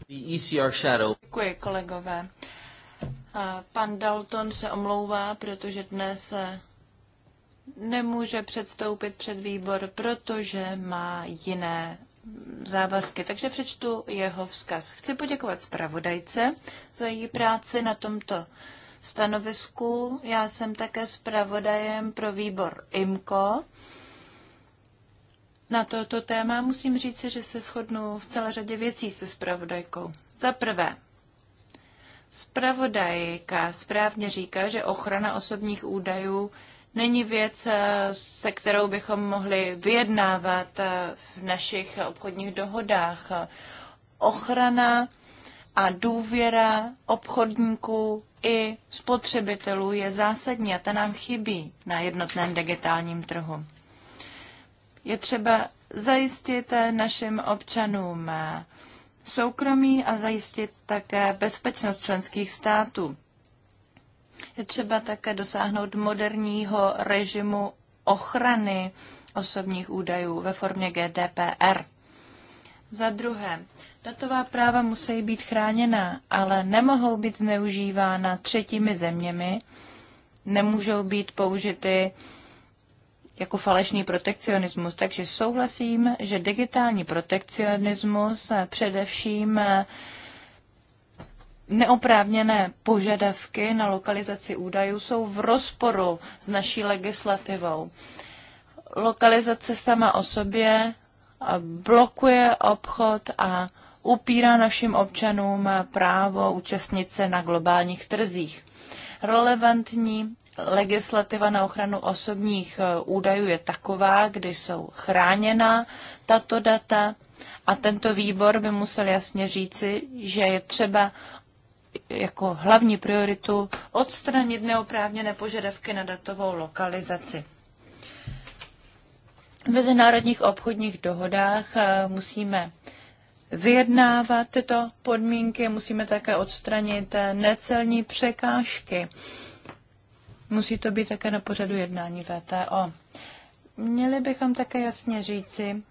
The ECR shadow. Děkuji, kolegové. Pan Dalton se omlouvá, protože dnes nemůže předstoupit před výbor, protože má jiné závazky. Takže přečtu jeho vzkaz. Chci poděkovat zpravodajce za její práci na tomto stanovisku. Já jsem také zpravodajem pro výbor IMCO. Na toto téma musím říci, že se shodnu v celé řadě věcí se zpravodajkou. Za prvé, Spravodajka správně říká, že ochrana osobních údajů není věc, eh, se kterou bychom mohli vyjednávat eh, v našich obchodních dohodách. Ochrana a důvěra obchodníků i spotřebitelů je zásadní a ta nám chybí na jednotném digitálním trhu. Je třeba zajistit eh, našim občanům soukromí a zajistit také bezpečnost členských států. Je třeba také dosáhnout moderního režimu ochrany osobních údajů ve formě GDPR. Za druhé, datová práva musí být chráněna, ale nemohou být zneužívána třetími zeměmi, nemůžou být použity jako falešný protekcionismus. Takže souhlasím, že digitální protekcionismus eh, především eh, neoprávněné požadavky na lokalizaci údajů jsou v rozporu s naší legislativou. Lokalizace sama o sobě eh, blokuje obchod a upírá našim občanům právo účastnit se na globálních trzích. Relevantní legislativa na ochranu osobních eh, údajů je taková, kdy jsou chráněna tato data a tento výbor by musel jasně říci, že je třeba jako hlavní prioritu odstranit neoprávněné požadavky na datovou lokalizaci. V mezinárodních obchodních dohodách eh, musíme vyjednávat tyto podmínky, musíme také odstranit eh, necelní překážky Musí to být také na pořadu jednání VTO. Měli bychom také jasně říci,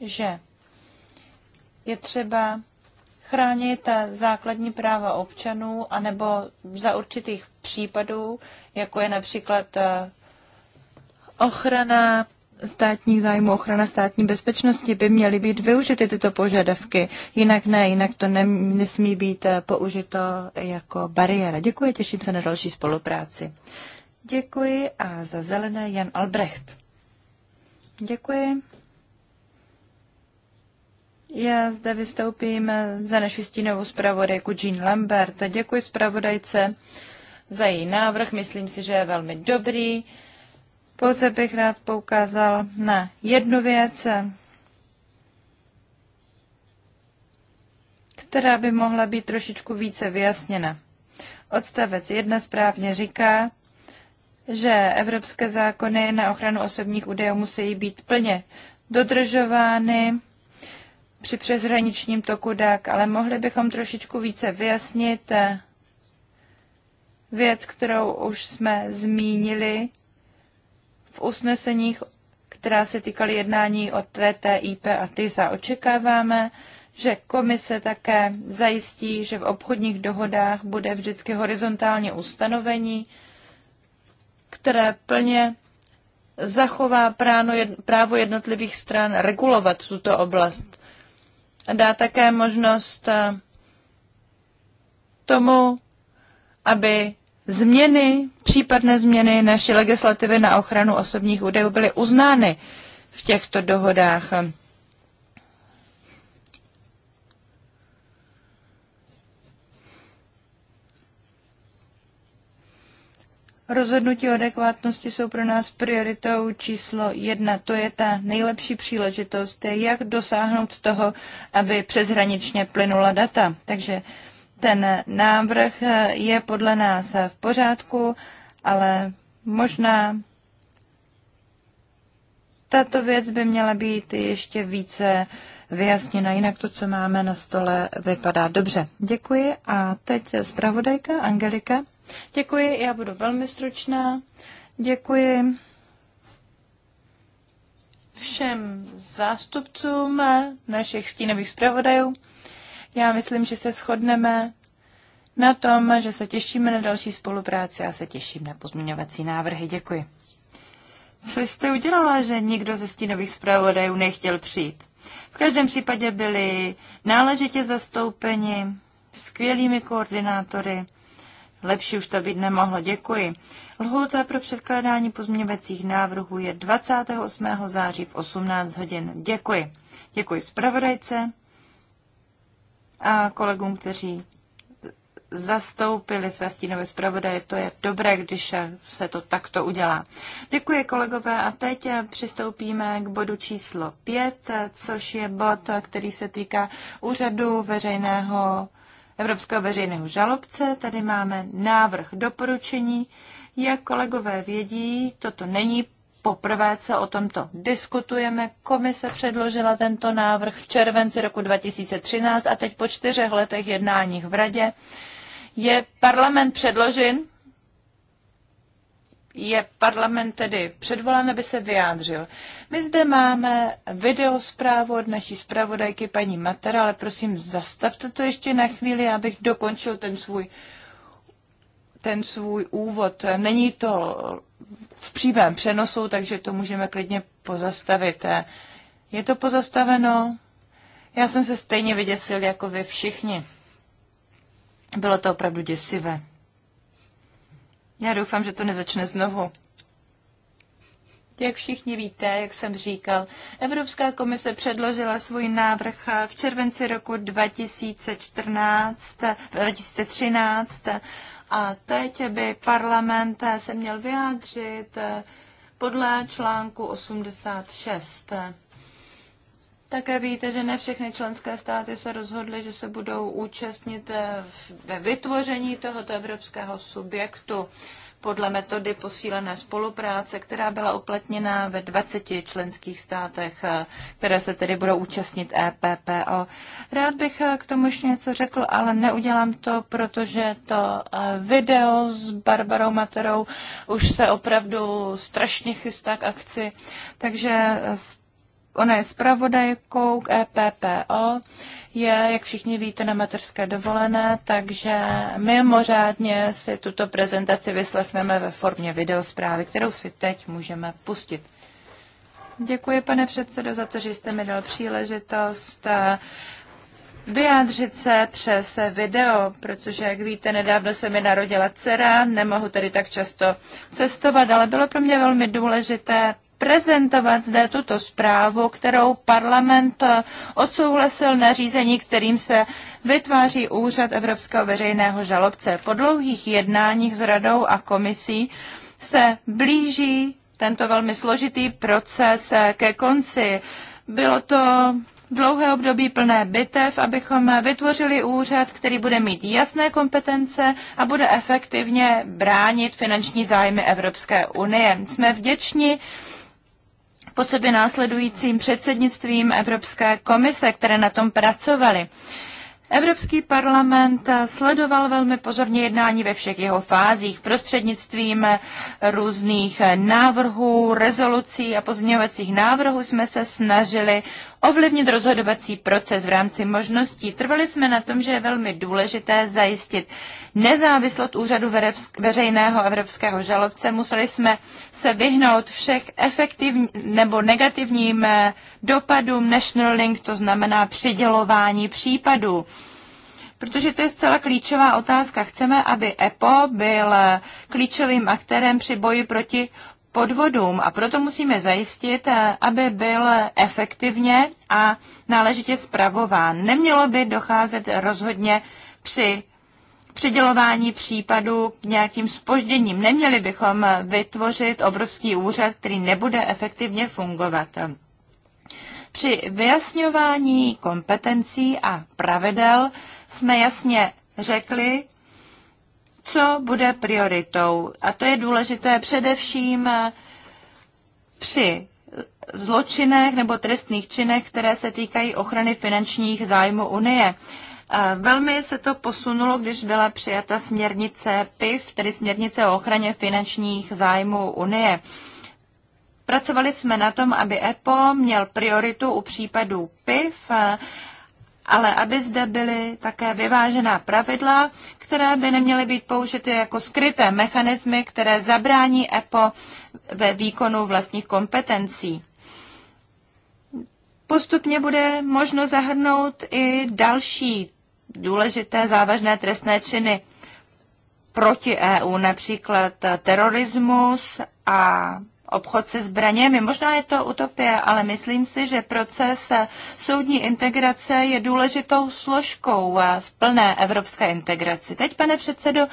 že je třeba chránit základní práva občanů, anebo za určitých případů, jako je například eh, ochrana státních zájmů, ochrana státní bezpečnosti by měly být využity tyto požadavky. Jinak ne, jinak to ne, nesmí být eh, použito jako bariéra. Děkuji, těším se na další spolupráci. Děkuji a za zelené Jan Albrecht. Děkuji. Já zde vystoupím eh, za naši stínovou zpravodajku Jean Lambert. Děkuji zpravodajce za její návrh. Myslím si, že je velmi dobrý. Pouze bych rád poukázal na jednu věc, která by mohla být trošičku více vyjasněna. Odstavec 1 správně říká, že evropské zákony na ochranu osobních údajů musí být plně dodržovány při přeshraničním toku DAC, ale mohli bychom trošičku více vyjasnit eh, věc, kterou už jsme zmínili v usneseních, která se týkaly jednání o TTIP a TISA. Očekáváme, že komise také zajistí, že v obchodních dohodách bude vždycky horizontálně ustanovení, které plně zachová právo jednotlivých stran regulovat tuto oblast. A dá také možnost eh, tomu, aby změny, případné změny naší legislativy na ochranu osobních údajů byly uznány v těchto dohodách. Rozhodnutí o adekvátnosti jsou pro nás prioritou číslo jedna. To je ta nejlepší příležitost, jak dosáhnout toho, aby přeshraničně plynula data. Takže ten návrh je podle nás v pořádku, ale možná tato věc by měla být ještě více vyjasněna, jinak to, co máme na stole, vypadá dobře. Děkuji a teď zpravodajka Angelika. Děkuji, já budu velmi stručná. Děkuji všem zástupcům našich stínových zpravodajů. Já myslím, že se shodneme na tom, že se těšíme na další spolupráci a se těším na pozměňovací návrhy. Děkuji. Co jste udělala, že nikdo ze stínových zpravodajů nechtěl přijít? V každém případě byli náležitě zastoupeni skvělými koordinátory. Lepší už to být nemohlo, děkuji. Lhůta pro předkládání pozměňovacích návrhů je 28. září v 18 hodin. Děkuji. Děkuji zpravodajce a kolegům, kteří zastoupili své stínové zpravodaje. To je dobré, když se to takto udělá. Děkuji kolegové a teď přistoupíme k bodu číslo 5, což je bod, který se týká úřadu veřejného, Evropského veřejného žalobce. Tady máme návrh doporučení. Jak kolegové vědí, toto není poprvé, co o tomto diskutujeme. Komise předložila tento návrh v červenci roku 2013 a teď po čtyřech letech jednáních v Radě je parlament předložen, je parlament tedy předvolán, aby se vyjádřil. My zde máme videosprávu od naší zpravodajky paní Matera, ale prosím, zastavte to ještě na chvíli, abych dokončil ten svůj ten svůj úvod. Není to v přímém přenosu, takže to můžeme klidně pozastavit. Je to pozastaveno? Já jsem se stejně vyděsil jako vy všichni. Bylo to opravdu děsivé. Já doufám, že to nezačne znovu. Jak všichni víte, jak jsem říkal, Evropská komise předložila svůj návrh v červenci roku 2014, 2013 a teď by parlament se měl vyjádřit podle článku 86. Také víte, že ne všechny členské státy se rozhodly, že se budou účastnit ve vytvoření tohoto evropského subjektu podle metody posílené spolupráce, která byla uplatněna ve 20 členských státech, eh, které se tedy budou účastnit EPPO. Rád bych eh, k tomu ještě něco řekl, ale neudělám to, protože to eh, video s Barbarou Materou už se opravdu strašně chystá k akci, takže ona je zpravodajkou k EPPO je, jak všichni víte, na mateřské dovolené, takže mimořádně si tuto prezentaci vyslechneme ve formě videosprávy, kterou si teď můžeme pustit. Děkuji, pane předsedo, za to, že jste mi dal příležitost eh, vyjádřit se přes video, protože, jak víte, nedávno se mi narodila dcera, nemohu tedy tak často cestovat, ale bylo pro mě velmi důležité prezentovat zde tuto zprávu, kterou parlament odsouhlasil nařízení, kterým se vytváří úřad Evropského veřejného žalobce. Po dlouhých jednáních s radou a komisí se blíží tento velmi složitý proces ke konci. Bylo to dlouhé období plné bitev, abychom vytvořili úřad, který bude mít jasné kompetence a bude efektivně bránit finanční zájmy Evropské unie. Jsme vděční po sobě následujícím předsednictvím Evropské komise, které na tom pracovaly. Evropský parlament sledoval velmi pozorně jednání ve všech jeho fázích prostřednictvím různých návrhů, rezolucí a pozměňovacích návrhů jsme se snažili ovlivnit rozhodovací proces v rámci možností. Trvali jsme na tom, že je velmi důležité zajistit nezávislost úřadu veřejného evropského žalobce. Museli jsme se vyhnout všech efektivní nebo negativním eh, dopadům National Link, to znamená přidělování případů protože to je zcela klíčová otázka. Chceme, aby EPO byl eh, klíčovým aktérem při boji proti podvodům a proto musíme zajistit, eh, aby byl efektivně a náležitě zpravován. Nemělo by docházet rozhodně při přidělování případů k nějakým spožděním. Neměli bychom vytvořit obrovský úřad, který nebude efektivně fungovat. Při vyjasňování kompetencí a pravidel jsme jasně řekli, co bude prioritou. A to je důležité především eh, při zločinech nebo trestných činech, které se týkají ochrany finančních zájmů Unie. Eh, velmi se to posunulo, když byla přijata směrnice PIF, tedy směrnice o ochraně finančních zájmů Unie. Pracovali jsme na tom, aby EPO měl prioritu u případů PIF eh, ale aby zde byly také vyvážená pravidla, které by neměly být použity jako skryté mechanismy, které zabrání EPO ve výkonu vlastních kompetencí. Postupně bude možno zahrnout i další důležité závažné trestné činy proti EU, například terorismus a obchod se zbraněmi. Možná je to utopie, ale myslím si, že proces soudní integrace je důležitou složkou v plné evropské integraci. Teď, pane předsedo,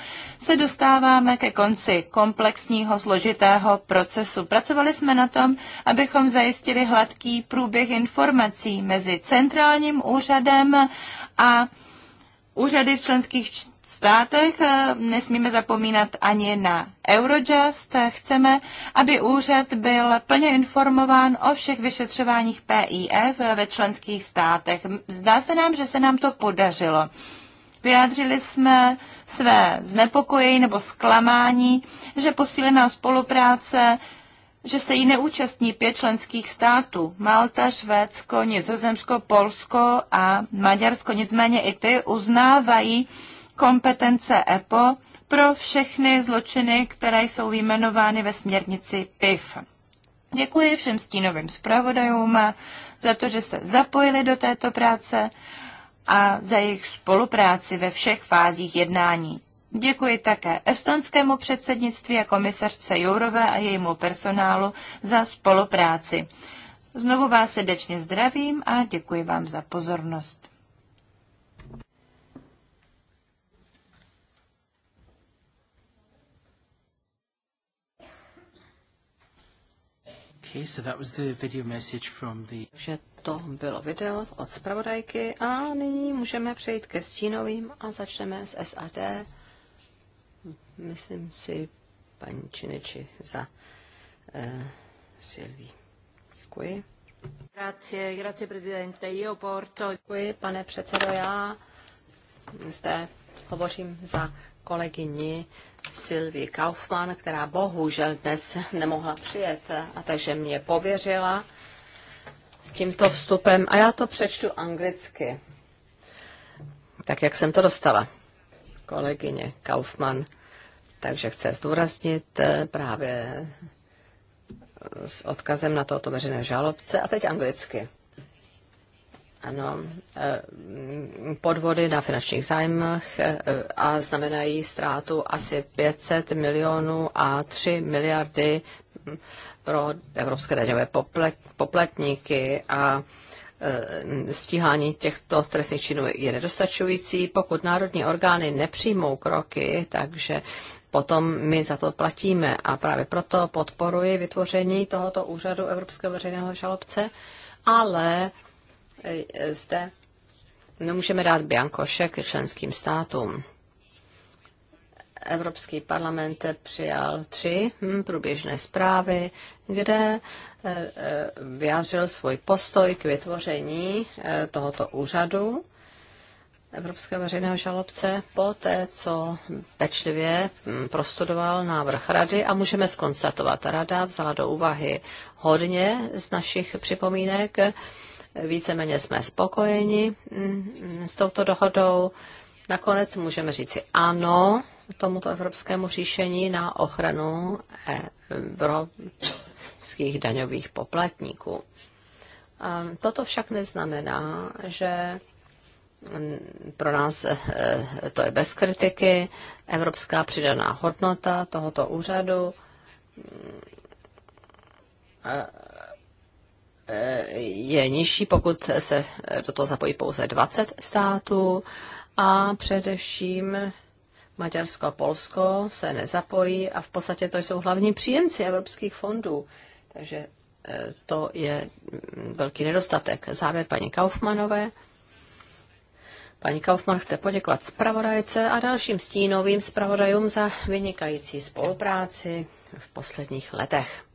se dostáváme ke konci komplexního, složitého procesu. Pracovali jsme na tom, abychom zajistili hladký průběh informací mezi centrálním úřadem a úřady v členských státech. Eh, Nesmíme zapomínat ani na Eurojust. Eh, Chceme, aby úřad byl plně informován o všech vyšetřováních PIF eh, ve členských státech. Zdá se nám, že se nám to podařilo. Vyjádřili jsme své znepokojení nebo zklamání, že posílená spolupráce že se jí neúčastní pět členských států Malta, Švédsko, Nizozemsko, Polsko a Maďarsko. Nicméně i ty uznávají kompetence EPO pro všechny zločiny, které jsou vyjmenovány ve směrnici PIF. Děkuji všem stínovým zpravodajům za to, že se zapojili do této práce a za jejich spolupráci ve všech fázích jednání. Děkuji také estonskému předsednictví a komisařce Jourové a jejímu personálu za spolupráci. Znovu vás srdečně zdravím a děkuji vám za pozornost. Okay, so that was the video message from the... Že to bylo video od zpravodajky a nyní můžeme přejít ke stínovým a začneme s SAD. Myslím si, paní Činiči za eh, Silví. Děkuji. Grazie, grazie prezidente. Io porto... Děkuji, pane předsedo, já zde hovořím za kolegyni Sylvie Kaufmann, která bohužel dnes nemohla přijet, a takže mě pověřila tímto vstupem a já to přečtu anglicky, tak jak jsem to dostala. Kolegyně Kaufmann, takže chce zdůraznit eh, právě s odkazem na tohoto veřejného žalobce a teď anglicky ano, eh, podvody na finančních zájmech eh, a znamenají ztrátu asi 500 milionů a 3 miliardy pro evropské daňové poplatníky a eh, stíhání těchto trestných činů je nedostačující. Pokud národní orgány nepřijmou kroky, takže potom my za to platíme. A právě proto podporuji vytvoření tohoto úřadu Evropského veřejného žalobce, ale zde nemůžeme dát biankošek členským státům. Evropský parlament přijal tři hm, průběžné zprávy, kde eh, eh, vyjádřil svůj postoj k vytvoření eh, tohoto úřadu Evropské veřejného žalobce po té, co pečlivě hm, prostudoval návrh rady a můžeme skonstatovat, rada vzala do úvahy hodně z našich připomínek víceméně jsme spokojeni mm, s touto dohodou. Nakonec můžeme říci ano tomuto evropskému řešení na ochranu evropských daňových poplatníků. Toto však neznamená, že pro nás eh, to je bez kritiky. Evropská přidaná hodnota tohoto úřadu eh, Eh, je nižší, pokud se eh, do toho zapojí pouze 20 států a především Maďarsko a Polsko se nezapojí a v podstatě to jsou hlavní příjemci evropských fondů. Takže eh, to je mm, velký nedostatek. Závěr paní Kaufmanové. Paní Kaufmann chce poděkovat zpravodajce a dalším stínovým zpravodajům za vynikající spolupráci v posledních letech.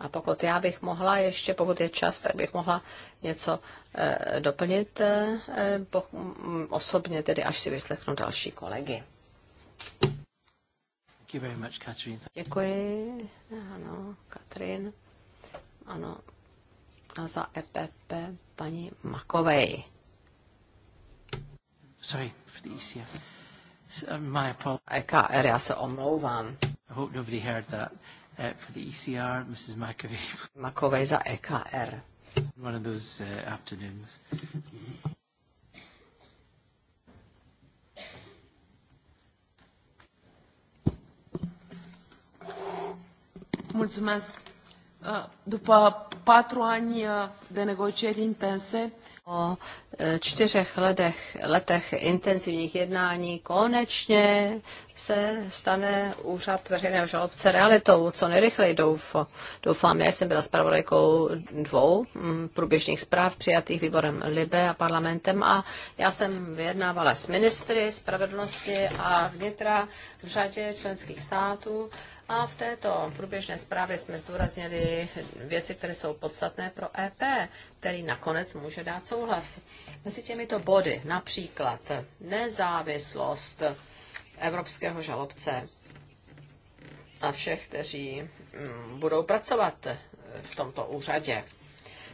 A pokud já bych mohla ještě, pokud je čas, tak bych mohla něco e, doplnit e, po, mm, osobně, tedy až si vyslechnu další kolegy. Děkuji, ano, Katrin. Ano, a za EPP paní Makovej. Sorry for the ECF. Uh, my apologies. EKR, já se omlouvám. I hope nobody heard that. Uh, for the ECR, Mrs. McAvey. McAvey za EKR. One of those uh, afternoons. Mulțumesc. Uh, după patru ani uh, de negocieri intense, po e, čtyřech letech, letech intenzivních jednání konečně se stane úřad veřejného žalobce realitou, co nejrychleji doufám. Já jsem byla zpravodajkou dvou mm, průběžných zpráv přijatých výborem Libe a parlamentem a já jsem vyjednávala s ministry spravedlnosti a vnitra v řadě členských států a v této průběžné zprávě jsme zdůraznili věci, které jsou podstatné pro EP, který nakonec může dát souhlas. Mezi těmito body například nezávislost evropského žalobce a všech, kteří mm, budou pracovat v tomto úřadě,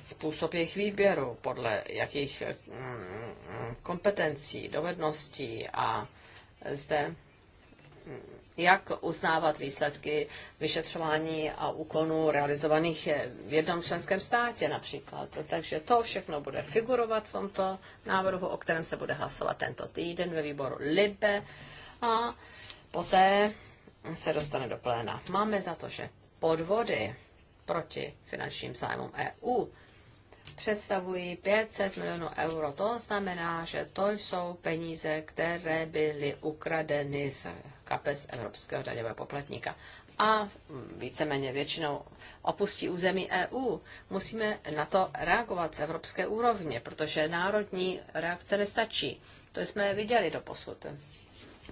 způsob jejich výběru, podle jakých mm, kompetencí, dovedností a zde mm, jak uznávat výsledky vyšetřování a úkonů realizovaných v jednom členském státě například. Takže to všechno bude figurovat v tomto návrhu, o kterém se bude hlasovat tento týden ve výboru LIBE a poté se dostane do pléna. Máme za to, že podvody proti finančním zájmům EU představují 500 milionů euro. To znamená, že to jsou peníze, které byly ukradeny z kapes evropského daňového poplatníka a víceméně většinou opustí území EU. Musíme na to reagovat z evropské úrovně, protože národní reakce nestačí. To jsme viděli do posud.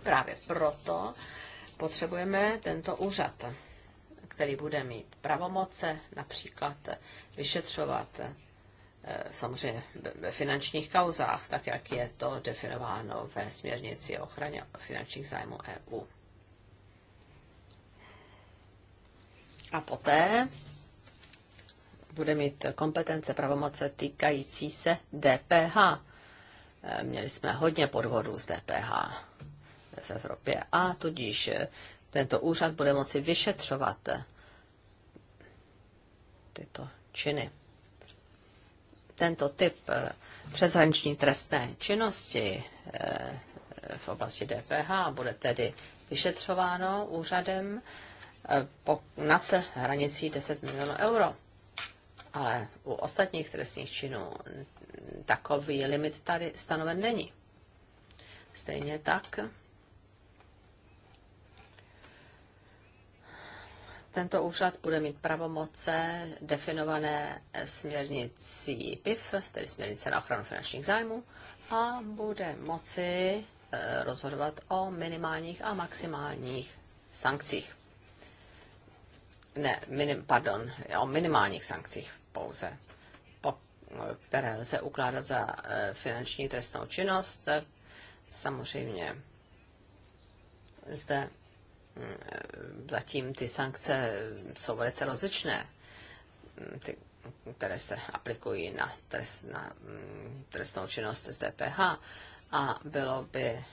Právě proto potřebujeme tento úřad, který bude mít pravomoce například vyšetřovat Eh, samozřejmě ve finančních kauzách, tak jak je to definováno ve směrnici o ochraně finančních zájmů EU. A poté bude mít kompetence pravomoce týkající se DPH. Eh, měli jsme hodně podvodů z DPH v Evropě a tudíž eh, tento úřad bude moci vyšetřovat tyto činy tento typ eh, přeshraniční trestné činnosti eh, v oblasti DPH bude tedy vyšetřováno úřadem eh, nad hranicí 10 milionů euro. Ale u ostatních trestních činů takový limit tady stanoven není. Stejně tak Tento úřad bude mít pravomoce definované směrnicí PIF, tedy směrnice na ochranu finančních zájmů, a bude moci eh, rozhodovat o minimálních a maximálních sankcích. Ne, minim, pardon, o minimálních sankcích pouze, po, které lze ukládat za eh, finanční trestnou činnost. Samozřejmě zde zatím ty sankce jsou velice rozličné, ty, které se aplikují na, trest, na mm, trestnou činnost z DPH. A bylo by eh,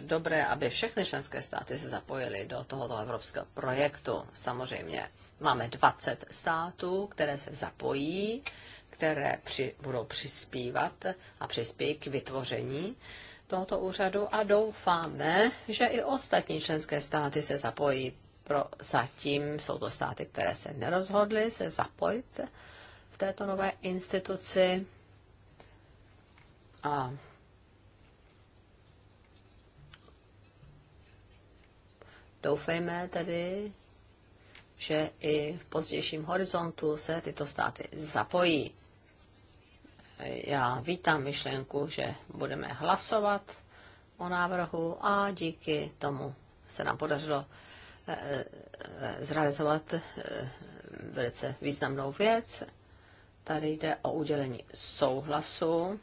dobré, aby všechny členské státy se zapojily do tohoto evropského projektu. Samozřejmě máme 20 států, které se zapojí, které při, budou přispívat a přispějí k vytvoření uh, tohoto úřadu a doufáme, že i ostatní členské státy se zapojí. Pro, zatím jsou to státy, které se nerozhodly se zapojit v této nové instituci. A doufejme tedy, že i v pozdějším horizontu se tyto státy zapojí já vítám myšlenku, že budeme hlasovat o návrhu a díky tomu se nám podařilo eh, eh, zrealizovat eh, velice významnou věc. Tady jde o udělení souhlasu.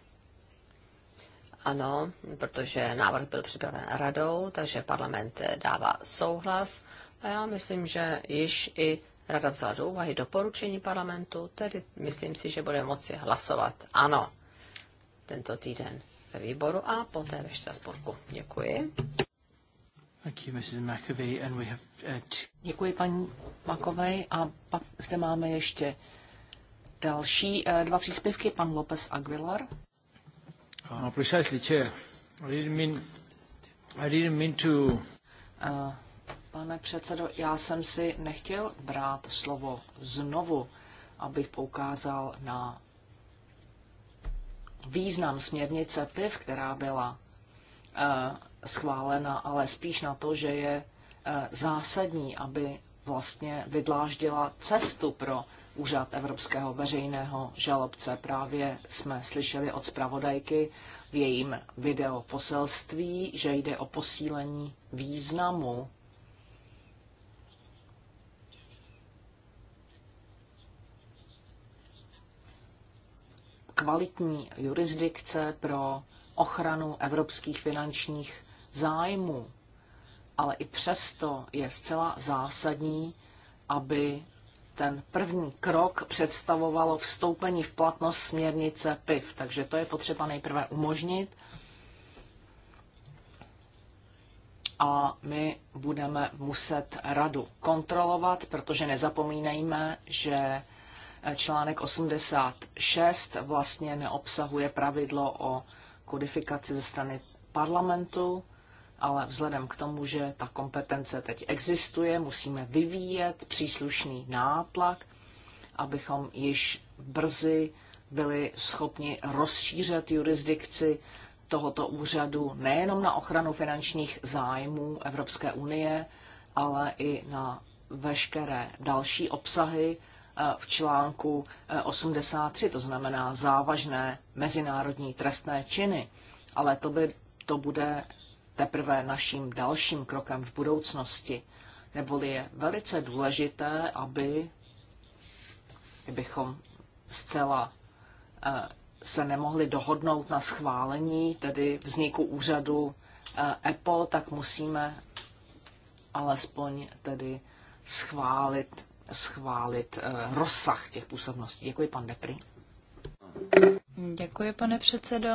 Ano, protože návrh byl připraven radou, takže parlament dává souhlas. A já myslím, že již i Rada vzala do úvahy doporučení parlamentu, tedy myslím si, že bude moci hlasovat ano tento týden ve výboru a poté ve Štrasburku. Děkuji. Uh, Děkuji paní Makovej a pak zde máme ještě další eh, dva příspěvky, pan López Aguilar. No, precisely, I didn't mean, I didn't mean to... Uh, Pane předsedo, já jsem si nechtěl brát slovo znovu, abych poukázal na význam směrnice PIV, která byla eh, schválena, ale spíš na to, že je eh, zásadní, aby vlastně vydláždila cestu pro úřad Evropského veřejného žalobce. Právě jsme slyšeli od zpravodajky v jejím videoposelství, že jde o posílení významu kvalitní jurisdikce pro ochranu evropských finančních zájmů. Ale i přesto je zcela zásadní, aby ten první krok představovalo vstoupení v platnost směrnice PIV. Takže to je potřeba nejprve umožnit. A my budeme muset radu kontrolovat, protože nezapomínejme, že článek 86 vlastně neobsahuje pravidlo o kodifikaci ze strany parlamentu, ale vzhledem k tomu, že ta kompetence teď existuje, musíme vyvíjet příslušný nátlak, abychom již brzy byli schopni rozšířit jurisdikci tohoto úřadu nejenom na ochranu finančních zájmů Evropské unie, ale i na veškeré další obsahy, Eh, v článku 83, eh, to znamená závažné mezinárodní trestné činy, ale to, by, to bude teprve naším dalším krokem v budoucnosti. Neboli je velice důležité, aby bychom zcela eh, se nemohli dohodnout na schválení, tedy vzniku úřadu EPO, tak musíme alespoň tedy schválit schválit eh, rozsah těch působností. Děkuji, pan Depry. Děkuji, pane předsedo.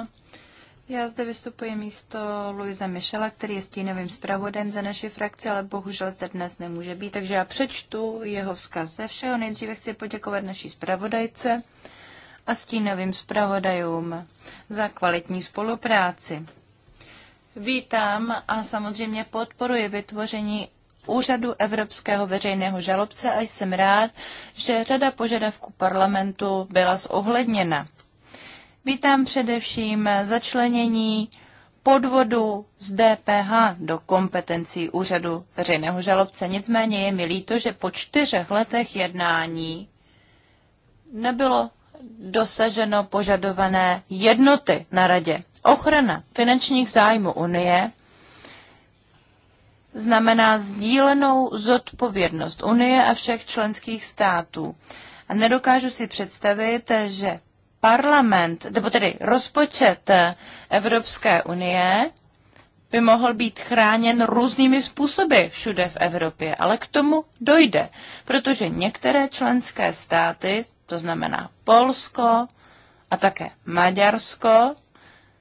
Já zde vystupuji místo Luise Michela, který je stínovým zpravodem za naši frakci, ale bohužel zde dnes nemůže být, takže já přečtu jeho vzkaz ze všeho. Nejdříve chci poděkovat naší zpravodajce a stínovým zpravodajům za kvalitní spolupráci. Vítám a samozřejmě podporuji vytvoření úřadu Evropského veřejného žalobce a jsem rád, že řada požadavků parlamentu byla zohledněna. Vítám především začlenění podvodu z DPH do kompetencí úřadu veřejného žalobce. Nicméně je mi líto, že po čtyřech letech jednání nebylo dosaženo požadované jednoty na radě. Ochrana finančních zájmů Unie znamená sdílenou zodpovědnost Unie a všech členských států. A nedokážu si představit, že parlament, nebo tedy rozpočet Evropské unie, by mohl být chráněn různými způsoby všude v Evropě, ale k tomu dojde, protože některé členské státy, to znamená Polsko a také Maďarsko,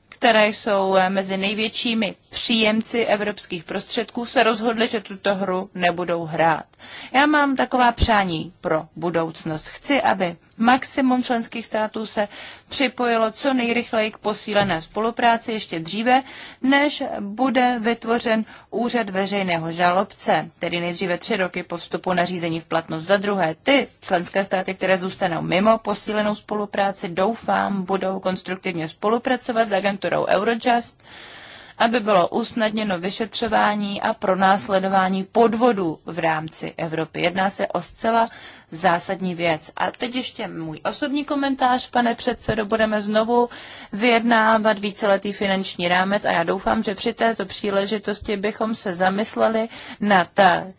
které jsou mezi největšími příjemci evropských prostředků se rozhodli, že tuto hru nebudou hrát. Já mám taková přání pro budoucnost. Chci, aby maximum členských států se připojilo co nejrychleji k posílené spolupráci ještě dříve, než bude vytvořen úřad veřejného žalobce, tedy nejdříve tři roky po vstupu řízení v platnost. Za druhé, ty členské státy, které zůstanou mimo posílenou spolupráci, doufám, budou konstruktivně spolupracovat s agenturou Eurojust, aby bylo usnadněno vyšetřování a pronásledování podvodů v rámci Evropy. Jedná se o zcela zásadní věc. A teď ještě můj osobní komentář, pane předsedo, budeme znovu vyjednávat víceletý finanční rámec a já doufám, že při této příležitosti bychom se zamysleli nad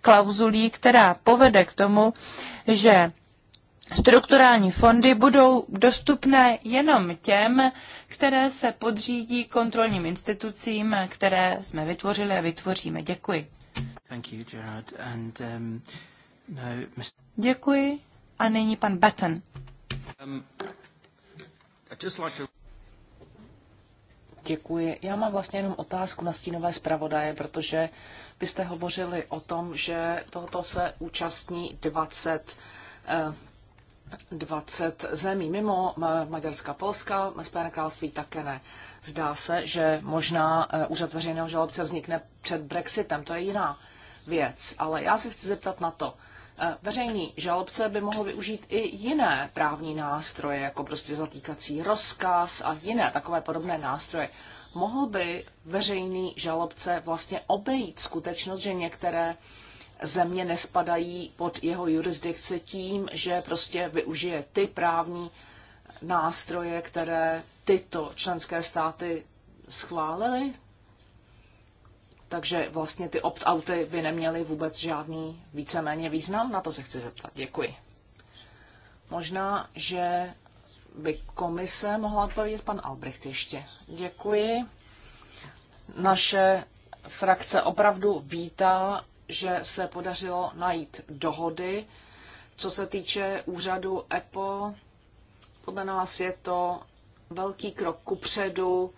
klauzulí, která povede k tomu, že strukturální fondy budou dostupné jenom těm, které se podřídí kontrolním institucím, které jsme vytvořili a vytvoříme. Děkuji. Thank you, Gerard. And, um, no, Mr. Děkuji. A nyní pan Batten. Um, Děkuji. Já mám vlastně jenom otázku na stínové zpravodaje, protože byste hovořili o tom, že tohoto se účastní 20 20 zemí mimo eh, Maďarska, Polska, Spojené království také ne. Zdá se, že možná eh, úřad veřejného žalobce vznikne před Brexitem, to je jiná věc. Ale já se chci zeptat na to. Eh, veřejný žalobce by mohl využít i jiné právní nástroje, jako prostě zatýkací rozkaz a jiné takové podobné nástroje. Mohl by veřejný žalobce vlastně obejít skutečnost, že některé země nespadají pod jeho jurisdikci tím, že prostě využije ty právní nástroje, které tyto členské státy schválily. Takže vlastně ty opt-outy by neměly vůbec žádný víceméně význam? Na to se chci zeptat. Děkuji. Možná, že by komise mohla odpovědět pan Albrecht ještě. Děkuji. Naše frakce opravdu vítá že se podařilo najít dohody. Co se týče úřadu EPO, podle nás je to velký krok kupředu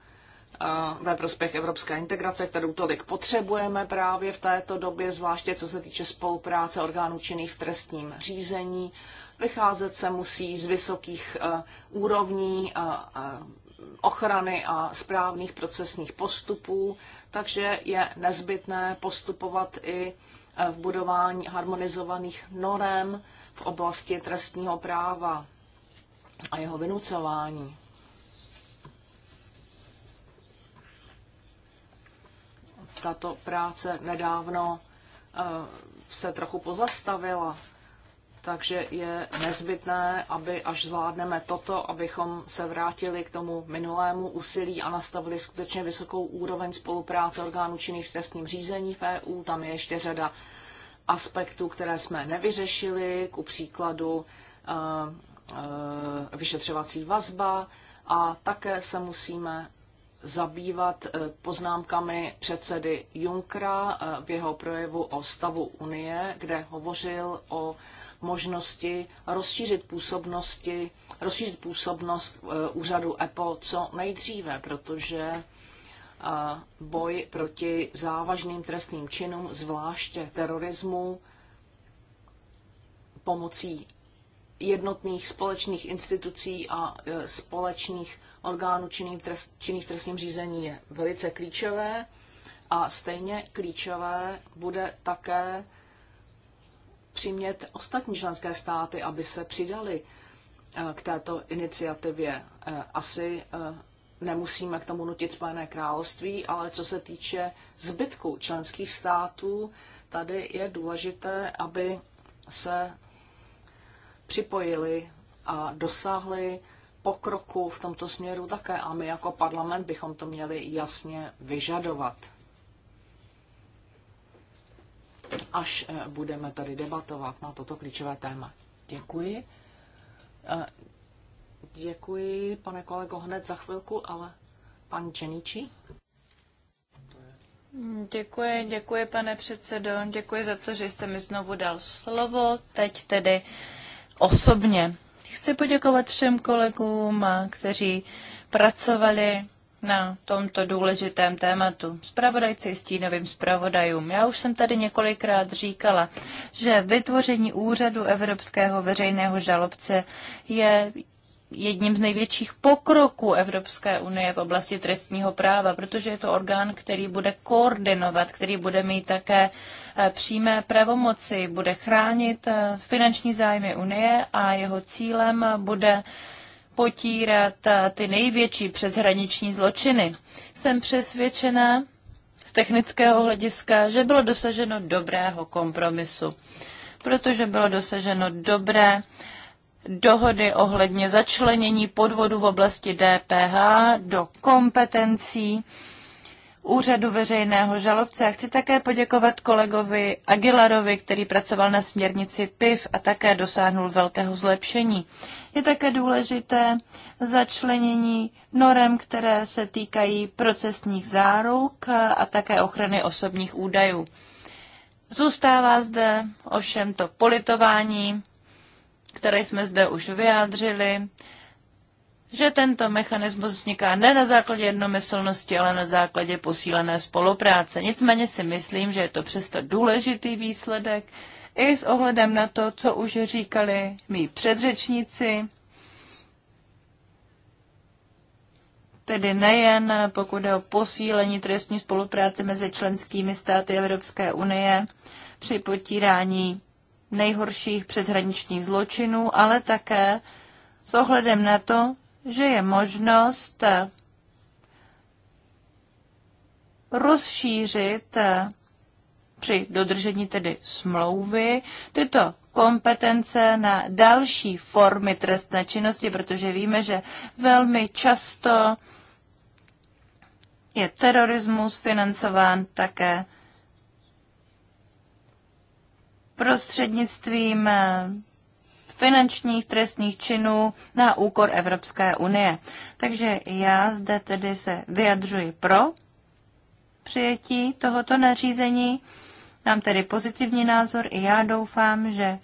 eh, ve prospěch evropské integrace, kterou tolik potřebujeme právě v této době, zvláště co se týče spolupráce orgánů činných v trestním řízení. Vycházet se musí z vysokých eh, úrovní eh, ochrany a správných procesních postupů, takže je nezbytné postupovat i e, v budování harmonizovaných norem v oblasti trestního práva a jeho vynucování. Tato práce nedávno e, se trochu pozastavila takže je nezbytné, aby až zvládneme toto, abychom se vrátili k tomu minulému úsilí a nastavili skutečně vysokou úroveň spolupráce orgánů činných v trestním řízení v EU. Tam je ještě řada aspektů, které jsme nevyřešili, ku příkladu eh, eh, vyšetřovací vazba a také se musíme zabývat eh, poznámkami předsedy Junkra v jeho projevu o stavu Unie, kde hovořil o možnosti rozšířit působnosti, rozšířit působnost eh, úřadu EPO co nejdříve, protože eh, boj proti závažným trestným činům, zvláště terorismu, pomocí jednotných společných institucí a eh, společných orgánů činných, trest, činných trestním řízení je velice klíčové. A stejně klíčové bude také přimět ostatní členské státy, aby se přidali eh, k této iniciativě. Eh, asi eh, nemusíme k tomu nutit Spojené království, ale co se týče zbytku členských států, tady je důležité, aby se připojili a dosáhli pokroku v tomto směru také a my jako parlament bychom to měli jasně vyžadovat až eh, budeme tady debatovat na toto klíčové téma. Děkuji. Eh, děkuji, pane kolego, hned za chvilku, ale pan Čeničí. Děkuji, děkuji, pane předsedo. Děkuji za to, že jste mi znovu dal slovo, teď tedy osobně. Chci poděkovat všem kolegům, eh, kteří pracovali na tomto důležitém tématu. Spravodajci stínovým spravodajům. Já už jsem tady několikrát říkala, že vytvoření úřadu Evropského veřejného žalobce je jedním z největších pokroků Evropské unie v oblasti trestního práva, protože je to orgán, který bude koordinovat, který bude mít také eh, přímé pravomoci, bude chránit eh, finanční zájmy unie a jeho cílem bude potírat eh, ty největší přeshraniční zločiny. Jsem přesvědčena z technického hlediska, že bylo dosaženo dobrého kompromisu, protože bylo dosaženo dobré dohody ohledně začlenění podvodu v oblasti DPH do kompetencí úřadu veřejného žalobce. A chci také poděkovat kolegovi Aguilarovi, který pracoval na směrnici PIV a také dosáhnul velkého zlepšení. Je také důležité začlenění norem, které se týkají procesních záruk a také ochrany osobních údajů. Zůstává zde ovšem to politování, které jsme zde už vyjádřili, že tento mechanismus vzniká ne na základě jednomyslnosti, ale na základě posílené spolupráce. Nicméně si myslím, že je to přesto důležitý výsledek i s ohledem na to, co už říkali mý předřečníci, Tedy nejen pokud je o posílení trestní spolupráce mezi členskými státy Evropské unie při potírání nejhorších přeshraničních zločinů, ale také s ohledem na to, že je možnost eh, rozšířit eh, při dodržení tedy smlouvy tyto kompetence na další formy trestné činnosti, protože víme, že velmi často je terorismus financován také prostřednictvím eh, finančních trestných činů na úkor Evropské unie. Takže já zde tedy se vyjadřuji pro přijetí tohoto nařízení. Mám tedy pozitivní názor i já doufám, že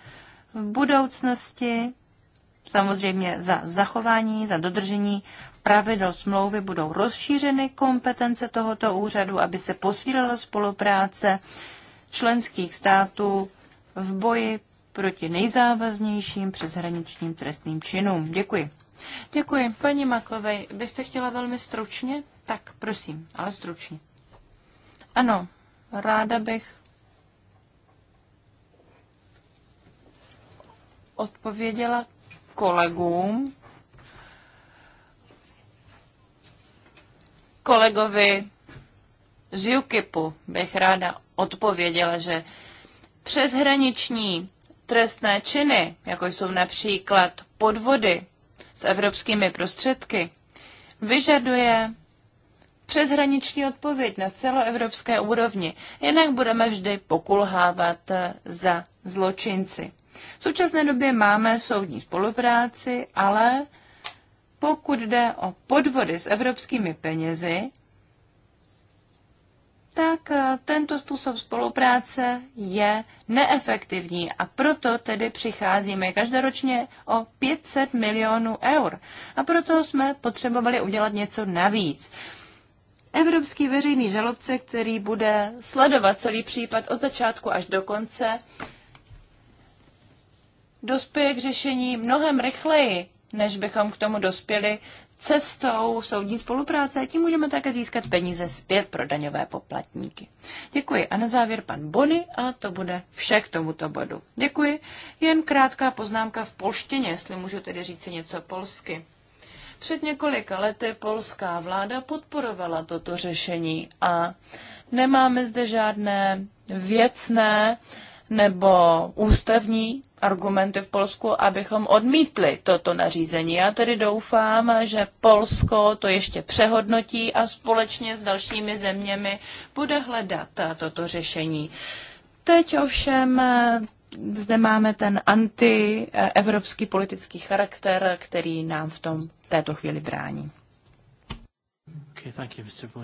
v budoucnosti, samozřejmě za zachování, za dodržení pravidel smlouvy budou rozšířeny kompetence tohoto úřadu, aby se posílila spolupráce členských států v boji proti nejzávaznějším přeshraničním trestným činům. Děkuji. Děkuji. Paní Makovej, byste chtěla velmi stručně? Tak, prosím, ale stručně. Ano, ráda bych odpověděla kolegům. Kolegovi z UKIPu bych ráda odpověděla, že přeshraniční trestné činy, jako jsou například podvody s evropskými prostředky, vyžaduje přeshraniční odpověď na celoevropské úrovni, jinak budeme vždy pokulhávat eh, za zločinci. V současné době máme soudní spolupráci, ale pokud jde o podvody s evropskými penězi, tak eh, tento způsob spolupráce je neefektivní a proto tedy přicházíme každoročně o 500 milionů eur. A proto jsme potřebovali udělat něco navíc. Evropský veřejný žalobce, který bude sledovat celý případ od začátku až do konce, dospěje k řešení mnohem rychleji, než bychom k tomu dospěli cestou soudní spolupráce a tím můžeme také získat peníze zpět pro daňové poplatníky. Děkuji a na závěr pan Bony a to bude vše k tomuto bodu. Děkuji. Jen krátká poznámka v polštině, jestli můžu tedy říci něco polsky. Před několika lety polská vláda podporovala toto řešení a nemáme zde žádné věcné nebo ústavní argumenty v Polsku, abychom odmítli toto nařízení. Já tedy doufám, že Polsko to ještě přehodnotí a společně s dalšími zeměmi bude hledat toto řešení. Teď ovšem eh, zde máme ten antievropský politický charakter, který nám v tom této chvíli brání. Okay, you,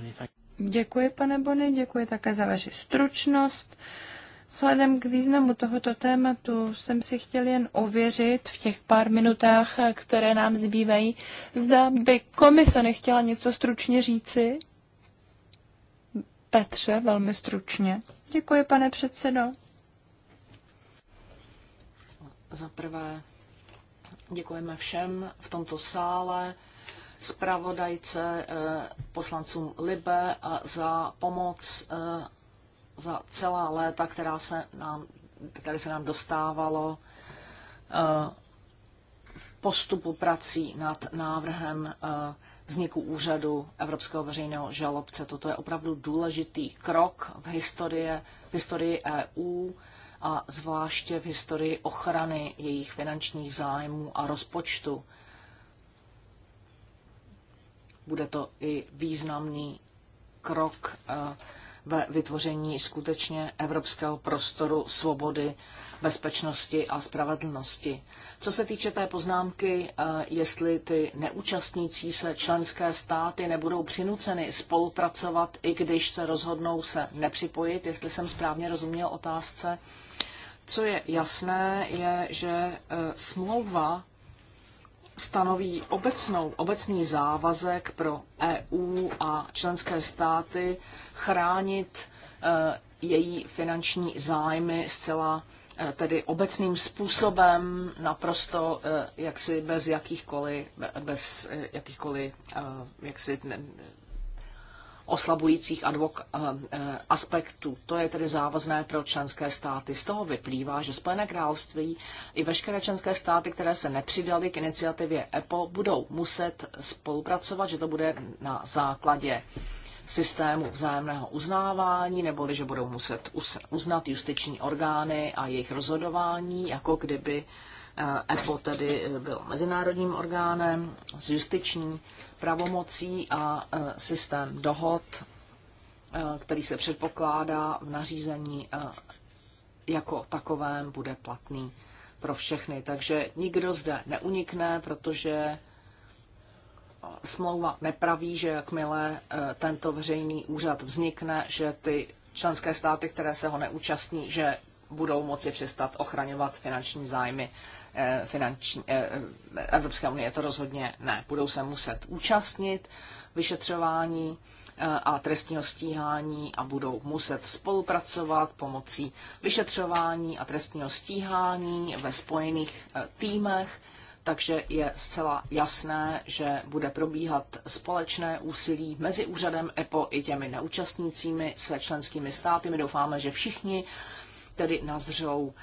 Děkuji, pane Bony, děkuji také za vaši stručnost. Vzhledem k významu tohoto tématu jsem si chtěl jen ověřit v těch pár minutách, které nám zbývají, zda by komise nechtěla něco stručně říci. Petře, velmi stručně. Děkuji, pane předsedo. Za prvé děkujeme všem v tomto sále, zpravodajce, eh, poslancům Libe a za pomoc eh, za celá léta, která se nám, které se nám dostávalo v eh, postupu prací nad návrhem eh, vzniku úřadu Evropského veřejného žalobce. Toto je opravdu důležitý krok v historii, v historii EU a zvláště v historii ochrany jejich finančních zájmů a rozpočtu. Bude to i významný krok eh, ve vytvoření skutečně evropského prostoru svobody, bezpečnosti a spravedlnosti. Co se týče té poznámky, eh, jestli ty neúčastnící se členské státy nebudou přinuceny spolupracovat, i když se rozhodnou se nepřipojit, jestli jsem správně rozuměl otázce, co je jasné, je, že eh, smlouva stanoví obecnou, obecný závazek pro EU a členské státy chránit e, její finanční zájmy zcela e, tedy obecným způsobem, naprosto e, jaksi bez jakýchkoliv, bez jakýchkoliv jaksi oslabujících advok, eh, eh, aspektů. To je tedy závazné pro členské státy. Z toho vyplývá, že Spojené království i veškeré členské státy, které se nepřidaly k iniciativě EPO, budou muset spolupracovat, že to bude na základě systému vzájemného uznávání, neboli že budou muset uznat justiční orgány a jejich rozhodování, jako kdyby Eh, EPO tedy eh, byl mezinárodním orgánem s justiční pravomocí a eh, systém dohod, který se předpokládá v nařízení jako takovém, bude platný pro všechny. Takže nikdo zde neunikne, protože smlouva nepraví, že jakmile tento veřejný úřad vznikne, že ty členské státy, které se ho neúčastní, že budou moci přestat ochraňovat finanční zájmy Eh, finanční, eh, Evropské unie to rozhodně ne. Budou se muset účastnit vyšetřování eh, a trestního stíhání a budou muset spolupracovat pomocí vyšetřování a trestního stíhání ve spojených týmech, takže je zcela jasné, že bude probíhat společné úsilí mezi úřadem EPO i těmi neúčastnícími se členskými státy. My doufáme, že všichni tedy nazřou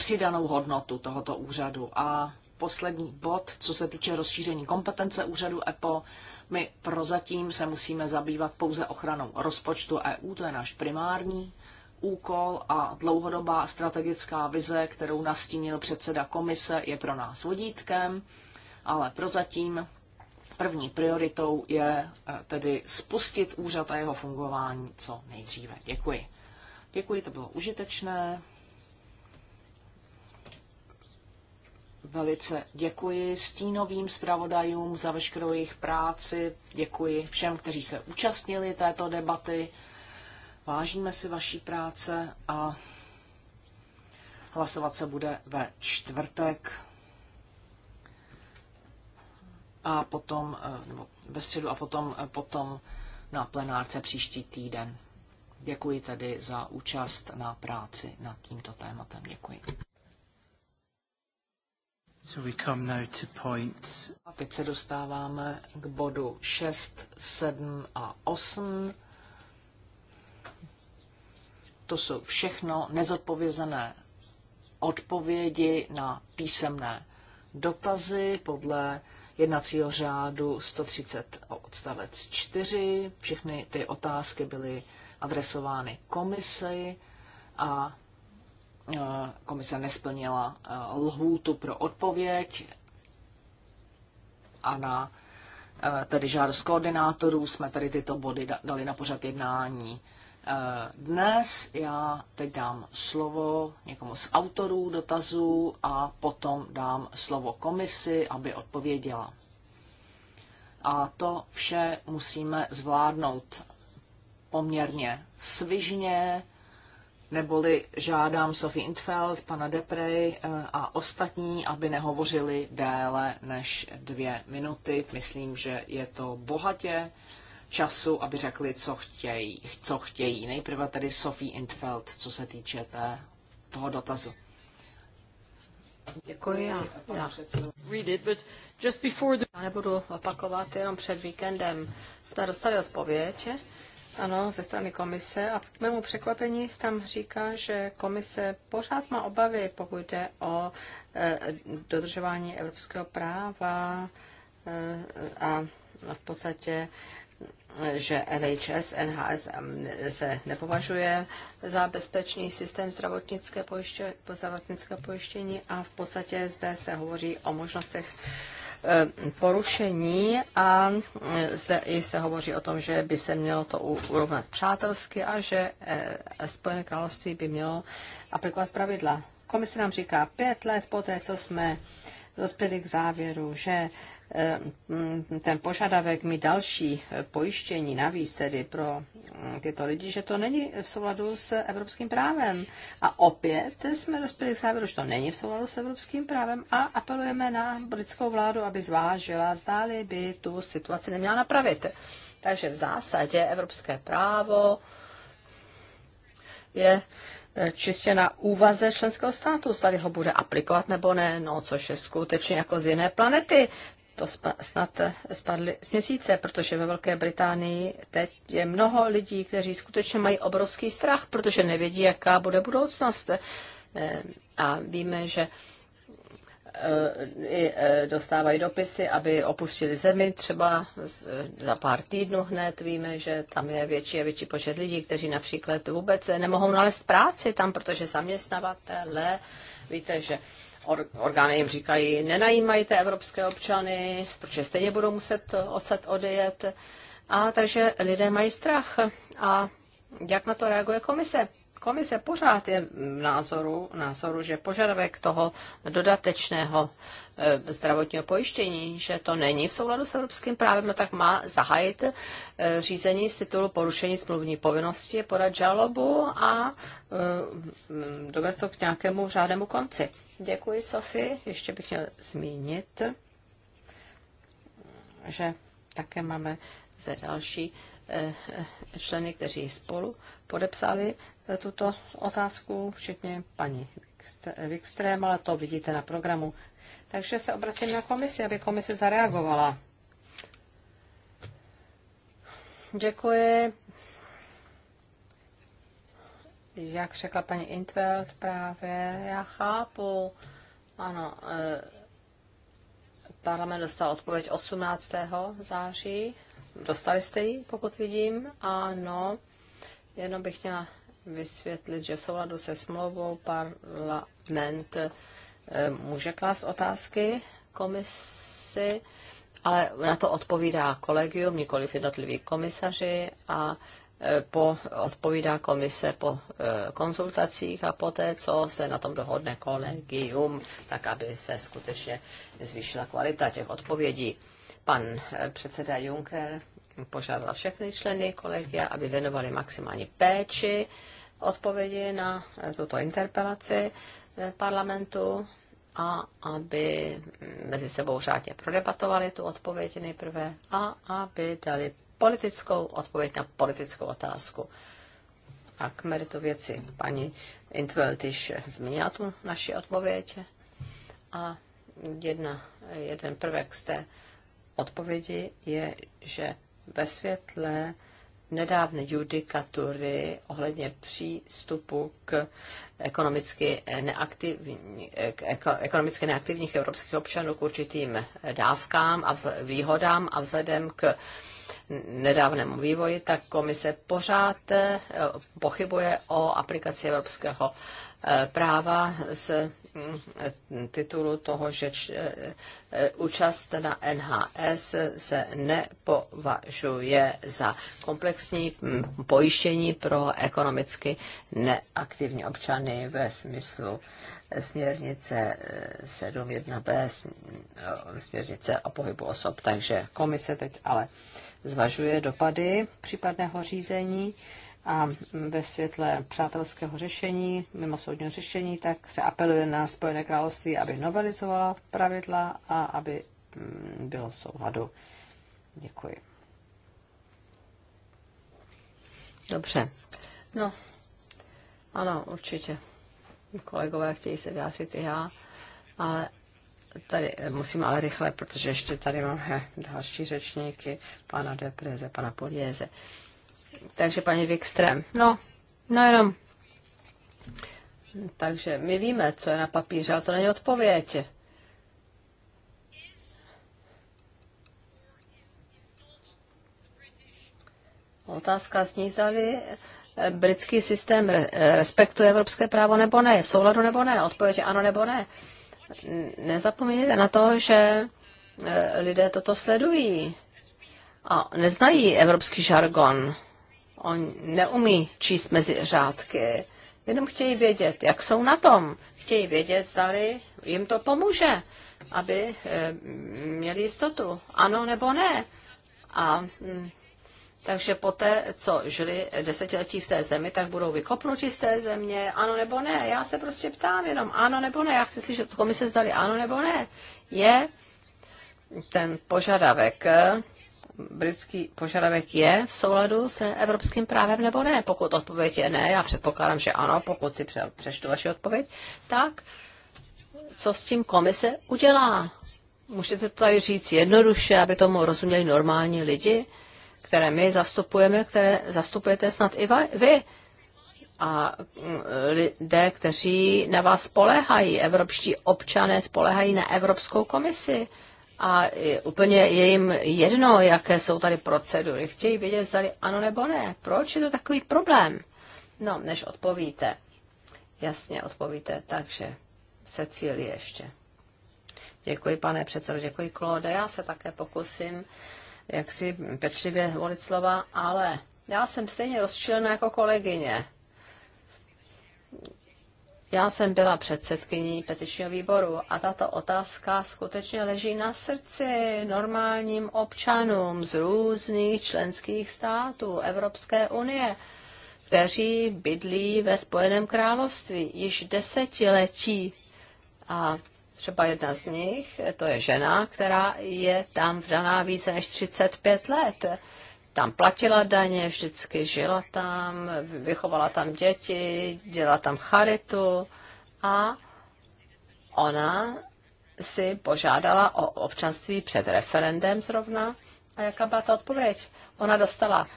přidanou hodnotu tohoto úřadu. A poslední bod, co se týče rozšíření kompetence úřadu EPO, my prozatím se musíme zabývat pouze ochranou rozpočtu EU, to je náš primární úkol a dlouhodobá strategická vize, kterou nastínil předseda komise, je pro nás vodítkem, ale prozatím první prioritou je eh, tedy spustit úřad a jeho fungování co nejdříve. Děkuji. Děkuji, to bylo užitečné. Velice děkuji stínovým zpravodajům za veškerou jejich práci, děkuji všem, kteří se účastnili této debaty. Vážíme si vaší práce a hlasovat se bude ve čtvrtek a potom, eh, nebo ve středu a potom, eh, potom na plenárce příští týden. Děkuji tedy za účast na práci nad tímto tématem. Děkuji. So we come now to points. A teď se dostáváme k bodu 6, 7 a 8. To jsou všechno nezodpovězené odpovědi na písemné dotazy podle jednacího řádu 130 odstavec 4. Všechny ty otázky byly adresovány komisi a Eh, komise nesplnila eh, lhůtu pro odpověď a na eh, tedy žádost koordinátorů jsme tady tyto body dali na pořad jednání. Dnes já teď dám slovo někomu z autorů dotazů a potom dám slovo komisi, aby odpověděla. A to vše musíme zvládnout poměrně svižně, neboli žádám Sophie Intfeld, pana Deprey eh, a ostatní, aby nehovořili déle než dvě minuty. Myslím, že je to bohatě času, aby řekli, co chtějí. Co chtějí. Nejprve tedy Sophie Intfeld, co se týče té, toho dotazu. Děkuji. Já, já. já nebudu opakovat, jenom před víkendem jsme dostali odpověď ano, ze strany komise a k mému překvapení tam říká, že komise pořád má obavy, pokud jde o e, dodržování evropského práva e, a v podstatě že LHS, NHS se nepovažuje za bezpečný systém zdravotnické, pojiště, zdravotnického pojištění a v podstatě zde se hovoří o možnostech Eh, porušení a eh, zde i se hovoří o tom, že by se mělo to urovnat přátelsky a že eh, Spojené království by mělo aplikovat pravidla. Komise nám říká pět let poté, co jsme dospěli k závěru, že Eh, mm, ten požadavek mi další eh, pojištění navíc tedy pro mm, tyto lidi, že to není v souladu s evropským právem. A opět jsme dospěli k závěru, že to není v souladu s evropským právem a apelujeme na britskou vládu, aby zvážila, zdáli by tu situaci neměla napravit. Takže v zásadě evropské právo je eh, čistě na úvaze členského státu, zda ho bude aplikovat nebo ne, no, což je skutečně jako z jiné planety to spa, snad spadly z měsíce, protože ve Velké Británii teď je mnoho lidí, kteří skutečně mají obrovský strach, protože nevědí, jaká bude budoucnost. Eh, a víme, že eh, eh, dostávají dopisy, aby opustili zemi třeba za pár týdnů hned. Víme, že tam je větší a větší počet lidí, kteří například vůbec nemohou nalézt práci tam, protože zaměstnavatele, víte, že or, orgány jim říkají, nenajímajte evropské občany, protože stejně budou muset odsad odejet. A takže lidé mají strach. A jak na to reaguje komise? Komise pořád je v názoru, názoru, že požadavek toho dodatečného eh, zdravotního pojištění, že to není v souladu s evropským právem, no tak má zahájit eh, řízení z titulu porušení smluvní povinnosti, podat žalobu a eh, dovést to k nějakému řádnému konci. Děkuji, Sofie. Ještě bych chtěl zmínit, že také máme ze další eh, členy, kteří spolu podepsali eh, tuto otázku, včetně paní Wikström, ale to vidíte na programu. Takže se obracím na komisi, aby komise zareagovala. Děkuji, jak řekla paní Intveld právě, já chápu, ano, eh, parlament dostal odpověď 18. září, dostali jste ji, pokud vidím, ano, jenom bych chtěla vysvětlit, že v souladu se smlouvou parlament eh, může klást otázky komisi, ale na to odpovídá kolegium, nikoli jednotliví komisaři a po, odpovídá komise po eh, konzultacích a poté, co se na tom dohodne kolegium, tak aby se skutečně zvýšila kvalita těch odpovědí. Pan eh, předseda Juncker požádal všechny členy kolegia, aby věnovali maximální péči odpovědi na eh, tuto interpelaci parlamentu a aby mm, mezi sebou řádně prodebatovali tu odpověď nejprve a aby dali politickou odpověď na politickou otázku. A k meritu věci paní Intveld již zmínila tu naši odpověď. A jedna, jeden prvek z té odpovědi je, že ve světle nedávné judikatury ohledně přístupu k ekonomicky, neaktivní, k ekonomicky neaktivních evropských občanů k určitým dávkám a výhodám a vzhledem k nedávnému vývoji, tak komise pořád eh, pochybuje o aplikaci evropského eh, práva z mm, eh, titulu toho, že účast na NHS se nepovažuje za komplexní mm, pojištění pro ekonomicky neaktivní občany ve smyslu směrnice 7.1b, směrnice o pohybu osob. Takže komise teď ale zvažuje dopady případného řízení a ve světle přátelského řešení, soudního řešení, tak se apeluje na Spojené království, aby novelizovala pravidla a aby mm, bylo souhladu. Děkuji. Dobře. No, ano, určitě. Kolegové chtějí se vyjádřit i já, ale Tady eh, musím ale rychle, protože ještě tady máme další řečníky, pana Depreze, pana Polieze. Takže paní Vikstrem. no, no jenom. Takže my víme, co je na papíře, ale to není odpověď. Otázka zní, zdali eh, britský systém eh, respektuje evropské právo nebo ne, v souladu nebo ne, odpověď je ano nebo ne nezapomeňte na to, že e, lidé toto sledují a neznají evropský žargon. On neumí číst mezi řádky, jenom chtějí vědět, jak jsou na tom. Chtějí vědět, zdali jim to pomůže, aby e, měli jistotu, ano nebo ne. A mm, takže poté, co žili desetiletí v té zemi, tak budou vykopnuti z té země, ano nebo ne. Já se prostě ptám jenom ano nebo ne. Já chci slyšet, komise zdali ano nebo ne. Je ten požadavek, britský požadavek je v souladu se evropským právem nebo ne. Pokud odpověď je ne, já předpokládám, že ano, pokud si přečtu vaši odpověď, tak co s tím komise udělá? Můžete to tady říct jednoduše, aby tomu rozuměli normální lidi? které my zastupujeme, které zastupujete snad i vy. A mm, lidé, kteří na vás spolehají, evropští občané spolehají na Evropskou komisi. A je úplně je jim jedno, jaké jsou tady procedury. Chtějí vědět, zda ano nebo ne. Proč je to takový problém? No, než odpovíte. Jasně, odpovíte. Takže se cílí ještě. Děkuji, pane předsedo, děkuji, Klode. Já se také pokusím jak si pečlivě volit slova, ale já jsem stejně rozčilená jako kolegyně. Já jsem byla předsedkyní petičního výboru a tato otázka skutečně leží na srdci normálním občanům z různých členských států Evropské unie, kteří bydlí ve Spojeném království již desetiletí. A třeba jedna z nich, to je žena, která je tam vdaná více než 35 let. Tam platila daně, vždycky žila tam, vychovala tam děti, dělala tam charitu a ona si požádala o občanství před referendem zrovna. A jaká byla ta odpověď? Ona dostala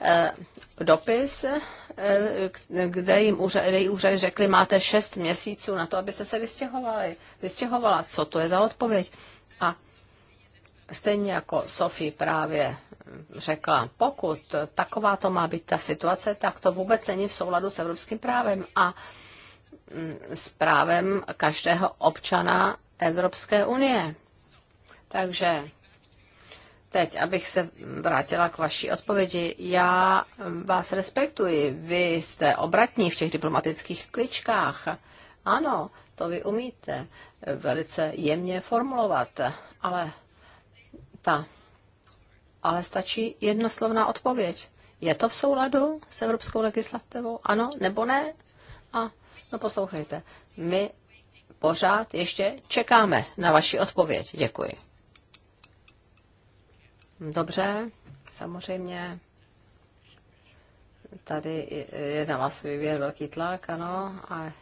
Eh, dopis, eh, kde jim úřady, úřady řekli, máte šest měsíců na to, abyste se vystěhovali. Vystěhovala, co to je za odpověď? A stejně jako Sofie právě řekla, pokud taková to má být ta situace, tak to vůbec není v souladu s evropským právem a mm, s právem každého občana Evropské unie. Takže Teď, abych se vrátila k vaší odpovědi, já vás respektuji. Vy jste obratní v těch diplomatických kličkách. Ano, to vy umíte velice jemně formulovat, ale ta, ale stačí jednoslovná odpověď. Je to v souladu s evropskou legislativou? Ano nebo ne? A no poslouchejte, my pořád ještě čekáme na vaši odpověď. Děkuji. Dobře, samozřejmě tady je na vás vyvíjet velký tlak, ano, a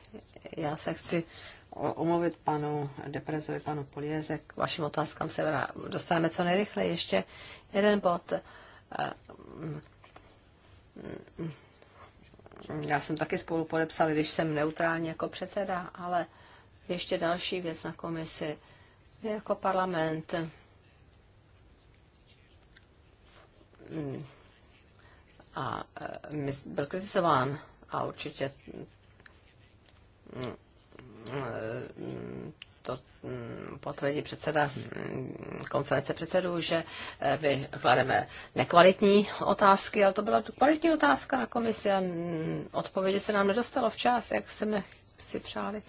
já se chci omluvit panu Deprezovi, panu Polieze, k vašim otázkám se dostaneme co nejrychleji. Ještě jeden bod. Eh, mm, mm, já jsem taky spolu podepsal, když jsem neutrální jako předseda, ale ještě další věc na komisi. jako parlament a eh, byl kritizován a určitě mm, mm, to mm, potvrdí předseda konference předsedů, že eh, my klademe nekvalitní otázky, ale to byla kvalitní otázka na komisi a odpovědi se nám nedostalo včas, jak jsme si přáli.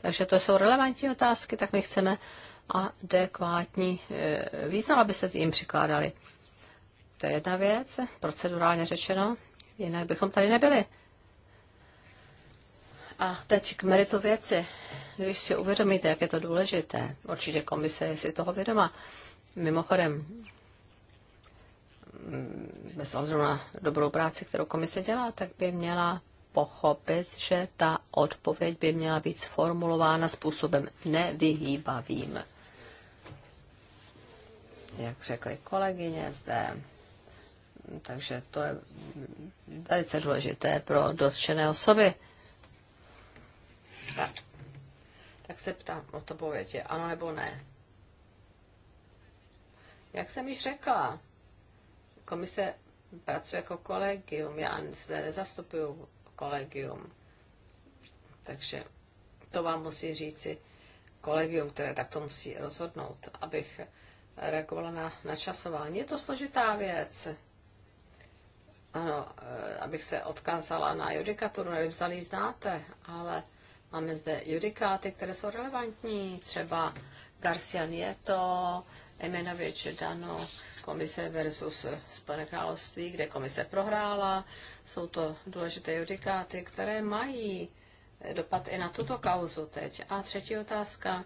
Takže to jsou relevantní otázky, tak my chceme adekvátní eh, význam, aby se jim přikládali. To je jedna věc, procedurálně řečeno, jinak bychom tady nebyli. A teď k meritu věci. Když si uvědomíte, jak je to důležité, určitě komise je si toho vědoma. Mimochodem, bez ohledu na dobrou práci, kterou komise dělá, tak by měla pochopit, že ta odpověď by měla být sformulována způsobem nevyhýbavým. Jak řekli kolegyně zde, takže to je velice důležité pro dotčené osoby. Tak. Tak se ptám o to povětě, ano nebo ne. Jak jsem již řekla, komise pracuje jako kolegium, já zde nezastupuju kolegium, takže to vám musí říci kolegium, které takto musí rozhodnout, abych reagovala na načasování. Je to složitá věc, ano, eh, abych se odkázala na judikaturu, nevím, zda ji znáte, ale máme zde judikáty, které jsou relevantní, třeba Garcia Nieto, Emenovič Dano, komise versus Spojené království, kde komise prohrála. Jsou to důležité judikáty, které mají dopad i na tuto kauzu teď. A třetí otázka.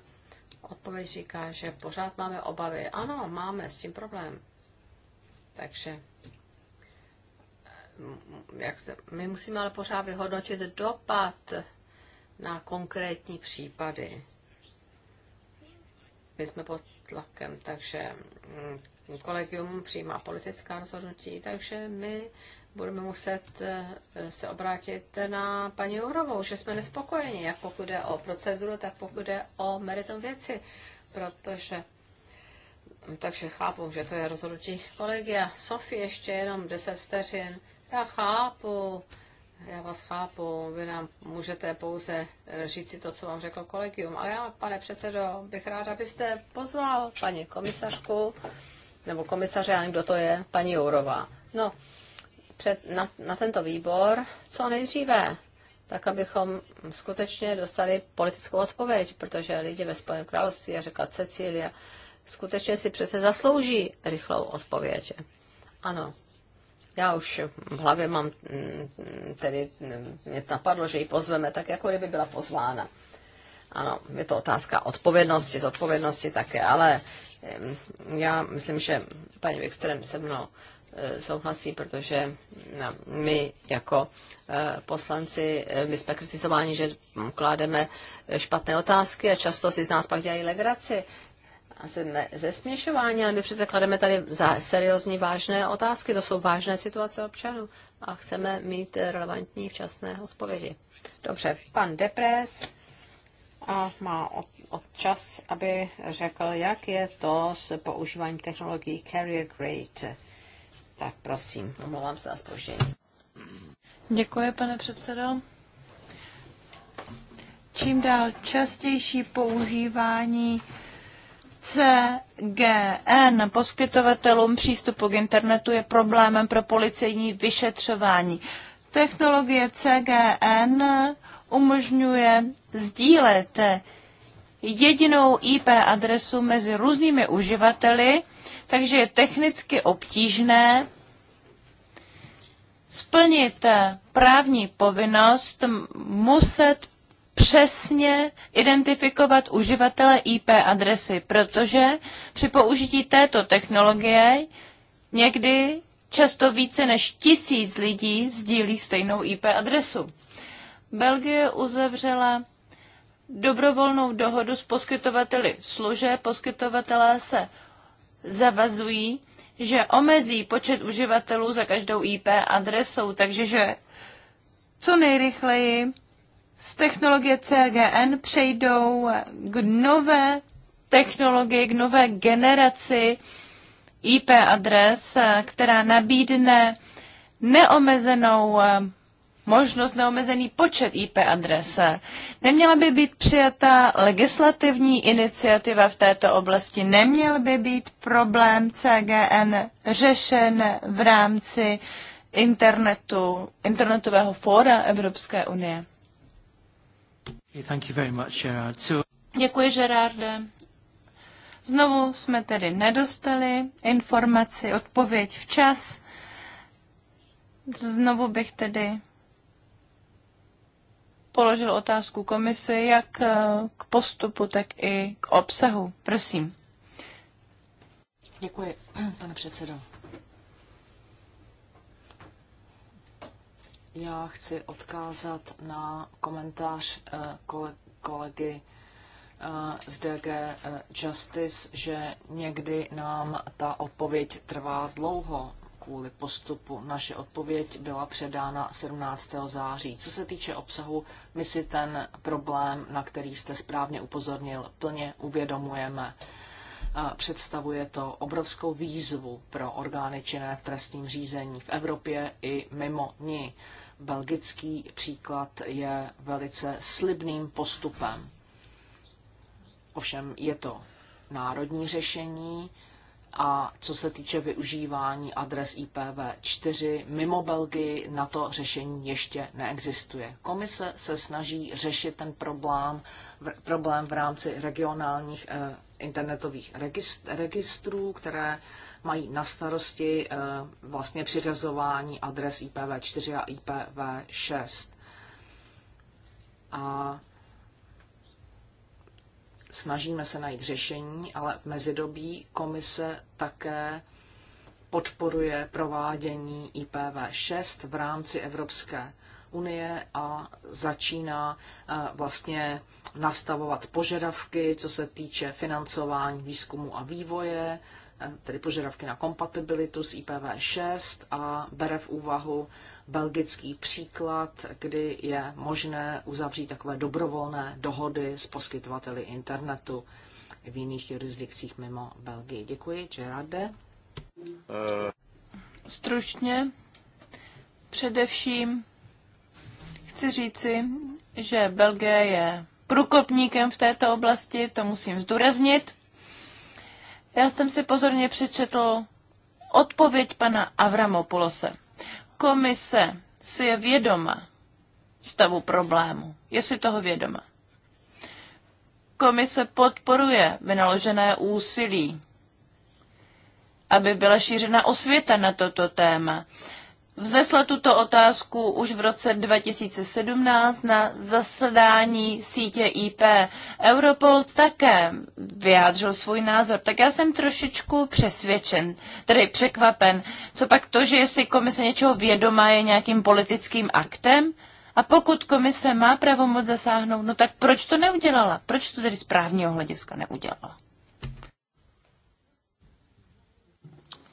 Odpověď říká, že pořád máme obavy. Ano, máme s tím problém. Takže jak se, my musíme ale pořád vyhodnotit dopad na konkrétní případy. My jsme pod tlakem, takže mm, kolegium přijímá politická rozhodnutí, takže my budeme muset eh, se obrátit na paní Jourovou, že jsme nespokojeni, jak pokud jde o proceduru, tak pokud jde o meritum věci, protože mm, takže chápu, že to je rozhodnutí kolegia. Sofie ještě jenom 10 vteřin. Já chápu, já vás chápu, vy nám můžete pouze eh, říct si to, co vám řekl kolegium, ale já, pane předsedo, bych rád, abyste pozval paní komisařku, nebo komisaře, ani kdo to je, paní Jourová. No, před, na, na tento výbor co nejdříve, tak abychom skutečně dostali politickou odpověď, protože lidi ve Spojeném království a řeka Cecília skutečně si přece zaslouží rychlou odpověď. Ano, já už v hlavě mám, mm, tedy mm, mě napadlo, že ji pozveme, tak jako kdyby byla pozvána. Ano, je to otázka odpovědnosti, z odpovědnosti také, ale mm, já myslím, že paní Wikström se mnou e, souhlasí, protože my jako e, poslanci, e, my jsme kritizováni, že kládeme špatné otázky a často si z nás pak dělají legraci a jsme zesměšováni, ale my přece klademe tady za seriózní vážné otázky, to jsou vážné situace občanů a chceme mít relevantní včasné odpovědi. Dobře, pan Depres a má od, od čas, aby řekl, jak je to s používáním technologií Carrier Grade. Tak prosím, omlouvám se za spoždění. Děkuji, pane předsedo. Čím dál častější používání CGN poskytovatelům přístupu k internetu je problémem pro policejní vyšetřování. Technologie CGN umožňuje sdílet jedinou IP adresu mezi různými uživateli, takže je technicky obtížné splnit právní povinnost muset přesně identifikovat uživatele IP adresy, protože při použití této technologie někdy často více než tisíc lidí sdílí stejnou IP adresu. Belgie uzavřela dobrovolnou dohodu s poskytovateli služeb. Poskytovatelé se zavazují, že omezí počet uživatelů za každou IP adresou, takže že co nejrychleji z technologie CGN přejdou k nové technologii, k nové generaci IP adres, která nabídne neomezenou možnost neomezený počet IP adres. Neměla by být přijata legislativní iniciativa v této oblasti, neměl by být problém CGN řešen v rámci internetu, internetového fóra Evropské unie. Děkuji, Gerarde. Znovu jsme tedy nedostali informaci, odpověď včas. Znovu bych tedy položil otázku komisi, jak eh, k postupu, tak i k obsahu. Prosím. Děkuji, pane předsedo. Já chci odkázat na komentář eh, kolegy eh, z DG eh, Justice, že někdy nám ta odpověď trvá dlouho kvůli postupu. Naše odpověď byla předána 17. září. Co se týče obsahu, my si ten problém, na který jste správně upozornil, plně uvědomujeme. Představuje to obrovskou výzvu pro orgány činné v trestním řízení v Evropě i mimo ní. Belgický příklad je velice slibným postupem. Ovšem je to národní řešení a co se týče využívání adres IPv4 mimo Belgii, na to řešení ještě neexistuje. Komise se snaží řešit ten problém, problém v rámci regionálních eh, internetových registrů, které mají na starosti eh, vlastně přiřazování adres IPv4 a IPv6. A snažíme se najít řešení, ale v mezidobí komise také podporuje provádění IPv6 v rámci Evropské unie a začíná eh, vlastně nastavovat požadavky, co se týče financování výzkumu a vývoje, eh, tedy požadavky na kompatibilitu s IPv6 a bere v úvahu belgický příklad, kdy je možné uzavřít takové dobrovolné dohody s poskytovateli internetu v jiných jurisdikcích mimo Belgii. Děkuji, Gerarde. Eh. Stručně, především Chci říci, že Belgie je průkopníkem v této oblasti, to musím zdůraznit. Já jsem si pozorně přečetl odpověď pana Avramopulose. Komise si je vědoma stavu problému. Je si toho vědoma. Komise podporuje vynaložené úsilí, aby byla šířena osvěta na toto téma vznesla tuto otázku už v roce 2017 na zasedání sítě IP. Europol také vyjádřil svůj názor, tak já jsem trošičku přesvědčen, tedy překvapen. Co pak to, že jestli komise něčeho vědomá je nějakým politickým aktem? A pokud komise má pravomoc zasáhnout, no tak proč to neudělala? Proč to tedy z právního hlediska neudělala?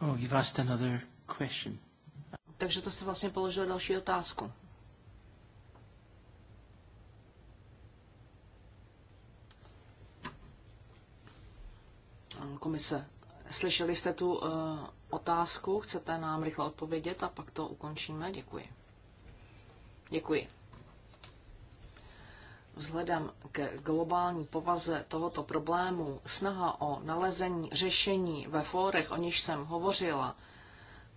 Oh, you've asked another question takže to se vlastně položilo další otázku. Komise, slyšeli jste tu uh, otázku, chcete nám rychle odpovědět a pak to ukončíme? Děkuji. Děkuji. Vzhledem k globální povaze tohoto problému, snaha o nalezení řešení ve fórech, o níž jsem hovořila,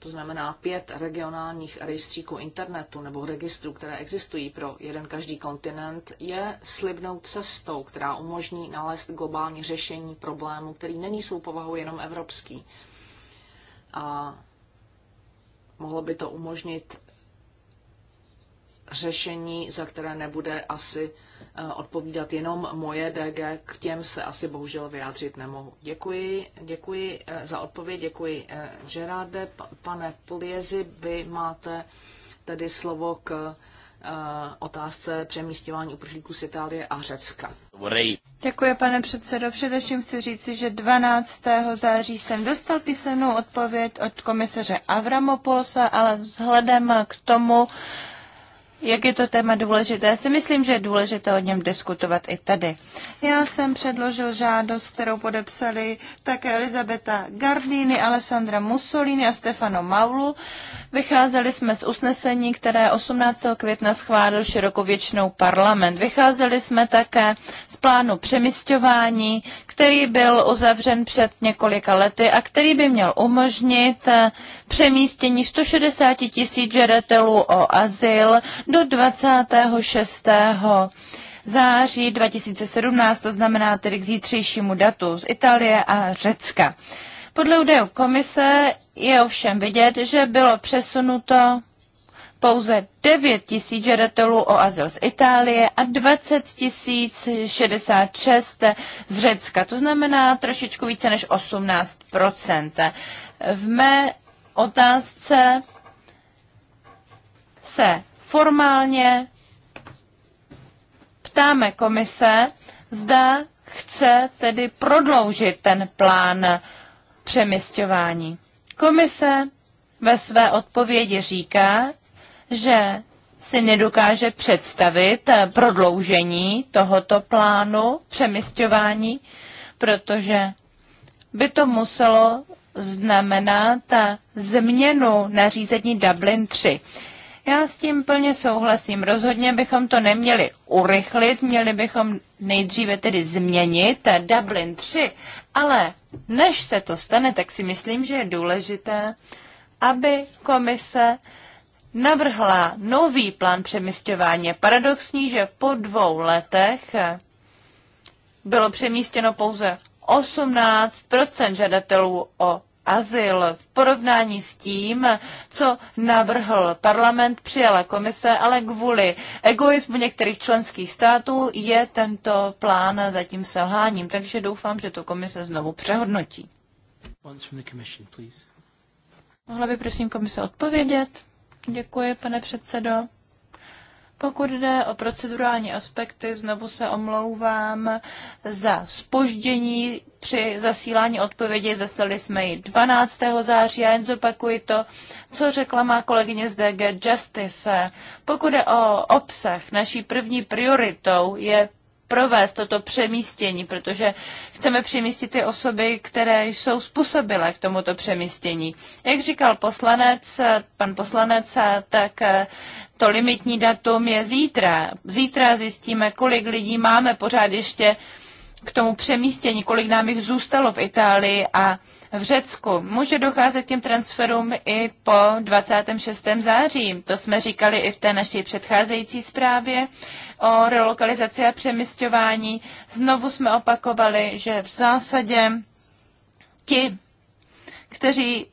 to znamená pět regionálních rejstříků internetu nebo registrů, které existují pro jeden každý kontinent, je slibnou cestou, která umožní nalézt globální řešení problému, který není svou povahou jenom evropský. A mohlo by to umožnit řešení, za které nebude asi Eh, odpovídat jenom moje DG, k těm se asi bohužel vyjádřit nemohu. Děkuji, děkuji eh, za odpověď, děkuji Žeráde. Eh, pane Poliezi, vy máte tedy slovo k otázce přemístěvání uprchlíků z Itálie a Řecka. Děkuji, pane předsedo. Především chci říci, že 12. září jsem dostal písemnou odpověď od komisaře Avramopolsa, ale vzhledem k tomu, jak je to téma důležité. Já si myslím, že je důležité o něm diskutovat i tady. Já jsem předložil žádost, kterou podepsali také Elizabeta Gardini, Alessandra Mussolini a Stefano Maulu. Vycházeli jsme z usnesení, které 18. května schválil širokověčnou parlament. Vycházeli jsme také z plánu přemysťování, který byl uzavřen před několika lety a který by měl umožnit eh, přemístění 160 tisíc žadatelů o azyl do 26 září 2017, to znamená tedy k zítřejšímu datu z Itálie a Řecka. Podle údajů komise je ovšem vidět, že bylo přesunuto pouze 9 tisíc žadatelů o azyl z Itálie a 20 066 z Řecka. To znamená trošičku více než 18 V mé otázce se formálně ptáme komise, zda chce tedy prodloužit ten plán přemysťování. Komise ve své odpovědi říká, že si nedokáže představit prodloužení tohoto plánu přemysťování, protože by to muselo znamenat změnu nařízení Dublin 3. Já s tím plně souhlasím. Rozhodně bychom to neměli urychlit, měli bychom nejdříve tedy změnit Dublin 3, ale než se to stane, tak si myslím, že je důležité, aby komise navrhla nový plán přemysťování. Paradoxní, že po dvou letech bylo přemístěno pouze 18 žadatelů o azyl v porovnání s tím, co navrhl parlament, přijala komise, ale kvůli egoismu některých členských států je tento plán zatím selháním, takže doufám, že to komise znovu přehodnotí. Mohla by prosím komise odpovědět? Děkuji, pane předsedo. Pokud jde o procedurální aspekty, znovu se omlouvám za spoždění při zasílání odpovědi. Zaslali jsme ji 12. září. Já jen zopakuji to, co řekla má kolegyně z DG Justice. Pokud jde o obsah, naší první prioritou je provést toto přemístění, protože chceme přemístit ty osoby, které jsou způsobilé k tomuto přemístění. Jak říkal poslanec, pan poslanec, tak to limitní datum je zítra. Zítra zjistíme, kolik lidí máme pořád ještě k tomu přemístění, kolik nám jich zůstalo v Itálii a v Řecku. Může docházet k těm transferům i po 26. září. To jsme říkali i v té naší předcházející zprávě o relokalizaci a přemysťování. Znovu jsme opakovali, že v zásadě ti, kteří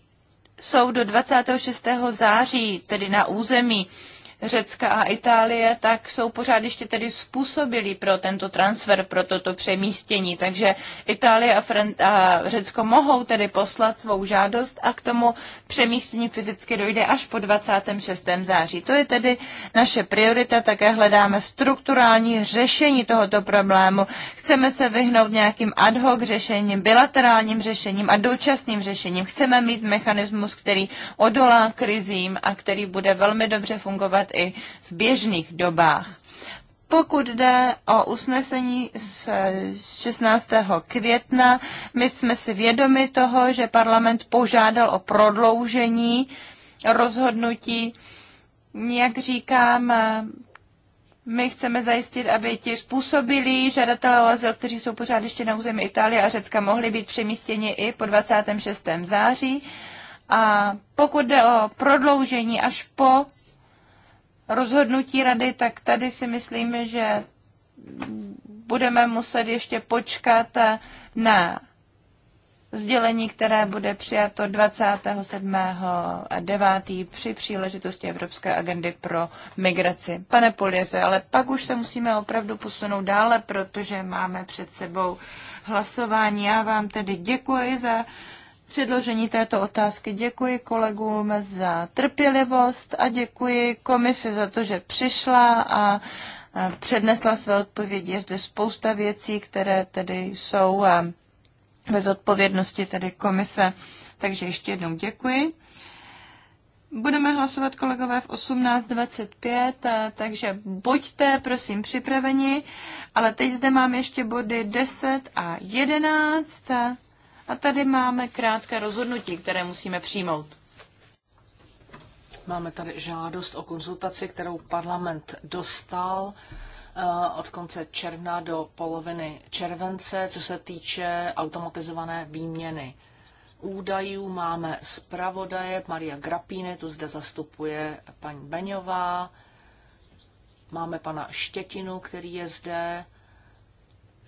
jsou do 26. září, tedy na území Řecka a Itálie, tak jsou pořád ještě tedy způsobili pro tento transfer, pro toto přemístění. Takže Itálie a, Fren- a Řecko mohou tedy poslat svou žádost a k tomu přemístění fyzicky dojde až po 26. září. To je tedy naše priorita, také hledáme strukturální řešení tohoto problému. Chceme se vyhnout nějakým ad hoc řešením, bilaterálním řešením a dočasným řešením. Chceme mít mechanismus, který odolá krizím a který bude velmi dobře fungovat používat i v běžných dobách. Pokud jde o usnesení z 16. května, my jsme si vědomi toho, že parlament požádal o prodloužení rozhodnutí. Jak říkám, my chceme zajistit, aby ti způsobili žadatelé o azyl, kteří jsou pořád ještě na území Itálie a Řecka, mohli být přemístěni i po 26. září. A pokud jde o prodloužení až po rozhodnutí rady, tak tady si myslím, že budeme muset ještě počkat na sdělení, které bude přijato 27. a 9. při příležitosti Evropské agendy pro migraci. Pane Polieze, ale pak už se musíme opravdu posunout dále, protože máme před sebou hlasování. Já vám tedy děkuji za předložení této otázky. Děkuji kolegům za trpělivost a děkuji komisi za to, že přišla a přednesla své odpovědi. Je zde spousta věcí, které tedy jsou bez odpovědnosti tedy komise. Takže ještě jednou děkuji. Budeme hlasovat, kolegové, v 18.25, takže buďte, prosím, připraveni. Ale teď zde mám ještě body 10 a 11. A tady máme krátké rozhodnutí, které musíme přijmout. Máme tady žádost o konzultaci, kterou parlament dostal eh, od konce června do poloviny července, co se týče automatizované výměny údajů. Máme zpravodaje Maria Grapíny, tu zde zastupuje paní Beňová. Máme pana Štětinu, který je zde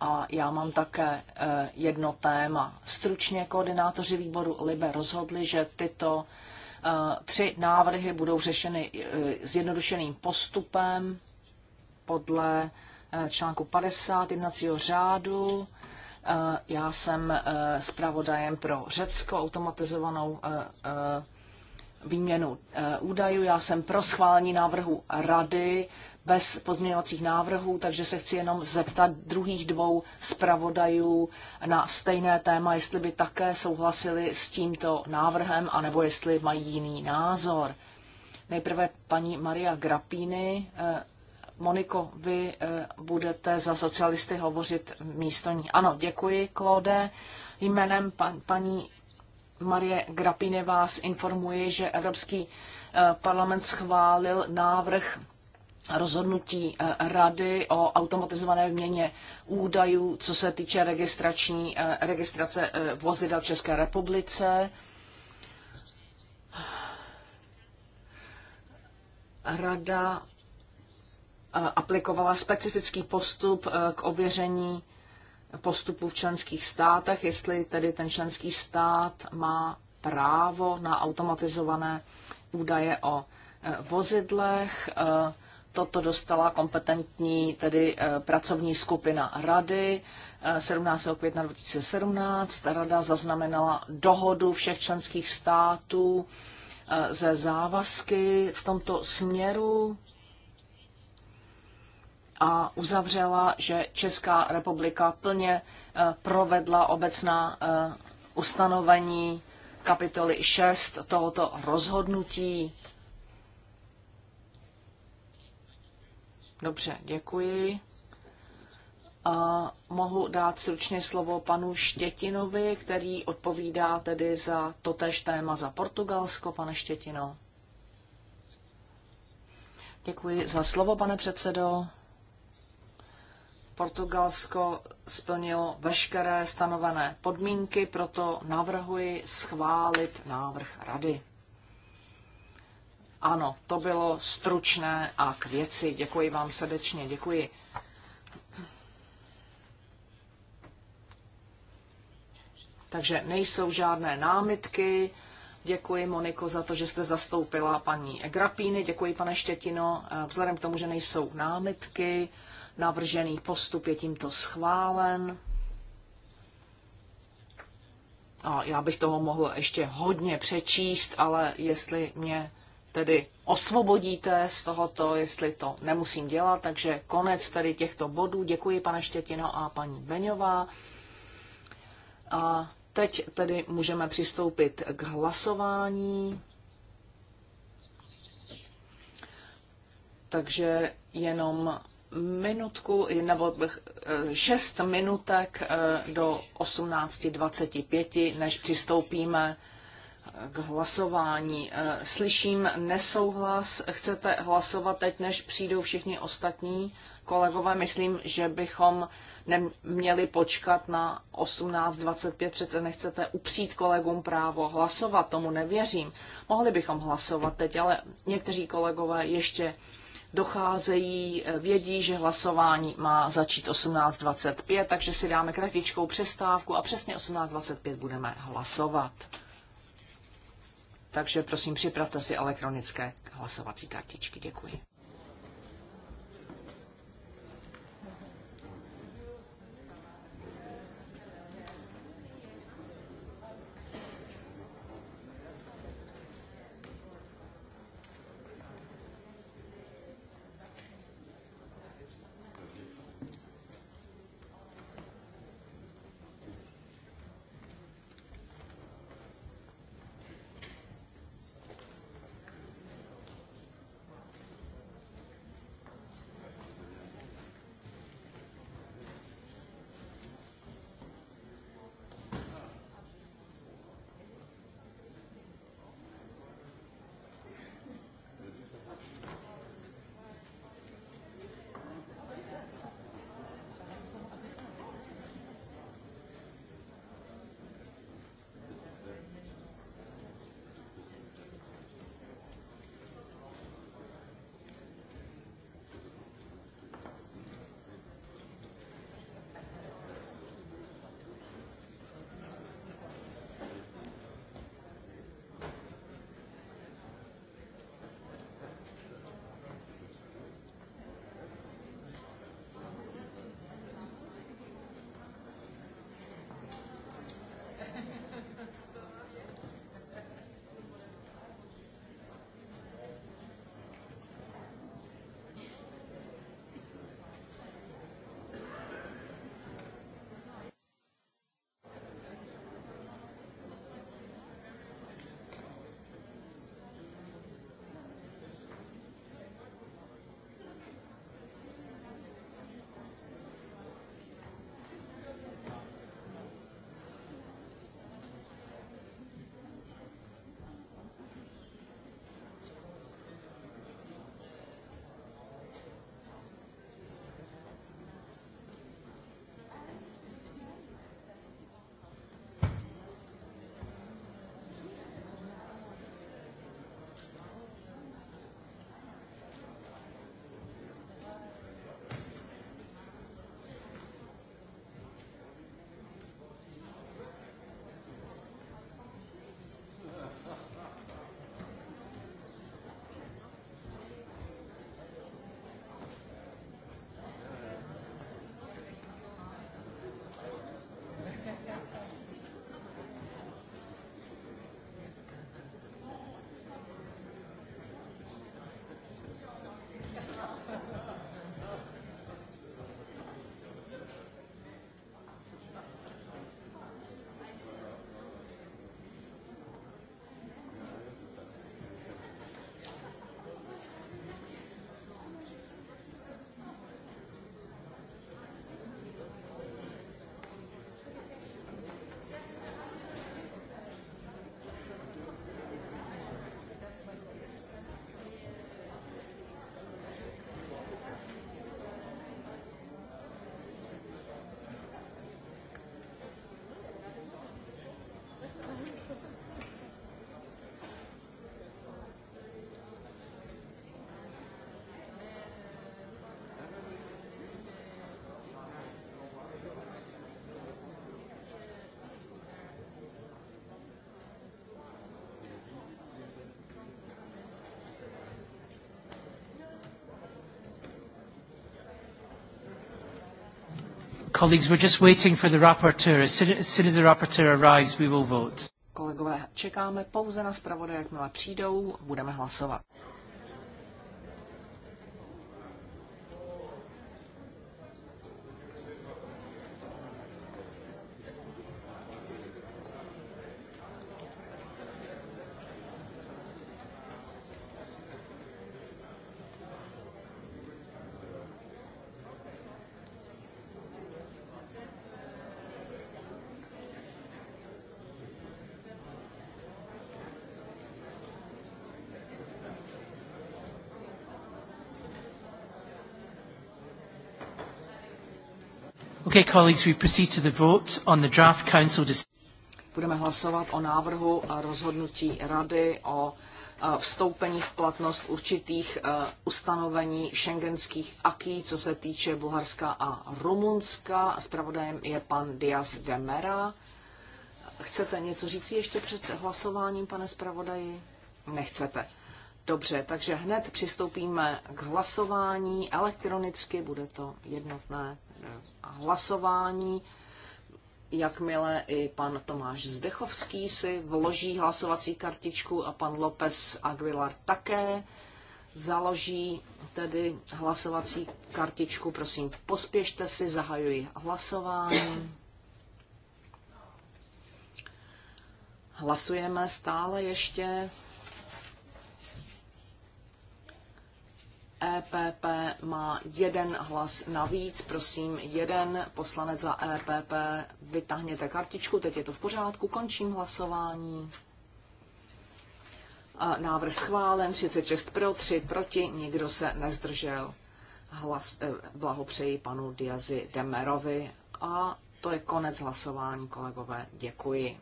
a já mám také eh, jedno téma. Stručně koordinátoři výboru LIBE rozhodli, že tyto eh, tři návrhy budou řešeny eh, zjednodušeným postupem podle článku 50 jednacího řádu. Já jsem zpravodajem pro Řecko automatizovanou výměnu eh, údajů. Já jsem pro schválení návrhu rady bez pozměňovacích návrhů, takže se chci jenom zeptat druhých dvou zpravodajů na stejné téma, jestli by také souhlasili s tímto návrhem, anebo jestli mají jiný názor. Nejprve paní Maria Grapíny. Eh, Moniko, vy eh, budete za socialisty hovořit místo ní. Ano, děkuji, Klode. Jménem paní Marie Grapine vás informuje, že Evropský eh, parlament schválil návrh rozhodnutí eh, rady o automatizované měně údajů, co se týče registrační, eh, registrace vozidel v České republice. Rada aplikovala specifický postup k ověření postupu v členských státech, jestli tedy ten členský stát má právo na automatizované údaje o e, vozidlech. E, Toto dostala kompetentní tedy e, pracovní skupina rady 17. května 2017. Rada zaznamenala dohodu všech členských států ze závazky v tomto směru a uzavřela, že Česká republika plně eh, provedla obecná eh, ustanovení kapitoly 6 tohoto rozhodnutí. Dobře, děkuji. A mohu dát stručně slovo panu Štětinovi, který odpovídá tedy za totéž téma za Portugalsko. Pane Štětino. Děkuji za slovo, pane předsedo. Portugalsko splnilo veškeré stanovené podmínky, proto navrhuji schválit návrh rady. Ano, to bylo stručné a k věci. Děkuji vám srdečně, děkuji. Takže nejsou žádné námitky. Děkuji, Moniko, za to, že jste zastoupila paní Grapíny. Děkuji, pane Štětino. Vzhledem k tomu, že nejsou námitky, Navržený postup je tímto schválen. A já bych toho mohl ještě hodně přečíst, ale jestli mě tedy osvobodíte z tohoto, jestli to nemusím dělat, takže konec tady těchto bodů. Děkuji, pane Štětino a paní Beňová. A teď tedy můžeme přistoupit k hlasování. Takže jenom minutku, nebo eh, šest minutek eh, do 18.25, než přistoupíme k hlasování. Eh, slyším nesouhlas. Chcete hlasovat teď, než přijdou všichni ostatní? Kolegové, myslím, že bychom neměli počkat na 18.25. Přece nechcete upřít kolegům právo hlasovat, tomu nevěřím. Mohli bychom hlasovat teď, ale někteří kolegové ještě docházejí, eh, vědí, že hlasování má začít 18.25, takže si dáme kratičkou přestávku a přesně 18.25 budeme hlasovat. Takže prosím, připravte si elektronické hlasovací kartičky. Děkuji. Colleagues, we're just waiting for the rapporteur. As soon, as soon as the rapporteur arrives, we will vote. Kolegové, čekáme pouze na zpravodaje, jakmile přijdou, budeme hlasovat. Okay, colleagues, we proceed to the vote on the draft council Budeme hlasovat o návrhu rozhodnutí Rady o e, vstoupení v platnost určitých e, ustanovení šengenských aký, co se týče Bulharska a Rumunska. Spravodajem je pan Dias Demera. Chcete něco říct ještě před hlasováním, pane zpravodaji? Nechcete. Dobře, takže hned přistoupíme k hlasování. Elektronicky bude to jednotné hlasování. Jakmile i pan Tomáš Zdechovský si vloží hlasovací kartičku a pan López Aguilar také založí tedy hlasovací kartičku. Prosím, pospěšte si, zahajuji hlasování. Hlasujeme stále ještě. EPP má jeden hlas navíc. Prosím, jeden poslanec za EPP, vytáhněte kartičku, teď je to v pořádku, končím hlasování. Návrh schválen, 36 pro, 3 proti, nikdo se nezdržel. Hlas, e, blahopřeji panu Diazi Demerovi a to je konec hlasování, kolegové. Děkuji.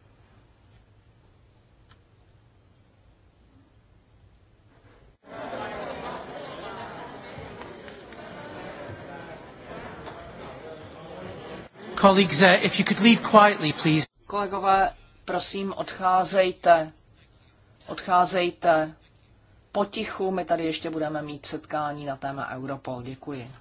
Thank you. Colleagues, uh, if you could leave quietly, please. Kolegové, prosím, odcházejte. Odcházejte. Potichu, my tady ještě budeme mít setkání na téma Europol. Děkuji.